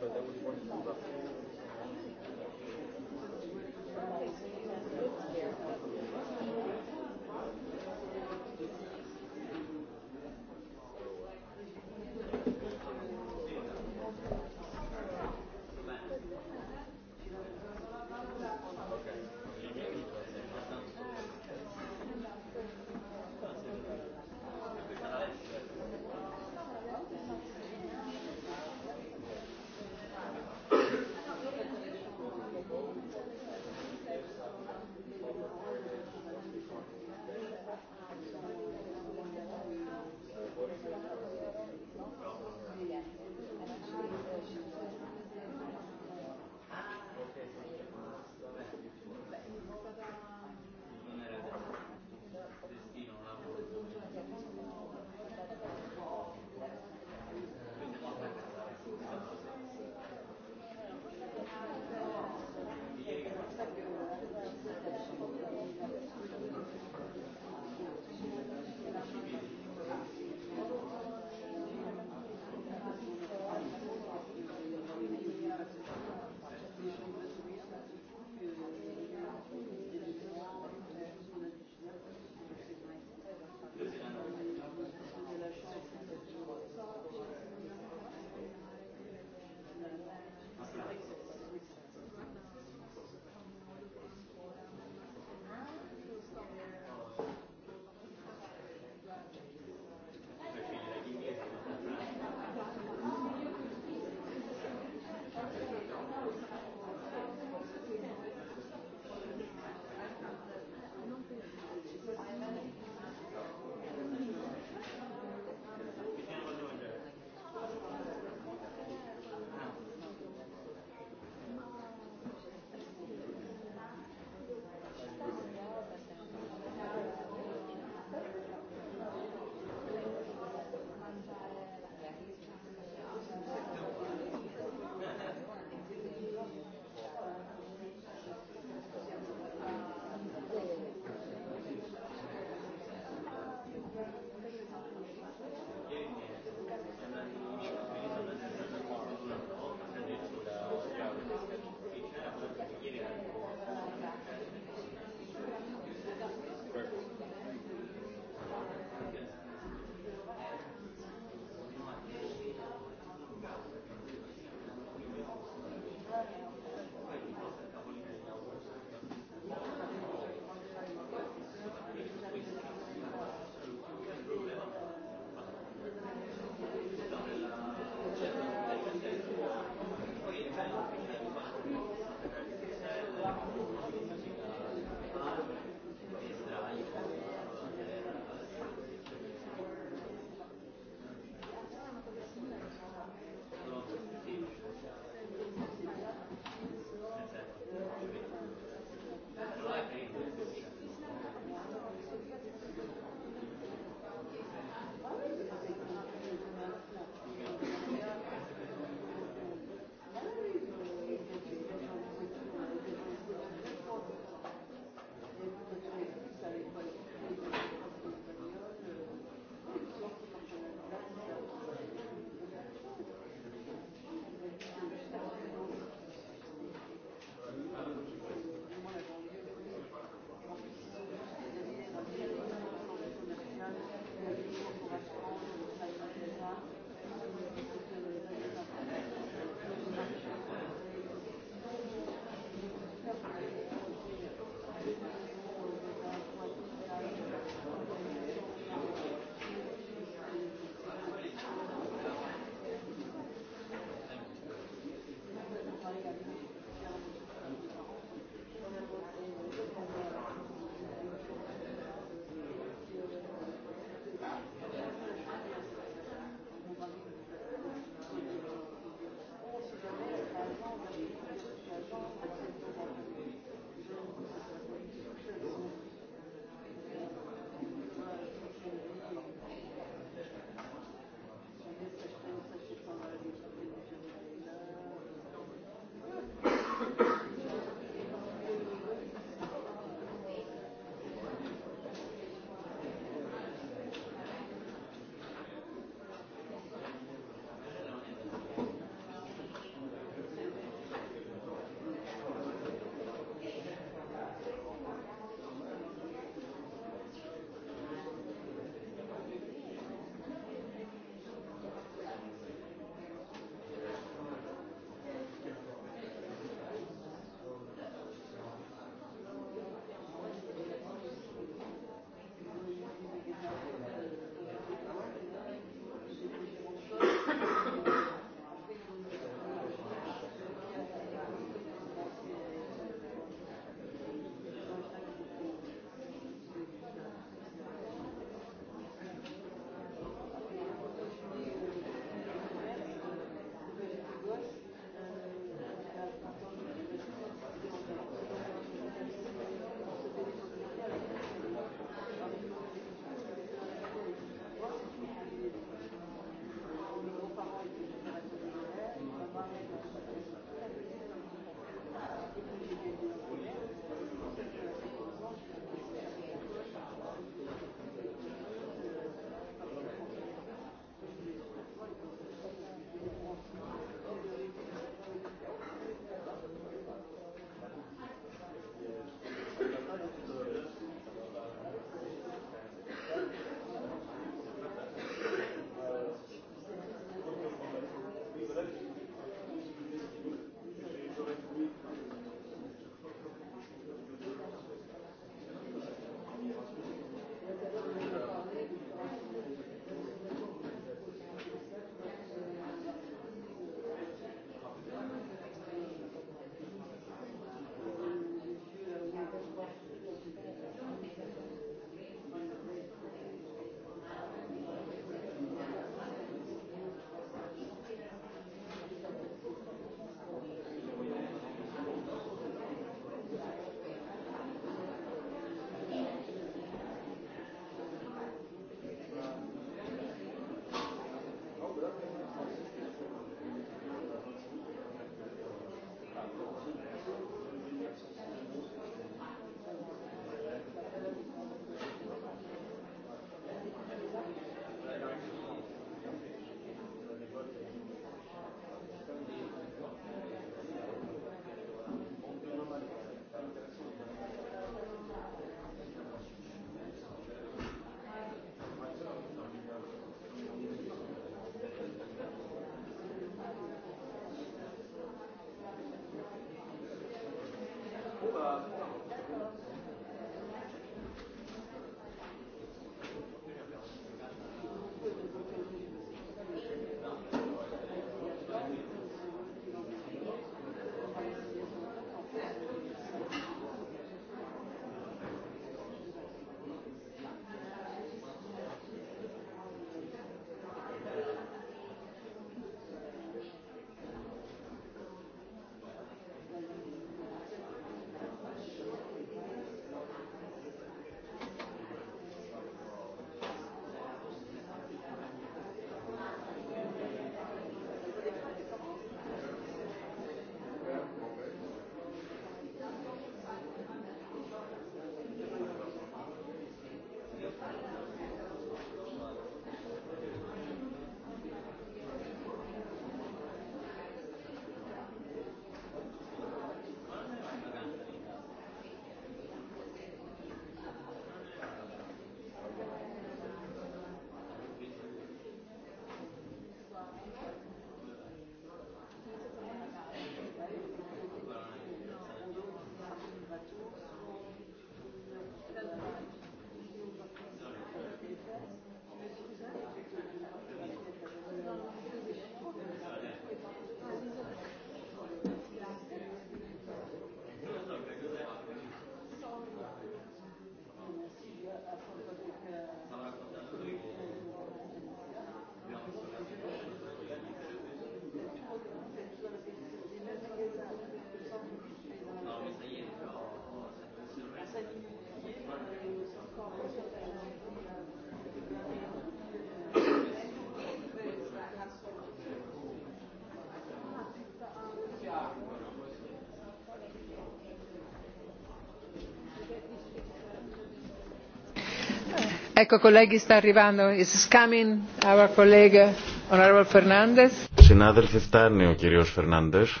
Συνάδελφοι, φτάνει ο κύριος Φερνάντες,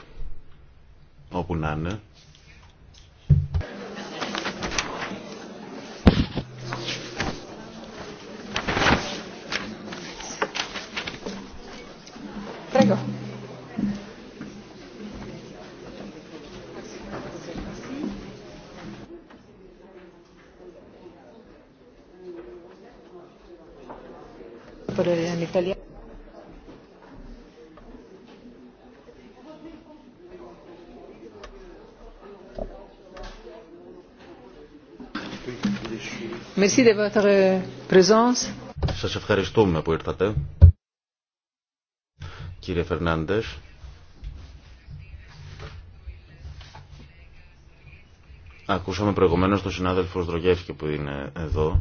όπου να είναι. Merci Σας ευχαριστούμε που ήρθατε. Κύριε Φερνάντες. Ακούσαμε προηγουμένως τον συνάδελφο Σδρογεύσκη που είναι εδώ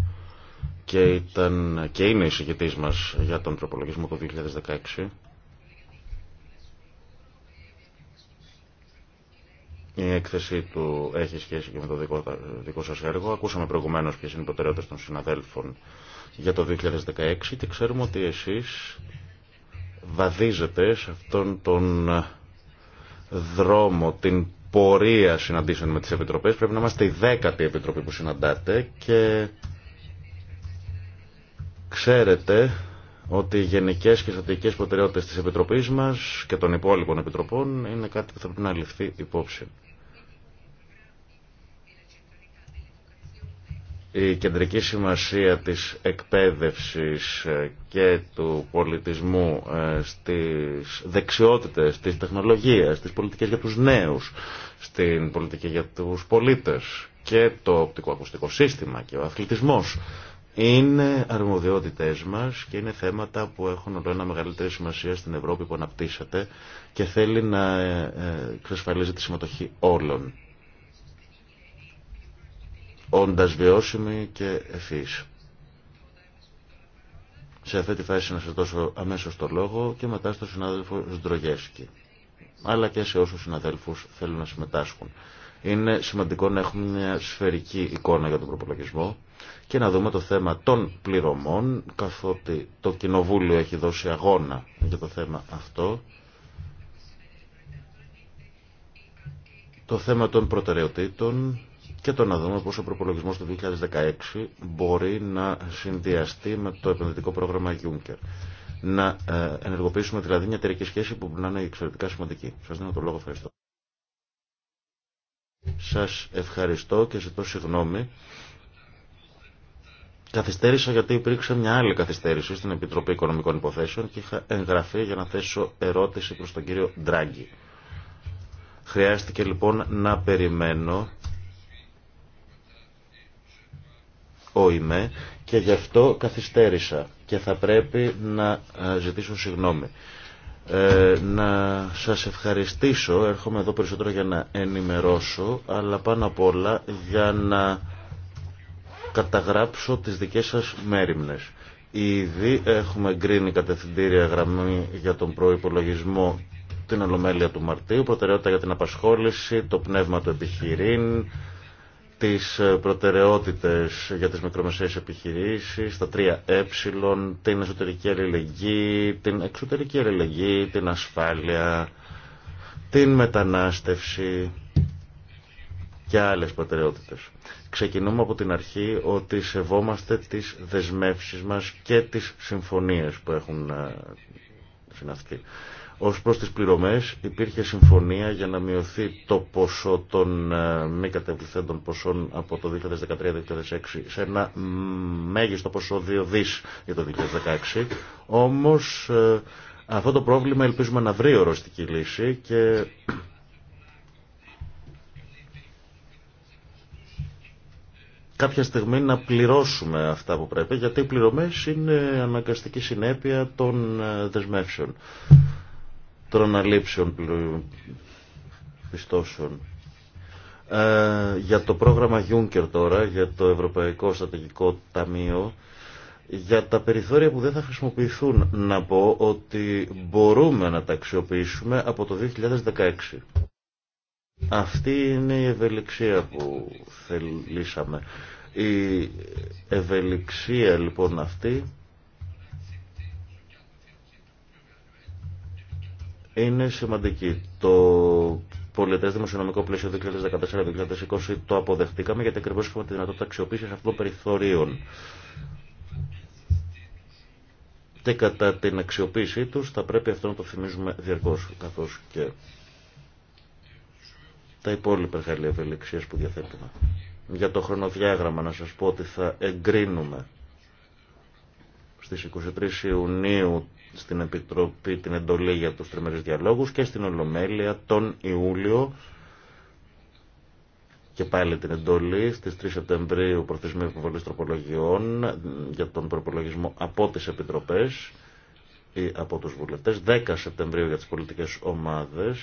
και, ήταν, και είναι εισηγητής μας για τον προπολογισμό του 2016. έκθεση του έχει σχέση και με το δικό, δικό σας έργο. Ακούσαμε προηγουμένως ποιες είναι οι προτεραιότητες των συναδέλφων για το 2016 και ξέρουμε ότι εσείς βαδίζετε σε αυτόν τον ε, δρόμο, την πορεία συναντήσεων με τις επιτροπές. Πρέπει να είμαστε η δέκατη επιτροπή που συναντάτε και ξέρετε ότι οι γενικές και στατικές προτεραιότητες της Επιτροπής μας και των υπόλοιπων επιτροπών είναι κάτι που θα πρέπει να ληφθεί υπόψη. η κεντρική σημασία της εκπαίδευσης ε, και του πολιτισμού ε, στις δεξιότητες, της τεχνολογίας, στις πολιτικές για τους νέους, στην πολιτική για τους πολίτες και το οπτικοακουστικό σύστημα και ο αθλητισμός είναι αρμοδιότητες μας και είναι θέματα που έχουν όλο ένα μεγαλύτερη σημασία στην Ευρώπη που αναπτύσσεται και θέλει να ε, εξασφαλίζει τη συμμετοχή όλων όντας βιώσιμη και ευφύς. Σε αυτή τη φάση να σας δώσω αμέσως το λόγο και μετά στον συνάδελφο Σντρογεύσκη, αλλά και σε όσους συναδέλφους θέλουν να συμμετάσχουν. Είναι σημαντικό να έχουμε μια σφαιρική εικόνα για τον προπολογισμό και να δούμε το θέμα των πληρωμών, καθότι το Κοινοβούλιο έχει δώσει αγώνα για το θέμα αυτό. Το θέμα των προτεραιοτήτων, και το να δούμε πώς ο προπολογισμός του 2016 μπορεί να συνδυαστεί με το επενδυτικό πρόγραμμα Juncker. Να ε, ενεργοποιήσουμε δηλαδή μια εταιρική σχέση που να είναι εξαιρετικά σημαντική. Σας δίνω το λόγο. Ευχαριστώ. Σας ευχαριστώ και ζητώ συγγνώμη. Καθυστέρησα γιατί υπήρξε μια άλλη καθυστέρηση στην Επιτροπή Οικονομικών Υποθέσεων και είχα εγγραφεί για να θέσω ερώτηση προς τον κύριο Ντράγκη. Χρειάστηκε λοιπόν να περιμένω οιμέ και γι' αυτό καθυστέρησα και θα πρέπει να ε, ζητήσω συγγνώμη. Ε, να σας ευχαριστήσω, έρχομαι εδώ περισσότερο για να ενημερώσω, αλλά πάνω απ' όλα για να καταγράψω τις δικές σας μέρημνες. Ήδη έχουμε γκρίνει κατευθυντήρια γραμμή για τον προϋπολογισμό την Ολομέλεια του Μαρτίου, προτεραιότητα για την απασχόληση, το πνεύμα του επιχειρήν, τις ε, προτεραιότητες για τις μικρομεσαίες επιχειρήσεις, τα 3 ε, την εσωτερική αλληλεγγύη, την εξωτερική αλληλεγγύη, την ασφάλεια, την μετανάστευση και άλλες προτεραιότητες. Ξεκινούμε από την αρχή ότι σεβόμαστε τις δεσμεύσεις μας και τις συμφωνίες που έχουν ε, συναυθεί. Ως προς τις πληρωμές υπήρχε συμφωνία για να μειωθεί το ποσό των ε, μη κατευθύντων ποσών από το 2013 2016 σε ένα μέγιστο ποσό 2 δις για το 2016. Όμως ε, αυτό το πρόβλημα ελπίζουμε να βρει οροστική λύση και κάποια στιγμή να πληρώσουμε αυτά που πρέπει, γιατί οι πληρωμές είναι αναγκαστική συνέπεια των ε, δεσμεύσεων των αλήψεων πιστώσεων. Ε, για το πρόγραμμα Juncker τώρα, για το Ευρωπαϊκό Στατικικό Ταμείο, για τα περιθώρια που δεν θα χρησιμοποιηθούν, να πω ότι μπορούμε να τα αξιοποιήσουμε από το 2016. Αυτή είναι η ευελιξία που θελήσαμε. Η ευελιξία λοιπόν αυτή είναι σημαντική. Το πολιτέ δημοσιονομικό πλαίσιο 2014-2020 το αποδεχτήκαμε γιατί ακριβώ είχαμε τη δυνατότητα αξιοποίηση αυτών των περιθωρίων. Και κατά την αξιοποίησή του θα πρέπει αυτό να το θυμίζουμε διαρκώ καθώ και τα υπόλοιπα εργαλεία ευελιξία που διαθέτουμε. Για το χρονοδιάγραμμα να σα πω ότι θα εγκρίνουμε στις 23 Ιουνίου στην Επιτροπή την εντολή για τους τριμερείς διαλόγους και στην Ολομέλεια τον Ιούλιο και πάλι την εντολή στις 3 Σεπτεμβρίου προθεσμία υποβολή τροπολογιών για τον προπολογισμό από τις Επιτροπές ή από τους βουλευτές, 10 Σεπτεμβρίου για τις πολιτικές ομάδες,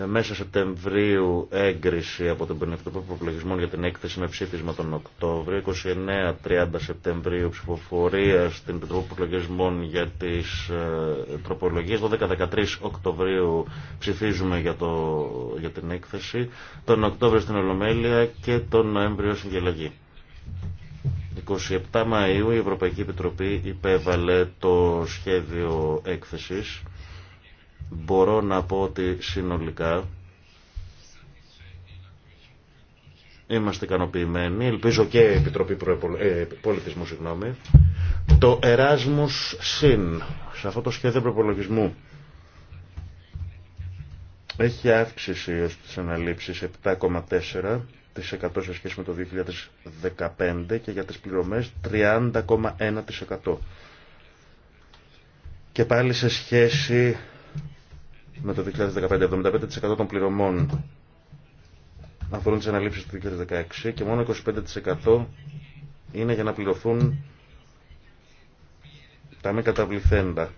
ε, μέσα Σεπτεμβρίου έγκριση από τον Πενευτικό Προπολογισμό για την έκθεση με ψήφισμα τον Οκτώβριο, 29-30 Σεπτεμβρίου ψηφοφορία στην Επιτροπή Προπολογισμών για τις ε, τροπολογίες, 12-13 Οκτωβρίου ψηφίζουμε για, το, για την έκθεση, τον Οκτώβριο στην Ολομέλεια και τον Νοέμβριο στην Διαλλαγή. 27 Μαΐου η Ευρωπαϊκή Επιτροπή υπέβαλε το σχέδιο έκθεσης μπορώ να πω ότι συνολικά είμαστε ικανοποιημένοι, ελπίζω και η Επιτροπή ε, Πολιτισμού, συγγνώμη, το Erasmus ΣΥΝ, σε αυτό το σχέδιο προπολογισμού, έχει αύξηση ως τις αναλήψεις 7,4% σε σχέση με το 2015 και για τις πληρωμές 30,1%. Και πάλι σε σχέση με το 2015. 75% των πληρωμών αφορούν τι αναλήψει του 2016 και μόνο 25% είναι για να πληρωθούν τα μη καταβληθέντα.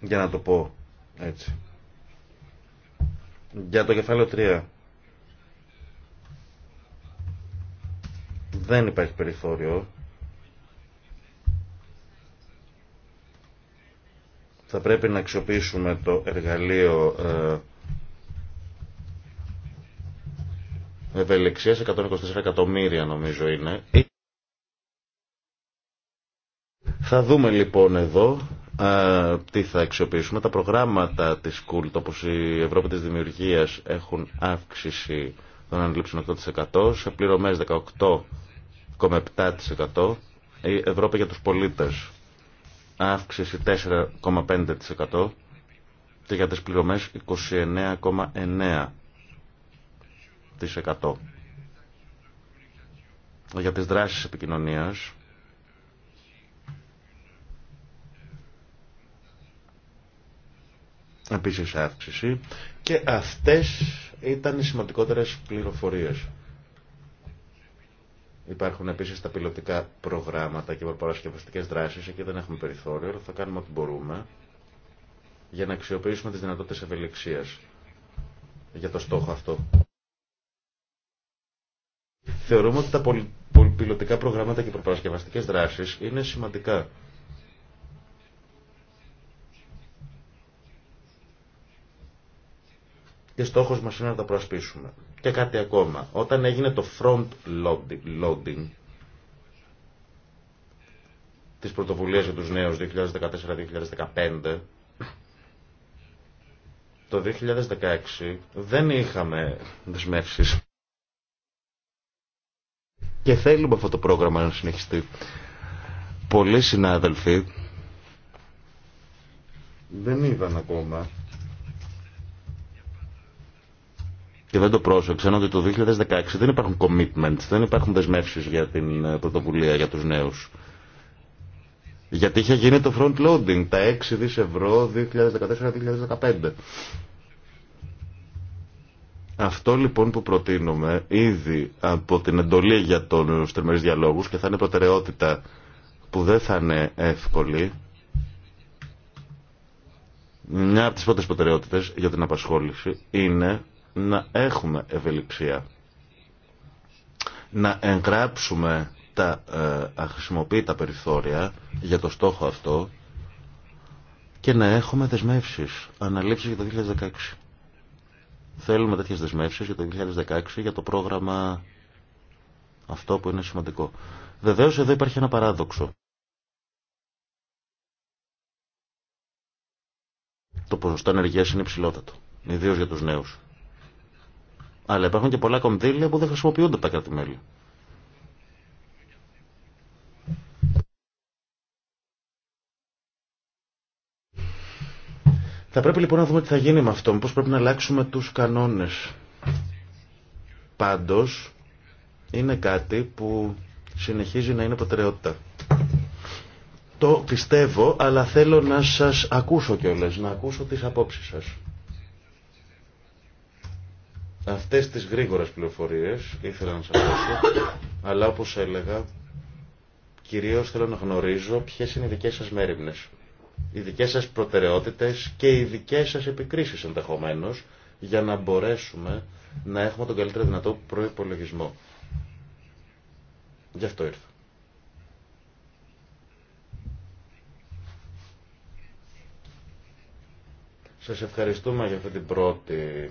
Για να το πω έτσι. Για το κεφάλαιο 3. Δεν υπάρχει περιθώριο Θα πρέπει να αξιοποιήσουμε το εργαλείο ε, ευελιξίας, 124 εκατομμύρια νομίζω είναι. Θα δούμε λοιπόν εδώ ε, τι θα αξιοποιήσουμε. Τα προγράμματα της Κούλτ, όπως η Ευρώπη της Δημιουργίας, έχουν αύξηση των αναλήψεων 8%, σε πληρωμές 18,7%, η Ευρώπη για τους πολίτες αύξηση 4,5% και για τις πληρωμές 29,9%. Για τις δράσεις επικοινωνίας επίσης αύξηση και αυτές ήταν οι σημαντικότερες πληροφορίες. Υπάρχουν επίση τα πιλωτικά προγράμματα και παρασκευαστικέ δράσει. Εκεί δεν έχουμε περιθώριο, αλλά θα κάνουμε ό,τι μπορούμε για να αξιοποιήσουμε τι δυνατότητε ευελιξία για το στόχο αυτό. Θεωρούμε ότι τα πολυπιλωτικά προγράμματα και προπαρασκευαστικέ δράσει είναι σημαντικά. Και στόχος μας είναι να τα προασπίσουμε. Και κάτι ακόμα. Όταν έγινε το front loading της πρωτοβουλίας για τους νέους 2014-2015, το 2016 δεν είχαμε δεσμεύσεις. Και θέλουμε αυτό το πρόγραμμα να συνεχιστεί. Πολλοί συνάδελφοι δεν είδαν ακόμα και δεν το πρόσεξαν ότι το 2016 δεν υπάρχουν commitments, δεν υπάρχουν δεσμεύσεις για την ε, πρωτοβουλία για τους νέους. Γιατί είχε γίνει το front loading, τα 6 δις ευρώ 2014-2015. Αυτό λοιπόν που προτείνουμε ήδη από την εντολή για τον τριμερείς διαλόγους και θα είναι προτεραιότητα που δεν θα είναι εύκολη, μια από τις πρώτες προτεραιότητες για την απασχόληση είναι να έχουμε ευελιξία. Να εγγράψουμε τα ε, αχρησιμοποιητά περιθώρια για το στόχο αυτό και να έχουμε δεσμεύσεις, αναλήψεις για το 2016. Θέλουμε τέτοιες δεσμεύσεις για το 2016 για το πρόγραμμα αυτό που είναι σημαντικό. Βεβαίως εδώ υπάρχει ένα παράδοξο. Το ποσοστό ενέργεια είναι υψηλότατο, ιδίως για τους νέους. Αλλά υπάρχουν και πολλά κονδύλια που δεν χρησιμοποιούνται από τα κράτη-μέλη. Θα πρέπει λοιπόν να δούμε τι θα γίνει με αυτό, πώς πρέπει να αλλάξουμε τους κανόνες. Πάντως, είναι κάτι που συνεχίζει να είναι προτεραιότητα. Το πιστεύω, αλλά θέλω να σας ακούσω κιόλας, να ακούσω τις απόψεις σας. Αυτές τις γρήγορες πληροφορίες ήθελα να σας δώσω, αλλά όπως έλεγα, κυρίως θέλω να γνωρίζω ποιες είναι οι δικές σας μέρημνες, οι δικές σας προτεραιότητες και οι δικές σας επικρίσεις ενδεχομένως, για να μπορέσουμε να έχουμε τον καλύτερο δυνατό προϋπολογισμό. Γι' αυτό ήρθα. Σας ευχαριστούμε για αυτή την πρώτη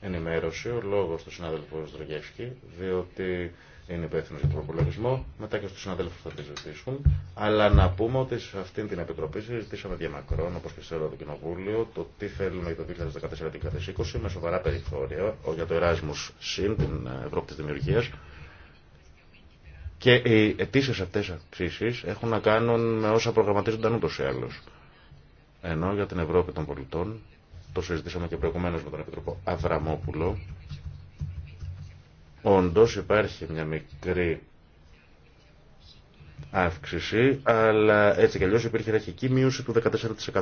ενημέρωση, ο λόγο του συνάδελφου Στρογεύσκη, διότι είναι υπεύθυνο για τον προπολογισμό. Μετά και στου συναδέλφου θα τη ζητήσουν. Αλλά να πούμε ότι σε αυτή την επιτροπή συζητήσαμε μακρόν όπω και σε όλο το κοινοβούλιο, το τι θέλουμε για το 2014-2020 με σοβαρά περιθώρια για το Erasmus ΣΥΝ, την Ευρώπη τη Δημιουργία. Και οι αιτήσει αυτέ αυξήσει έχουν να κάνουν με όσα προγραμματίζονταν ούτω ή άλλω. Ενώ για την Ευρώπη των πολιτών το συζητήσαμε και προηγουμένω με τον Επιτροπό Αβραμόπουλο, Όντω υπάρχει μια μικρή αύξηση, αλλά έτσι κι αλλιώ υπήρχε ραχική μείωση του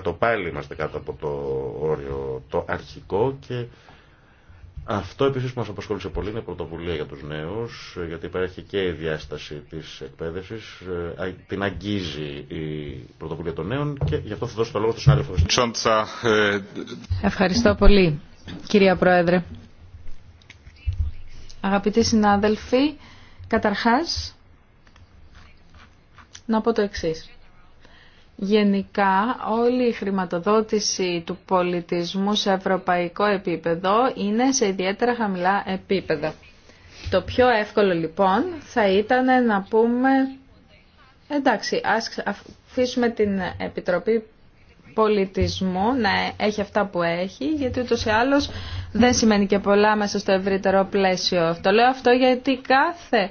14%. Πάλι είμαστε κάτω από το όριο το αρχικό και αυτό επίσης που μας απασχολούσε πολύ είναι η πρωτοβουλία για τους νέους, γιατί υπάρχει και η διάσταση της εκπαίδευσης, ε, την αγγίζει η πρωτοβουλία των νέων και γι' αυτό θα δώσω το λόγο στον συνάδελφο. Ε, Ευχαριστώ πολύ, κυρία Πρόεδρε. Αγαπητοί συνάδελφοι, καταρχάς να πω το εξής. Γενικά όλη η χρηματοδότηση του πολιτισμού σε ευρωπαϊκό επίπεδο είναι σε ιδιαίτερα χαμηλά επίπεδα. Το πιο εύκολο λοιπόν θα ήταν να πούμε εντάξει ας αφήσουμε την Επιτροπή Πολιτισμού να έχει αυτά που έχει γιατί ούτως ή άλλως δεν σημαίνει και πολλά μέσα στο ευρύτερο πλαίσιο. Το λέω αυτό γιατί κάθε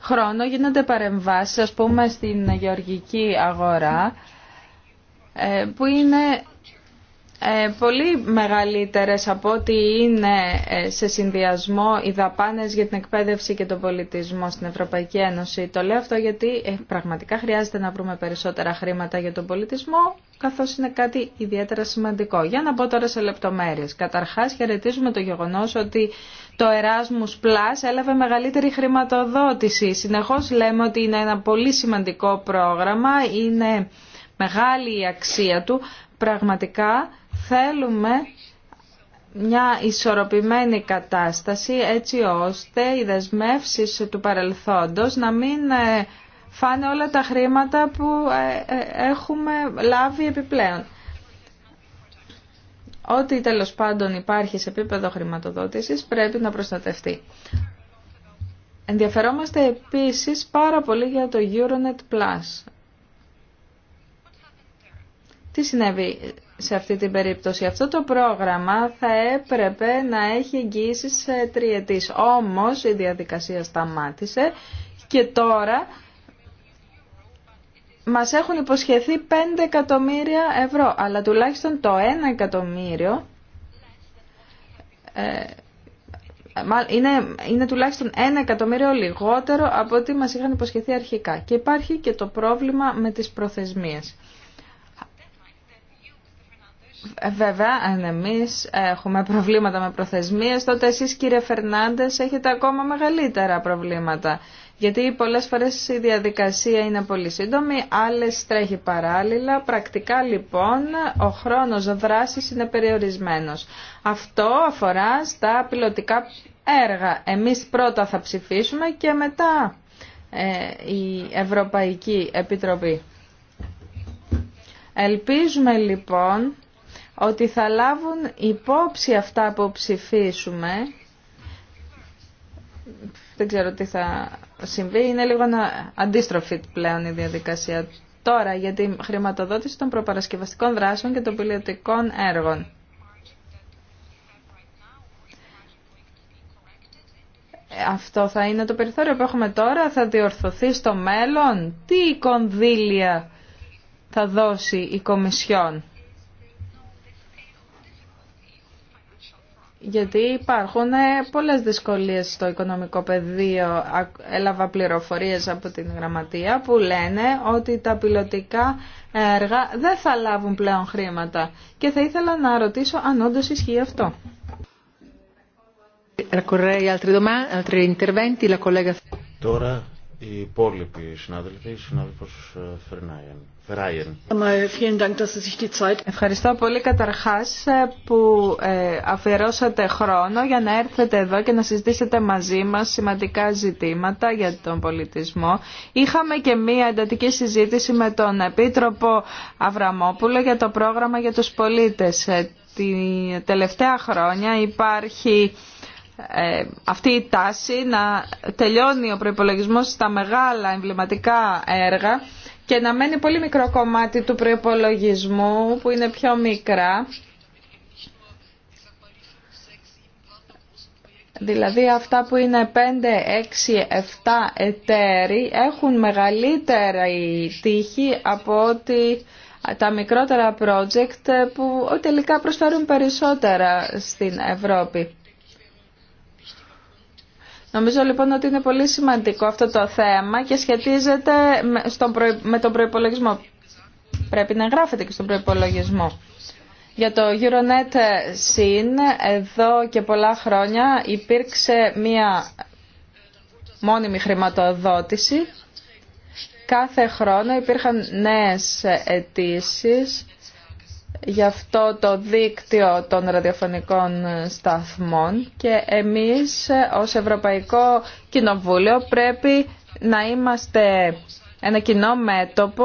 χρόνο γίνονται παρεμβάσεις ας πούμε στην γεωργική αγορά ε, που είναι ε, πολύ μεγαλύτερες από ό,τι είναι ε, σε συνδυασμό οι δαπάνες για την εκπαίδευση και τον πολιτισμό στην Ευρωπαϊκή Ένωση. Το λέω αυτό γιατί πραγματικά χρειάζεται να βρούμε περισσότερα χρήματα για τον πολιτισμό, καθώς είναι κάτι ιδιαίτερα σημαντικό. Για να μπω τώρα σε λεπτομέρειες. Καταρχάς χαιρετίζουμε το γεγονός ότι το Erasmus Plus έλαβε μεγαλύτερη χρηματοδότηση. Συνεχώς λέμε ότι είναι ένα πολύ σημαντικό πρόγραμμα, είναι μεγάλη η αξία του. Πραγματικά θέλουμε μια ισορροπημένη κατάσταση έτσι ώστε οι δεσμεύσεις του παρελθόντος να μην ε, φάνε όλα τα χρήματα που ε, ε, έχουμε λάβει επιπλέον. Ό,τι τέλος πάντων υπάρχει σε επίπεδο χρηματοδότησης πρέπει να προστατευτεί. Ενδιαφερόμαστε επίσης πάρα πολύ για το Euronet Plus. Τι συνέβη σε αυτή την περίπτωση. Αυτό το πρόγραμμα θα έπρεπε να έχει εγγύηση σε τριετής. Όμως η διαδικασία σταμάτησε και τώρα μας έχουν υποσχεθεί 5 εκατομμύρια ευρώ. Αλλά τουλάχιστον το 1 εκατομμύριο ε, είναι, είναι τουλάχιστον 1 εκατομμύριο λιγότερο από ό,τι μας είχαν υποσχεθεί αρχικά. Και υπάρχει και το πρόβλημα με τις προθεσμίες. Ε, βέβαια, αν εμεί έχουμε προβλήματα με προθεσμίες, τότε εσείς κύριε Φερνάντες έχετε ακόμα μεγαλύτερα προβλήματα. Γιατί πολλές φορές η διαδικασία είναι πολύ σύντομη, άλλε τρέχει παράλληλα. Πρακτικά λοιπόν ο χρόνος δράσης είναι περιορισμένος. Αυτό αφορά στα πιλωτικά έργα. Εμείς πρώτα θα ψηφίσουμε και μετά ε, η Ευρωπαϊκή Επιτροπή. Ελπίζουμε λοιπόν ότι θα λάβουν υπόψη αυτά που ψηφίσουμε. Δεν ξέρω τι θα συμβεί. Είναι λίγο αντίστροφη πλέον η διαδικασία. Τώρα για τη χρηματοδότηση των προπαρασκευαστικών δράσεων και των πολιτικών έργων. Αυτό θα είναι το περιθώριο που έχουμε τώρα, θα διορθωθεί στο μέλλον. Τι κονδύλια θα δώσει η Κομισιόν. γιατί υπάρχουν ε, πολλές δυσκολίες στο οικονομικό πεδίο. Έλαβα πληροφορίες από την γραμματεία που λένε ότι τα πιλωτικά έργα δεν θα λάβουν πλέον χρήματα. Και θα ήθελα να ρωτήσω αν όντω ισχύει αυτό. Τώρα οι υπόλοιποι συνάδελφοι, η συνάδελφος ε, Φερνάιεν. Ευχαριστώ πολύ καταρχάς ε, που ε, αφιερώσατε χρόνο για να έρθετε εδώ και να συζητήσετε μαζί μας σημαντικά ζητήματα για τον πολιτισμό. Είχαμε και μία εντατική συζήτηση με τον Επίτροπο Αβραμόπουλο για το πρόγραμμα για τους πολίτες. Ε, τη τελευταία χρόνια υπάρχει αυτή η τάση να τελειώνει ο προϋπολογισμός στα μεγάλα εμβληματικά έργα και να μένει πολύ μικρό κομμάτι του προϋπολογισμού που είναι πιο μικρά. Δηλαδή αυτά που είναι 5, 6, 7 εταίροι έχουν μεγαλύτερη τύχη από ότι τα μικρότερα project που τελικά προσφέρουν περισσότερα στην Ευρώπη. Νομίζω λοιπόν ότι είναι πολύ σημαντικό αυτό το θέμα και σχετίζεται με τον προϋπολογισμό. Πρέπει να γράφεται και στον προϋπολογισμό. Για το Euronet Sin, εδώ και πολλά χρόνια υπήρξε μία μόνιμη χρηματοδότηση. Κάθε χρόνο υπήρχαν νέες αιτήσει για αυτό το δίκτυο των ραδιοφωνικών σταθμών και εμείς ως Ευρωπαϊκό Κοινοβούλιο πρέπει να είμαστε ένα κοινό μέτωπο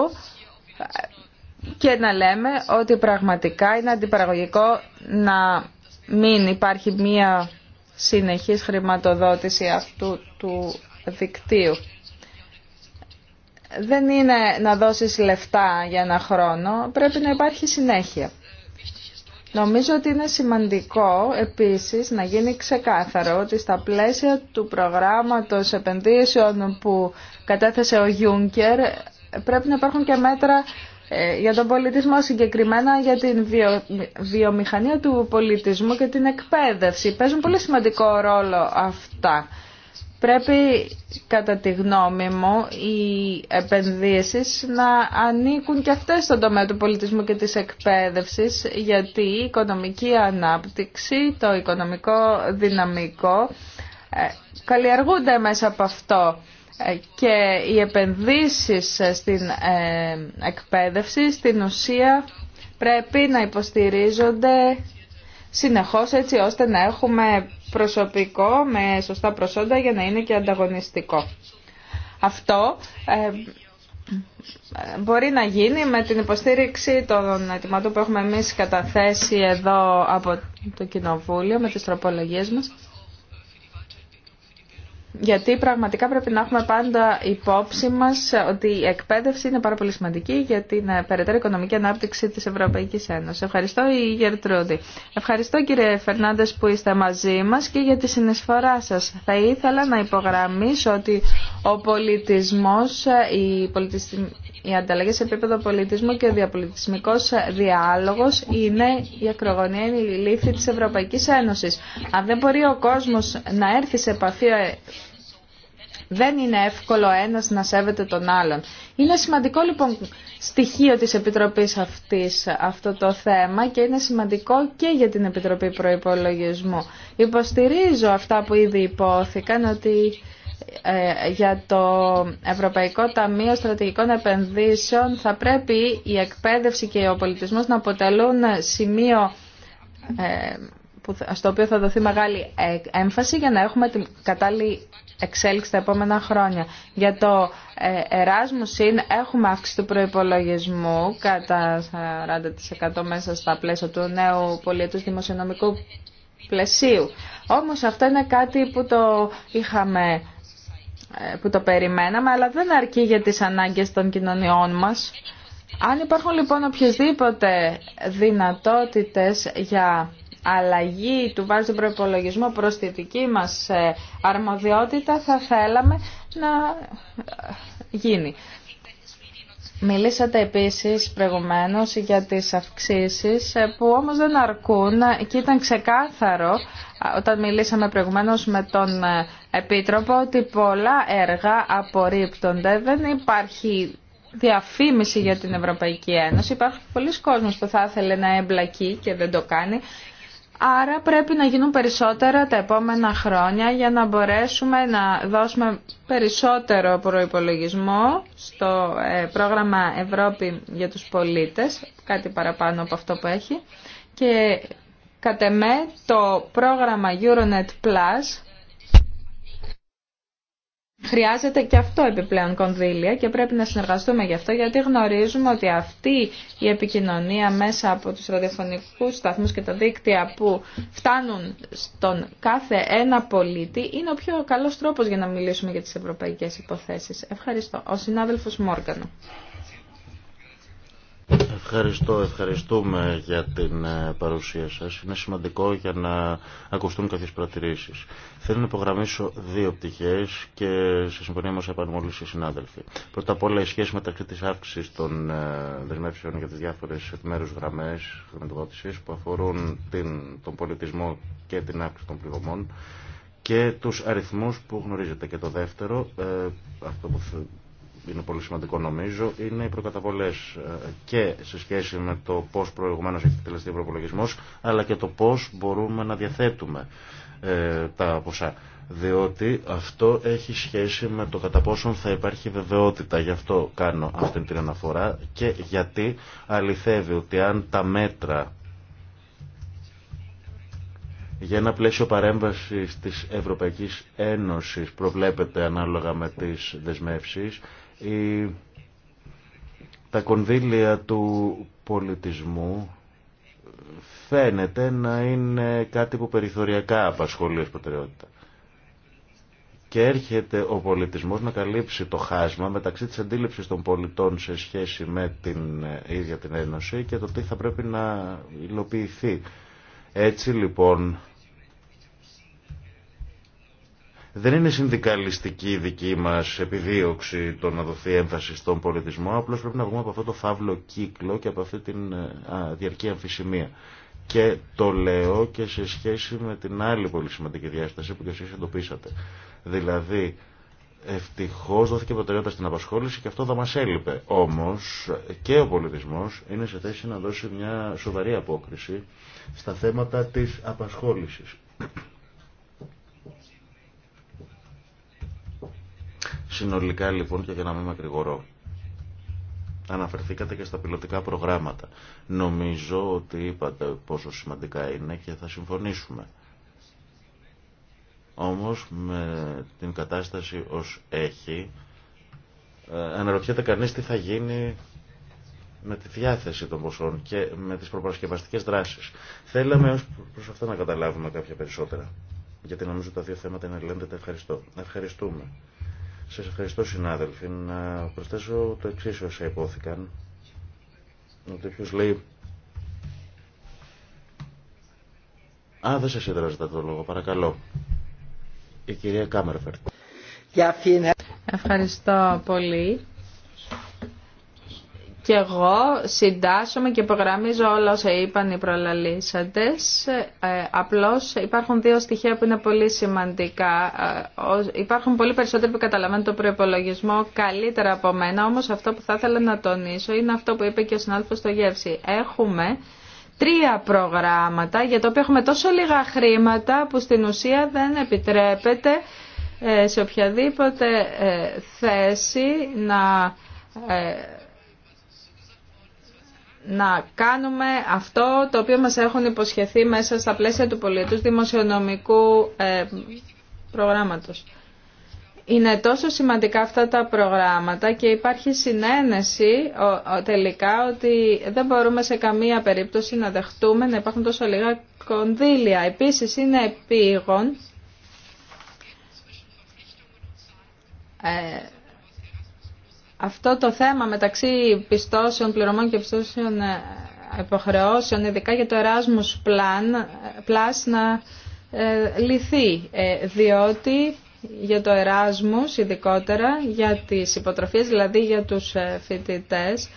και να λέμε ότι πραγματικά είναι αντιπαραγωγικό να μην υπάρχει μία συνεχής χρηματοδότηση αυτού του δικτύου δεν είναι να δώσεις λεφτά για ένα χρόνο, πρέπει να υπάρχει συνέχεια. Νομίζω ότι είναι σημαντικό επίσης να γίνει ξεκάθαρο ότι στα πλαίσια του προγράμματος επενδύσεων που κατέθεσε ο Γιούνκερ πρέπει να υπάρχουν και μέτρα ε, για τον πολιτισμό συγκεκριμένα για την βιομηχανία του πολιτισμού και την εκπαίδευση. Παίζουν πολύ σημαντικό ρόλο αυτά πρέπει κατά τη γνώμη μου οι επενδύσεις να ανήκουν και αυτές στον τομέα του πολιτισμού και της εκπαίδευσης γιατί η οικονομική ανάπτυξη, το οικονομικό δυναμικό ε, καλλιεργούνται μέσα από αυτό ε, και οι επενδύσεις στην ε, εκπαίδευση στην ουσία πρέπει να υποστηρίζονται συνεχώς έτσι ώστε να έχουμε προσωπικό με σωστά προσόντα για να είναι και ανταγωνιστικό. Αυτό ε, μπορεί να γίνει με την υποστήριξη των ετοιμάτων που έχουμε εμείς καταθέσει εδώ από το Κοινοβούλιο με τις τροπολογίες μας γιατί πραγματικά πρέπει να έχουμε πάντα υπόψη μα ότι η εκπαίδευση είναι πάρα πολύ σημαντική για την ε, περαιτέρω οικονομική ανάπτυξη τη Ευρωπαϊκή Ένωση. Ευχαριστώ η Γερτρούδη. Ευχαριστώ κύριε Φερνάντες που είστε μαζί μας και για τη συνεισφορά σα. Θα ήθελα να υπογραμμίσω ότι ο πολιτισμός, ε, η πολιτισμική οι ανταλλαγές σε επίπεδο πολιτισμού και ο διαπολιτισμικός διάλογος είναι η ακρογωνία, είναι η της Ευρωπαϊκής Ένωσης. Αν δεν μπορεί ο κόσμος να έρθει σε επαφή, ε, δεν είναι εύκολο ένας να σέβεται τον άλλον. Είναι σημαντικό λοιπόν στοιχείο της Επιτροπής αυτής αυτό το θέμα και είναι σημαντικό και για την Επιτροπή Προϋπολογισμού. Υποστηρίζω αυτά που ήδη υπόθηκαν ότι ε, για το Ευρωπαϊκό Ταμείο Στρατηγικών Επενδύσεων θα πρέπει η εκπαίδευση και ο πολιτισμός να αποτελούν σημείο ε, στο οποίο θα δοθεί μεγάλη ε, έμφαση για να έχουμε την κατάλληλη εξέλιξη τα επόμενα χρόνια. Για το ΣΥΝ έχουμε αύξηση του προϋπολογισμού κατά 40% μέσα στα πλαίσια του νέου πολιετούς δημοσιονομικού πλαισίου. Όμως αυτό είναι κάτι που το είχαμε ε, που το περιμέναμε, αλλά δεν αρκεί για τις ανάγκες των κοινωνιών μας. Αν υπάρχουν λοιπόν οποιασδήποτε δυνατότητες για αλλαγή του βάζου προπολογισμού προς τη δική μας ε, αρμοδιότητα θα θέλαμε να ε, γίνει. Μιλήσατε επίσης προηγουμένως για τις αυξήσεις ε, που όμως δεν αρκούν και ήταν ξεκάθαρο όταν μιλήσαμε προηγουμένως με τον ε, Επίτροπο ότι πολλά έργα απορρίπτονται. Δεν υπάρχει διαφήμιση για την Ευρωπαϊκή Ένωση. υπάρχουν πολλοί κόσμοι που θα ήθελε να εμπλακεί και δεν το κάνει. Άρα πρέπει να γίνουν περισσότερα τα επόμενα χρόνια για να μπορέσουμε να δώσουμε περισσότερο προϋπολογισμό στο ε, πρόγραμμα Ευρώπη για τους πολίτες, κάτι παραπάνω από αυτό που έχει. Και κατ' εμέ το πρόγραμμα Euronet Plus Χρειάζεται και αυτό επιπλέον κονδύλια και πρέπει να συνεργαστούμε γι' αυτό γιατί γνωρίζουμε ότι αυτή η επικοινωνία μέσα από τους ραδιοφωνικούς σταθμούς και τα δίκτυα που φτάνουν στον κάθε ένα πολίτη είναι ο πιο καλός τρόπος για να μιλήσουμε για τις ευρωπαϊκές υποθέσεις. Ευχαριστώ. Ο συνάδελφος Μόργανο. Ευχαριστώ, ευχαριστούμε για την ε, παρουσία σας. Είναι σημαντικό για να ακουστούν κάποιες προτηρήσει. Θέλω να υπογραμμίσω δύο πτυχές και σε συμφωνία μας είπαν οι συνάδελφοι. Πρώτα απ' όλα η σχέση μεταξύ της αύξησης των ε, δεσμεύσεων για τις διάφορες επιμέρους γραμμές χρηματοδότησης που αφορούν την, τον πολιτισμό και την αύξηση των πληρωμών και τους αριθμούς που γνωρίζετε. Και το δεύτερο, ε, αυτό που είναι πολύ σημαντικό νομίζω είναι οι προκαταβολές ε, και σε σχέση με το πώς προηγουμένως έχει εκτελεστεί ο προπολογισμό, αλλά και το πώς μπορούμε να διαθέτουμε ε, τα ποσά. Διότι αυτό έχει σχέση με το κατά πόσον θα υπάρχει βεβαιότητα. Γι' αυτό κάνω αυτή την αναφορά και γιατί αληθεύει ότι αν τα μέτρα για ένα πλαίσιο παρέμβασης της Ευρωπαϊκής Ένωσης προβλέπεται ανάλογα με τις δεσμεύσεις τα κονδύλια του πολιτισμού φαίνεται να είναι κάτι που περιθωριακά απασχολεί ως προτεραιότητα. Και έρχεται ο πολιτισμός να καλύψει το χάσμα μεταξύ της αντίληψης των πολιτών σε σχέση με την ε, ίδια την Ένωση και το τι θα πρέπει να υλοποιηθεί. Έτσι λοιπόν δεν είναι συνδικαλιστική η δική μα επιδίωξη το να δοθεί έμφαση στον πολιτισμό, απλώ πρέπει να βγούμε από αυτό το φαύλο κύκλο και από αυτή την διαρκή αμφισημία. Και το λέω και σε σχέση με την άλλη πολύ σημαντική διάσταση που και εσεί εντοπίσατε. Δηλαδή, ευτυχώ δόθηκε προτεραιότητα στην απασχόληση και αυτό θα μα έλειπε. Όμω, και ο πολιτισμό είναι σε θέση να δώσει μια σοβαρή απόκριση στα θέματα τη απασχόληση. Συνολικά λοιπόν και για να μην μακρηγορώ. Αναφερθήκατε και στα πιλωτικά προγράμματα. Νομίζω ότι είπατε πόσο σημαντικά είναι και θα συμφωνήσουμε. Όμως με την κατάσταση ως έχει, ε, αναρωτιέται κανείς τι θα γίνει με τη διάθεση των ποσών και με τις προπαρασκευαστικές δράσεις. Θέλαμε ως προς αυτά να καταλάβουμε κάποια περισσότερα. Γιατί νομίζω τα δύο θέματα είναι λένε, ευχαριστώ. Ευχαριστούμε. Σας ευχαριστώ συνάδελφοι. Να προσθέσω το εξής όσα υπόθηκαν. Ότι ποιος λέει Α, δεν σας έδραζα το λόγο, παρακαλώ. Η κυρία Κάμερφερτ. Ευχαριστώ πολύ. Και εγώ συντάσσομαι και υπογραμμίζω όλα όσα είπαν οι προλαλήσαντες. Ε, απλώς υπάρχουν δύο στοιχεία που είναι πολύ σημαντικά. Ε, υπάρχουν πολύ περισσότεροι που καταλαβαίνουν το προπολογισμό καλύτερα από μένα, όμως αυτό που θα ήθελα να τονίσω είναι αυτό που είπε και ο συνάδελφος στο Γεύση. Έχουμε τρία προγράμματα για τα οποία έχουμε τόσο λίγα χρήματα που στην ουσία δεν επιτρέπεται ε, σε οποιαδήποτε θέση να να κάνουμε αυτό το οποίο μας έχουν υποσχεθεί μέσα στα πλαίσια του πολιτού δημοσιονομικού ε, προγράμματος. Είναι τόσο σημαντικά αυτά τα προγράμματα και υπάρχει συνένεση τελικά ότι δεν μπορούμε σε καμία περίπτωση να δεχτούμε να υπάρχουν τόσο λίγα κονδύλια. Επίσης είναι επίγον ε, αυτό το θέμα μεταξύ πιστώσεων, πληρωμών και πιστώσεων ε, υποχρεώσεων, ειδικά για το Erasmus Plan, ε, Plus, να ε, λυθεί. διότι για το Erasmus ειδικότερα, για τις υποτροφίες, δηλαδή για τους φοιτητές,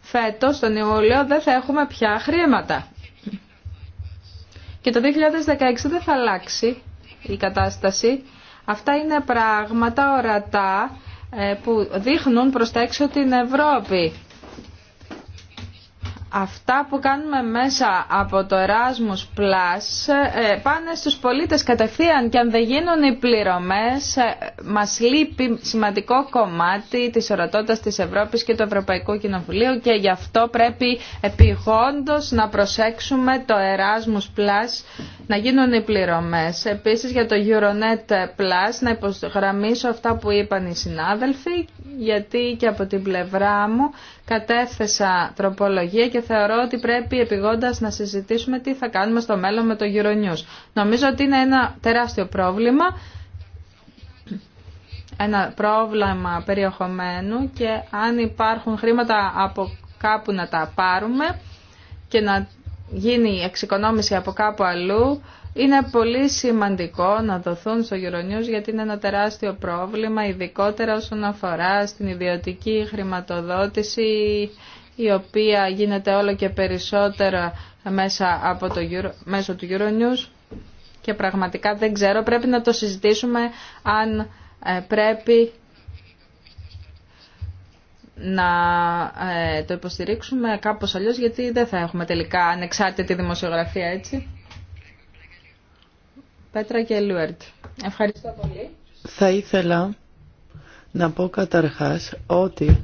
φέτος τον Ιούλιο δεν θα έχουμε πια χρήματα. Και το 2016 δεν θα αλλάξει η κατάσταση. Αυτά είναι πράγματα ορατά ε, που δείχνουν προς τα έξω την Ευρώπη αυτά που κάνουμε μέσα από το Erasmus Plus ε, πάνε στους πολίτες κατευθείαν και αν δεν γίνουν οι πληρωμές ε, μας λείπει σημαντικό κομμάτι της ορατότητας της Ευρώπης και του Ευρωπαϊκού Κοινοβουλίου και γι' αυτό πρέπει επιγόντως να προσέξουμε το Erasmus Plus να γίνουν οι πληρωμές. Επίσης για το Euronet Plus να υπογραμμίσω αυτά που είπαν οι συνάδελφοι γιατί και από την πλευρά μου κατέθεσα τροπολογία και θεωρώ ότι πρέπει επιγόντας να συζητήσουμε τι θα κάνουμε στο μέλλον με το Euronews. Νομίζω ότι είναι ένα τεράστιο πρόβλημα, ένα πρόβλημα περιεχομένου και αν υπάρχουν χρήματα από κάπου να τα πάρουμε και να γίνει εξοικονόμηση από κάπου αλλού, είναι πολύ σημαντικό να δοθούν στο Euronews γιατί είναι ένα τεράστιο πρόβλημα, ειδικότερα όσον αφορά στην ιδιωτική χρηματοδότηση η οποία γίνεται όλο και περισσότερο μέσα από το μέσω του Euronews και πραγματικά δεν ξέρω, πρέπει να το συζητήσουμε αν ε, πρέπει να ε, το υποστηρίξουμε κάπως αλλιώς γιατί δεν θα έχουμε τελικά ανεξάρτητη δημοσιογραφία έτσι. Πέτρα και Λουέρτ. Ευχαριστώ πολύ. Θα ήθελα να πω καταρχάς ότι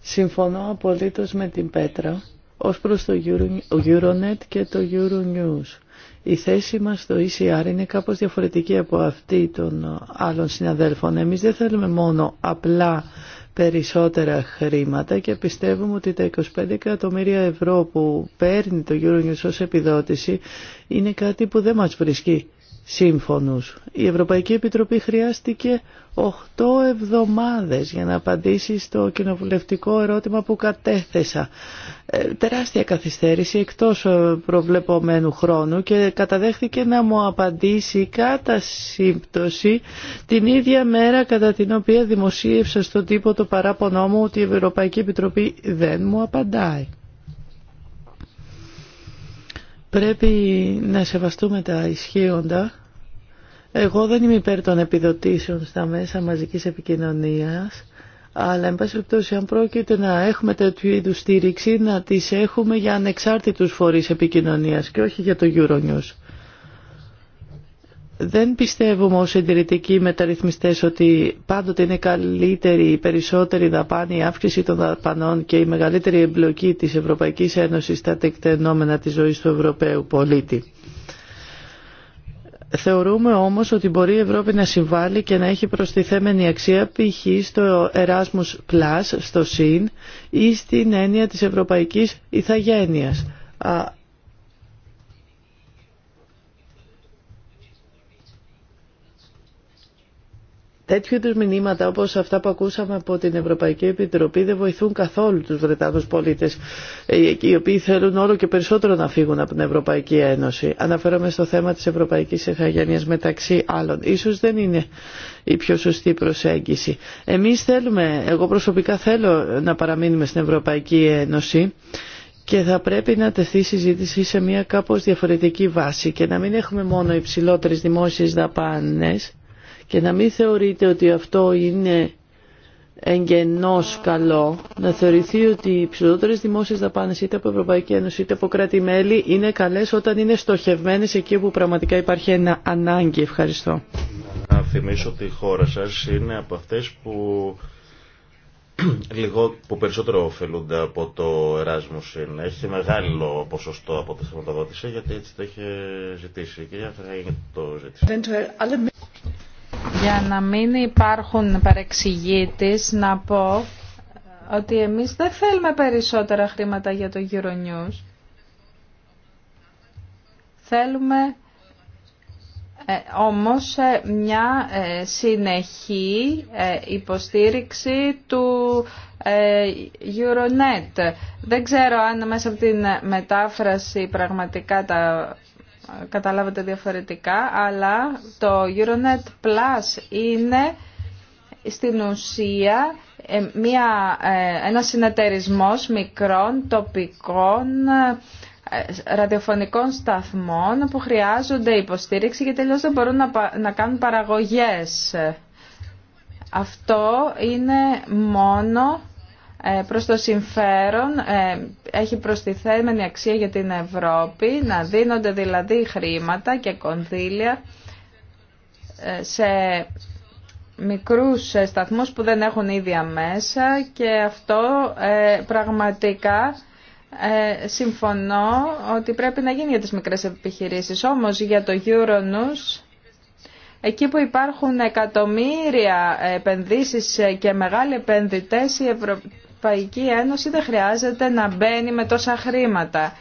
συμφωνώ απολύτως με την Πέτρα ως προς το Euronet και το Euronews. Η θέση μας στο ECR είναι κάπως διαφορετική από αυτή των άλλων συναδέλφων. Εμείς δεν θέλουμε μόνο απλά περισσότερα χρήματα και πιστεύουμε ότι τα 25 εκατομμύρια ευρώ που παίρνει το Euronews ως επιδότηση είναι κάτι που δεν μας βρίσκει σύμφωνους. Η Ευρωπαϊκή Επιτροπή χρειάστηκε 8 εβδομάδες για να απαντήσει στο κοινοβουλευτικό ερώτημα που κατέθεσα. Ε, τεράστια καθυστέρηση εκτός ε, προβλεπόμενου χρόνου και καταδέχθηκε να μου απαντήσει κατά σύμπτωση την ίδια μέρα κατά την οποία δημοσίευσα στον τύπο το παράπονό μου ότι η Ευρωπαϊκή Επιτροπή δεν μου απαντάει. Πρέπει να σεβαστούμε τα ισχύοντα. Εγώ δεν είμαι υπέρ των επιδοτήσεων στα μέσα μαζικής επικοινωνίας, αλλά εν πάση περιπτώσει αν πρόκειται να έχουμε τέτοιου είδους στήριξη, να τις έχουμε για ανεξάρτητους φορείς επικοινωνίας και όχι για το Euronews. Δεν πιστεύουμε ως συντηρητικοί μεταρρυθμιστές ότι πάντοτε είναι καλύτερη η περισσότερη δαπάνη, η αύξηση των δαπανών και η μεγαλύτερη εμπλοκή της Ευρωπαϊκής Ένωσης στα τεκτενόμενα της ζωής του Ευρωπαίου πολίτη. Θεωρούμε όμως ότι μπορεί η Ευρώπη να συμβάλλει και να έχει προστιθέμενη αξία π.χ. στο Erasmus Plus, στο ΣΥΝ ή στην έννοια της Ευρωπαϊκής Ιθαγένειας Τέτοιου είδου μηνύματα όπω αυτά που ακούσαμε από την Ευρωπαϊκή Επιτροπή δεν βοηθούν καθόλου τους Βρετανούς πολίτε ε, οι οποίοι θέλουν όλο και περισσότερο να φύγουν από την Ευρωπαϊκή Ένωση. Αναφέρομαι στο θέμα τη Ευρωπαϊκή Εθαγένεια μεταξύ άλλων. Ίσως δεν είναι η πιο σωστή προσέγγιση. Εμεί θέλουμε, εγώ προσωπικά θέλω να παραμείνουμε στην Ευρωπαϊκή Ένωση και θα πρέπει να τεθεί συζήτηση σε μια κάπως διαφορετική βάση και να μην έχουμε μόνο υψηλότερε δημόσιες δαπάνες και να μην θεωρείτε ότι αυτό είναι εγγενώς καλό, να θεωρηθεί ότι οι ψηλότερες δημόσιες δαπάνες είτε από Ευρωπαϊκή Ένωση είτε από κράτη-μέλη είναι καλές όταν είναι στοχευμένες εκεί που πραγματικά υπάρχει ένα ανάγκη. Ευχαριστώ. Να θυμίσω ότι η χώρα σας είναι από αυτές που λίγο που περισσότερο ωφελούνται από το Erasmus είναι. Έχει μεγάλο ποσοστό από τη χρηματοδότηση γιατί έτσι το έχει ζητήσει. Και κυρία το ζήτησε. Για να μην υπάρχουν παρεξηγήτης, να πω ότι εμείς δεν θέλουμε περισσότερα χρήματα για το Euronews. Θέλουμε ε, όμως ε, μια ε, συνεχή ε, υποστήριξη του Euronet. Δεν ξέρω αν μέσα από την μετάφραση πραγματικά τα καταλάβετε διαφορετικά, αλλά το Euronet Plus είναι στην ουσία ε, μια, ε, ένα συνεταιρισμός μικρών τοπικών ε, ραδιοφωνικών σταθμών που χρειάζονται υποστήριξη γιατί τελείως δεν μπορούν να, να κάνουν παραγωγές. Αυτό είναι μόνο ε, προς το συμφέρον ε, έχει προστιθέμενη αξία για την Ευρώπη να δίνονται δηλαδή χρήματα και κονδύλια ε, σε μικρούς σταθμούς που δεν έχουν ίδια μέσα και αυτό πραγματικά συμφωνώ ότι πρέπει να γίνει για τις μικρές επιχειρήσεις. Όμως για το Euronews Εκεί που υπάρχουν εκατομμύρια επενδύσεις και μεγάλοι επενδυτές, Ευρωπαϊκή Ένωση δεν χρειάζεται να μπαίνει με τόσα χρήματα.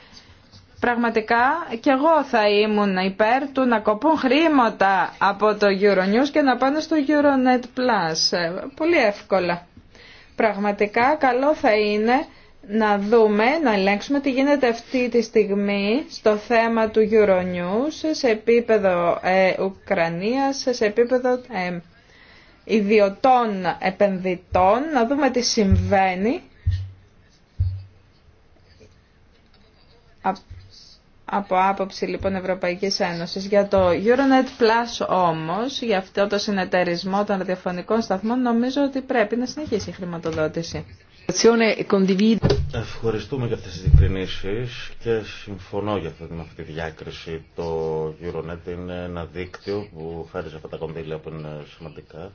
Πραγματικά και εγώ θα ήμουν υπέρ του να κοπούν χρήματα από το Euronews και να πάνε στο Euronet Plus. Ε, πολύ εύκολα. Πραγματικά καλό θα είναι να δούμε, να ελέγξουμε τι γίνεται αυτή τη στιγμή στο θέμα του Euronews σε επίπεδο ε, Ουκρανίας, σε επίπεδο ε, ιδιωτών επενδυτών, να δούμε τι συμβαίνει. Από άποψη λοιπόν Ευρωπαϊκής Ένωσης για το Euronet Plus όμως, για αυτό το συνεταιρισμό των ραδιοφωνικών σταθμών, νομίζω ότι πρέπει να συνεχίσει η χρηματοδότηση. Ευχαριστούμε για αυτές τις διευκρινήσεις και συμφωνώ για αυτή, με αυτή τη διάκριση. Το Euronet είναι ένα δίκτυο που χάρη σε αυτά τα κονδύλια που είναι σημαντικά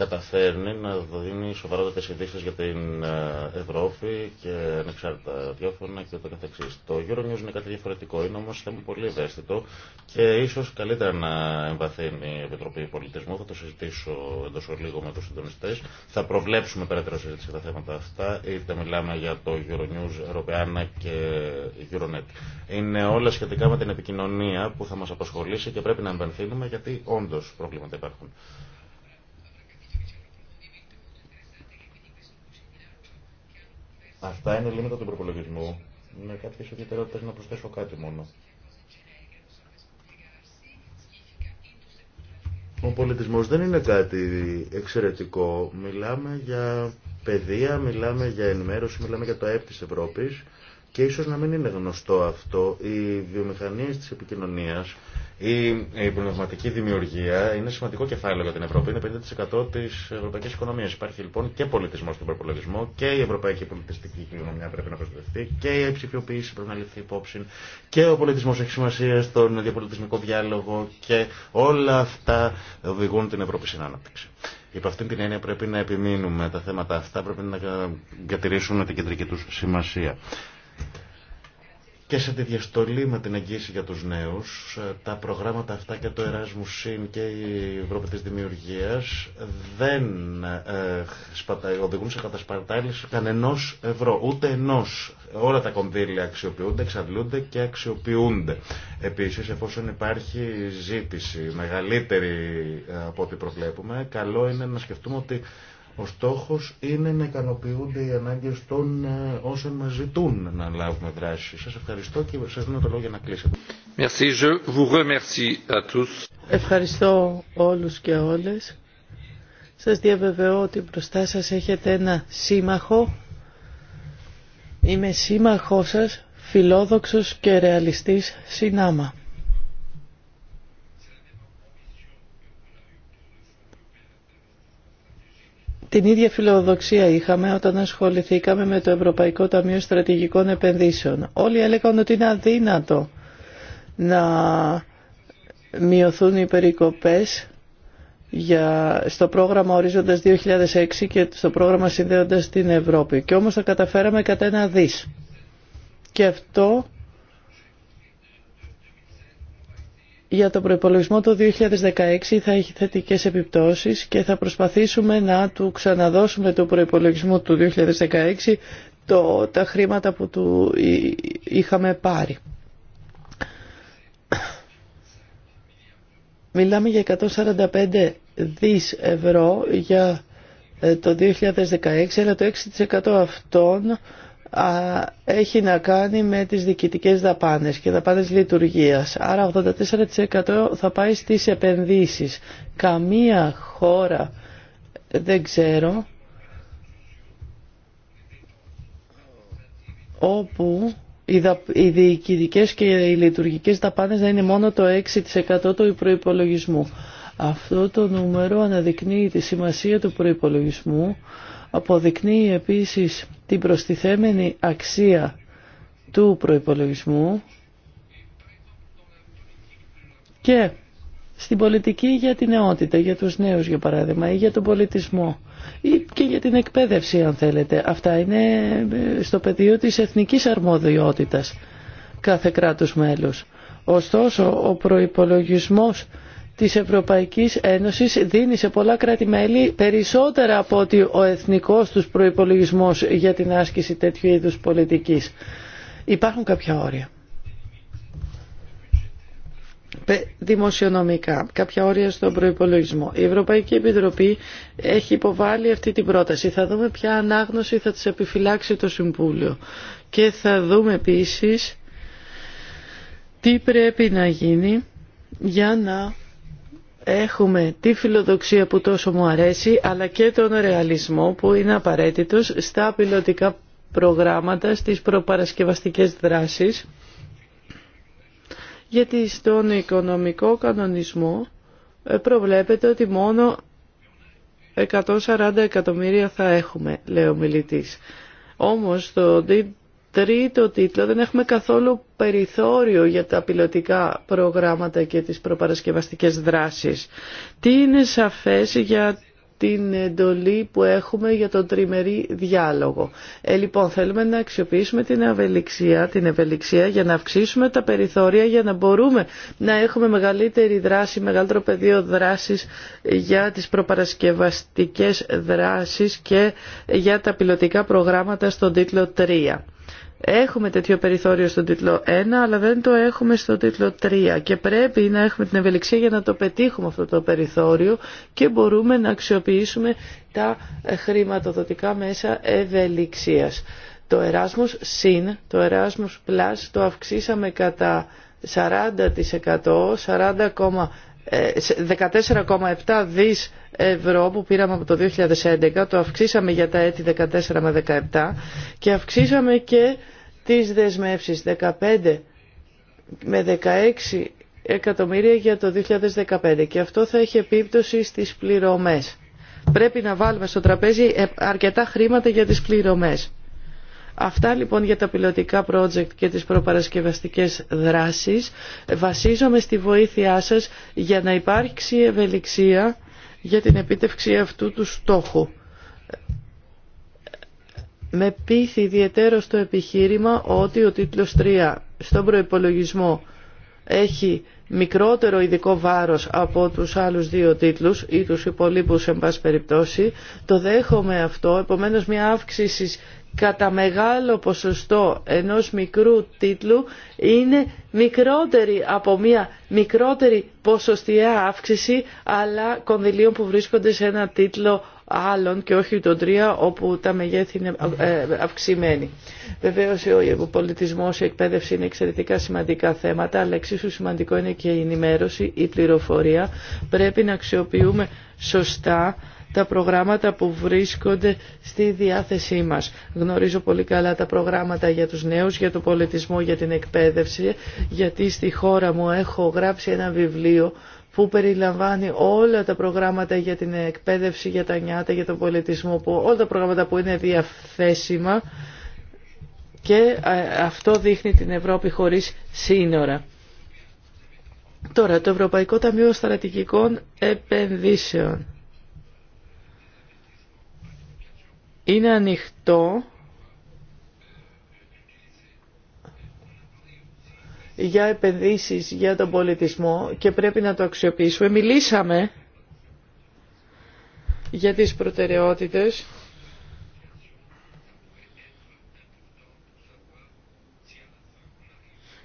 καταφέρνει να δίνει σοβαρότητες ειδήσει για την ε, Ευρώπη και ανεξάρτητα διόφωνα και το καθεξής. Το Euronews είναι κάτι διαφορετικό, είναι όμως θέμα πολύ ευαίσθητο και ίσως καλύτερα να εμβαθύνει η Επιτροπή Πολιτισμού. Θα το συζητήσω εντός λίγο με τους συντονιστές. Θα προβλέψουμε περαιτέρω συζήτηση για τα θέματα αυτά, είτε μιλάμε για το Euronews, Europeana και Euronet. Είναι όλα σχετικά με την επικοινωνία που θα μας απασχολήσει και πρέπει να εμβαθύνουμε γιατί όντως προβλήματα υπάρχουν. Αυτά είναι ελλείμματα του προπολογισμού. Με κάποιε ιδιαιτερότητε να προσθέσω κάτι μόνο. Ο πολιτισμός δεν είναι κάτι εξαιρετικό. Μιλάμε για παιδεία, μιλάμε για ενημέρωση, μιλάμε για το ΑΕΠ της Ευρώπης και ίσως να μην είναι γνωστό αυτό. Οι βιομηχανίες της επικοινωνίας η, η πνευματική δημιουργία είναι σημαντικό κεφάλαιο για την Ευρώπη. Είναι 50% τη ευρωπαϊκή οικονομία. Υπάρχει λοιπόν και πολιτισμό στον προπολογισμό και η ευρωπαϊκή πολιτιστική κοινωνία πρέπει να προστατευτεί και η ψηφιοποίηση πρέπει να ληφθεί υπόψη και ο πολιτισμό έχει σημασία στον διαπολιτισμικό διάλογο και όλα αυτά οδηγούν την Ευρώπη στην ανάπτυξη. Υπ' αυτήν την έννοια πρέπει να επιμείνουμε τα θέματα αυτά, πρέπει να ε, διατηρήσουν την κεντρική του σημασία και σε τη διαστολή με την εγγύηση για τους νέους, ε, τα προγράμματα αυτά και το Erasmus Sin και η Ευρώπη της Δημιουργίας δεν ε, οδηγούν σε κατασπαρτάληση κανενός ευρώ, ούτε ενός. Όλα τα κονδύλια αξιοποιούνται, εξαντλούνται και αξιοποιούνται. Επίσης, εφόσον υπάρχει ζήτηση μεγαλύτερη ε, από ό,τι προβλέπουμε, καλό είναι να σκεφτούμε ότι ο στόχος είναι να ικανοποιούνται οι ανάγκες των ε, όσων μας ζητούν να λάβουμε δράση. Σας ευχαριστώ και σας δίνω το λόγο για να κλείσετε. Ευχαριστώ όλους και όλες. Σας διαβεβαιώ ότι μπροστά σας έχετε ένα σύμμαχο. Είμαι σύμμαχό σας, φιλόδοξος και ρεαλιστής συνάμα. Την ίδια φιλοδοξία είχαμε όταν ασχοληθήκαμε με το Ευρωπαϊκό Ταμείο Στρατηγικών Επενδύσεων. Όλοι έλεγαν ότι είναι αδύνατο να μειωθούν οι περικοπές για, στο πρόγραμμα Ορίζοντας 2006 και στο πρόγραμμα Συνδέοντας την Ευρώπη. Και όμως τα καταφέραμε κατά ένα δις. Και αυτό για τον προπολογισμό το 2016 θα έχει θετικές επιπτώσεις και θα προσπαθήσουμε να του ξαναδώσουμε το προπολογισμό του 2016 το, τα χρήματα που του είχαμε πάρει. Μιλάμε για 145 δις ευρώ για ε, το 2016, αλλά το 6% αυτών έχει να κάνει με τις διοικητικές δαπάνες και δαπάνες λειτουργίας. Άρα 84% θα πάει στις επενδύσεις. Καμία χώρα δεν ξέρω όπου οι διοικητικές και οι λειτουργικές δαπάνες να είναι μόνο το 6% του προϋπολογισμού. Αυτό το νούμερο αναδεικνύει τη σημασία του προϋπολογισμού Αποδεικνύει επίσης την προστιθέμενη αξία του προϋπολογισμού και στην πολιτική για την νεότητα, για τους νέους για παράδειγμα ή για τον πολιτισμό ή και για την εκπαίδευση αν θέλετε. Αυτά είναι ε, στο πεδίο της εθνικής αρμοδιότητας κάθε κράτους μέλους. Ωστόσο ο προϋπολογισμός της Ευρωπαϊκής Ένωσης δίνει σε πολλά κράτη-μέλη περισσότερα από ότι ο εθνικός τους προϋπολογισμός για την άσκηση τέτοιου είδους πολιτικής. Υπάρχουν κάποια όρια δημοσιονομικά, κάποια όρια στον προϋπολογισμό. Η Ευρωπαϊκή Επιτροπή έχει υποβάλει αυτή την πρόταση. Θα δούμε ποια ανάγνωση θα της επιφυλάξει το Συμβούλιο. Και θα δούμε επίσης τι πρέπει να γίνει για να έχουμε τη φιλοδοξία που τόσο μου αρέσει αλλά και τον ρεαλισμό που είναι απαραίτητος στα πιλωτικά προγράμματα, στις προπαρασκευαστικές δράσεις γιατί στον οικονομικό κανονισμό ε, προβλέπεται ότι μόνο 140 εκατομμύρια θα έχουμε, λέει ο μιλητής. Όμως το τρίτο τίτλο δεν έχουμε καθόλου περιθώριο για τα πιλωτικά προγράμματα και τις προπαρασκευαστικές δράσεις. Τι είναι σαφές για την εντολή που έχουμε για τον τριμερή διάλογο. Ε, λοιπόν, θέλουμε να αξιοποιήσουμε την ευελιξία, την ευελιξία για να αυξήσουμε τα περιθώρια, για να μπορούμε να έχουμε μεγαλύτερη δράση, μεγαλύτερο πεδίο δράσης για τις προπαρασκευαστικές δράσεις και για τα πιλωτικά προγράμματα στον τίτλο 3. Έχουμε τέτοιο περιθώριο στον τίτλο 1, αλλά δεν το έχουμε στον τίτλο 3 και πρέπει να έχουμε την ευελιξία για να το πετύχουμε αυτό το περιθώριο και μπορούμε να αξιοποιήσουμε τα χρηματοδοτικά μέσα ευελιξίας. Το Erasmus Συν, το Erasmus Plus το αυξήσαμε κατά 40%, 40,5% 14,7 ε, δις ευρώ που πήραμε από το 2011, το αυξήσαμε για τα έτη 14 με 17 και αυξήσαμε και τις δεσμεύσεις 15 με 16 εκατομμύρια για το 2015 και αυτό θα έχει επίπτωση στις πληρωμές. Πρέπει να βάλουμε στο τραπέζι ε, αρκετά χρήματα για τις πληρωμές. Αυτά λοιπόν για τα πιλωτικά project και τις προπαρασκευαστικές δράσεις. Βασίζομαι στη βοήθειά σας για να υπάρξει ευελιξία για την επίτευξη αυτού του στόχου. Με πείθει ιδιαίτερο στο επιχείρημα ότι ο τίτλος 3 στον προϋπολογισμό έχει μικρότερο ειδικό βάρος από τους άλλους δύο τίτλους ή τους υπολείπους εν πάση περιπτώσει. Το δέχομαι αυτό, επομένως μια αύξηση κατά μεγάλο ποσοστό ενός μικρού τίτλου είναι μικρότερη από μια μικρότερη ποσοστιαία αύξηση αλλά κονδυλίων που βρίσκονται σε ένα τίτλο άλλων και όχι των τρία όπου τα μεγέθη είναι ε, αυξημένη. Βεβαίως ο πολιτισμός, η εκπαίδευση είναι εξαιρετικά σημαντικά θέματα αλλά εξίσου σημαντικό είναι και η ενημέρωση, η πληροφορία. Πρέπει να αξιοποιούμε σωστά τα προγράμματα που βρίσκονται στη διάθεσή μας. Γνωρίζω πολύ καλά τα προγράμματα για τους νέους, για τον πολιτισμό, για την εκπαίδευση, γιατί στη χώρα μου έχω γράψει ένα βιβλίο που περιλαμβάνει όλα τα προγράμματα για την εκπαίδευση, για τα νιάτα, για τον πολιτισμό, που, όλα τα προγράμματα που είναι διαθέσιμα και ε, αυτό δείχνει την Ευρώπη χωρίς σύνορα. Τώρα, το Ευρωπαϊκό Ταμείο Στρατηγικών Επενδύσεων. είναι ανοιχτό για επενδύσεις για τον πολιτισμό και πρέπει να το αξιοποιήσουμε. Μιλήσαμε για τις προτεραιότητες.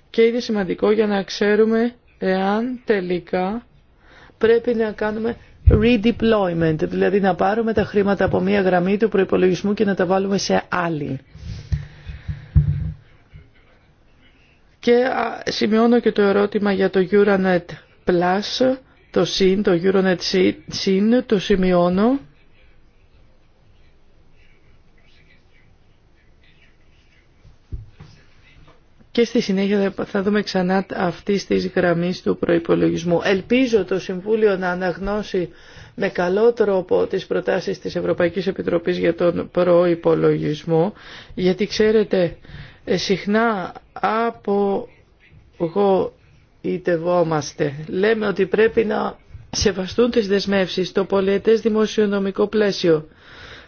Και είναι σημαντικό για να ξέρουμε εάν τελικά πρέπει να κάνουμε redeployment, δηλαδή να πάρουμε τα χρήματα από μία γραμμή του προϋπολογισμού και να τα βάλουμε σε άλλη. Και σημειώνω και το ερώτημα για το Euronet Plus, το SIN, το Euronet SIN, το σημειώνω και στη συνέχεια θα δούμε ξανά αυτή τη γραμμή του προϋπολογισμού. Ελπίζω το Συμβούλιο να αναγνώσει με καλό τρόπο τις προτάσεις της Ευρωπαϊκής Επιτροπής για τον προϋπολογισμό, γιατί ξέρετε, ε, συχνά από εγώ βόμαστε. Λέμε ότι πρέπει να σεβαστούν τις δεσμεύσεις, το πολιετές δημοσιονομικό πλαίσιο.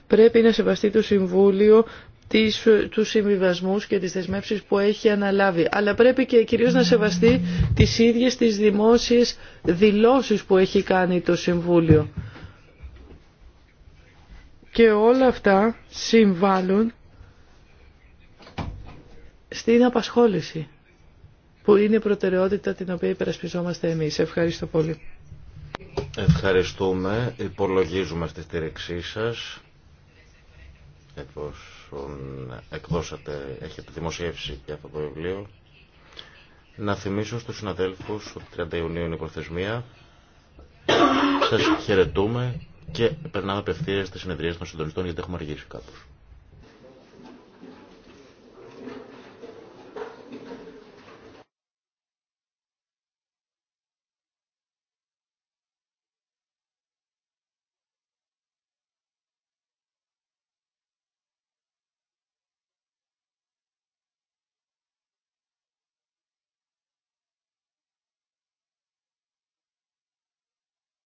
Πρέπει να σεβαστεί το Συμβούλιο τις, ε, τους συμβιβασμούς και τις δεσμεύσεις που έχει αναλάβει. Αλλά πρέπει και κυρίως να σεβαστεί τις ίδιες τις δημόσιες δηλώσεις που έχει κάνει το Συμβούλιο. Και όλα αυτά συμβάλλουν στην απασχόληση που είναι η προτεραιότητα την οποία υπερασπιζόμαστε εμείς. Ευχαριστώ πολύ. Ευχαριστούμε. Υπολογίζουμε στη στήριξή σας εφόσον εκδώσατε, έχετε δημοσιεύσει και αυτό το βιβλίο. Να θυμίσω στους συναδέλφους ότι 30 Ιουνίου είναι η προθεσμία. Σας χαιρετούμε και περνάμε απευθείας στις συνεδρίες των συντονιστών γιατί έχουμε αργήσει κάπως.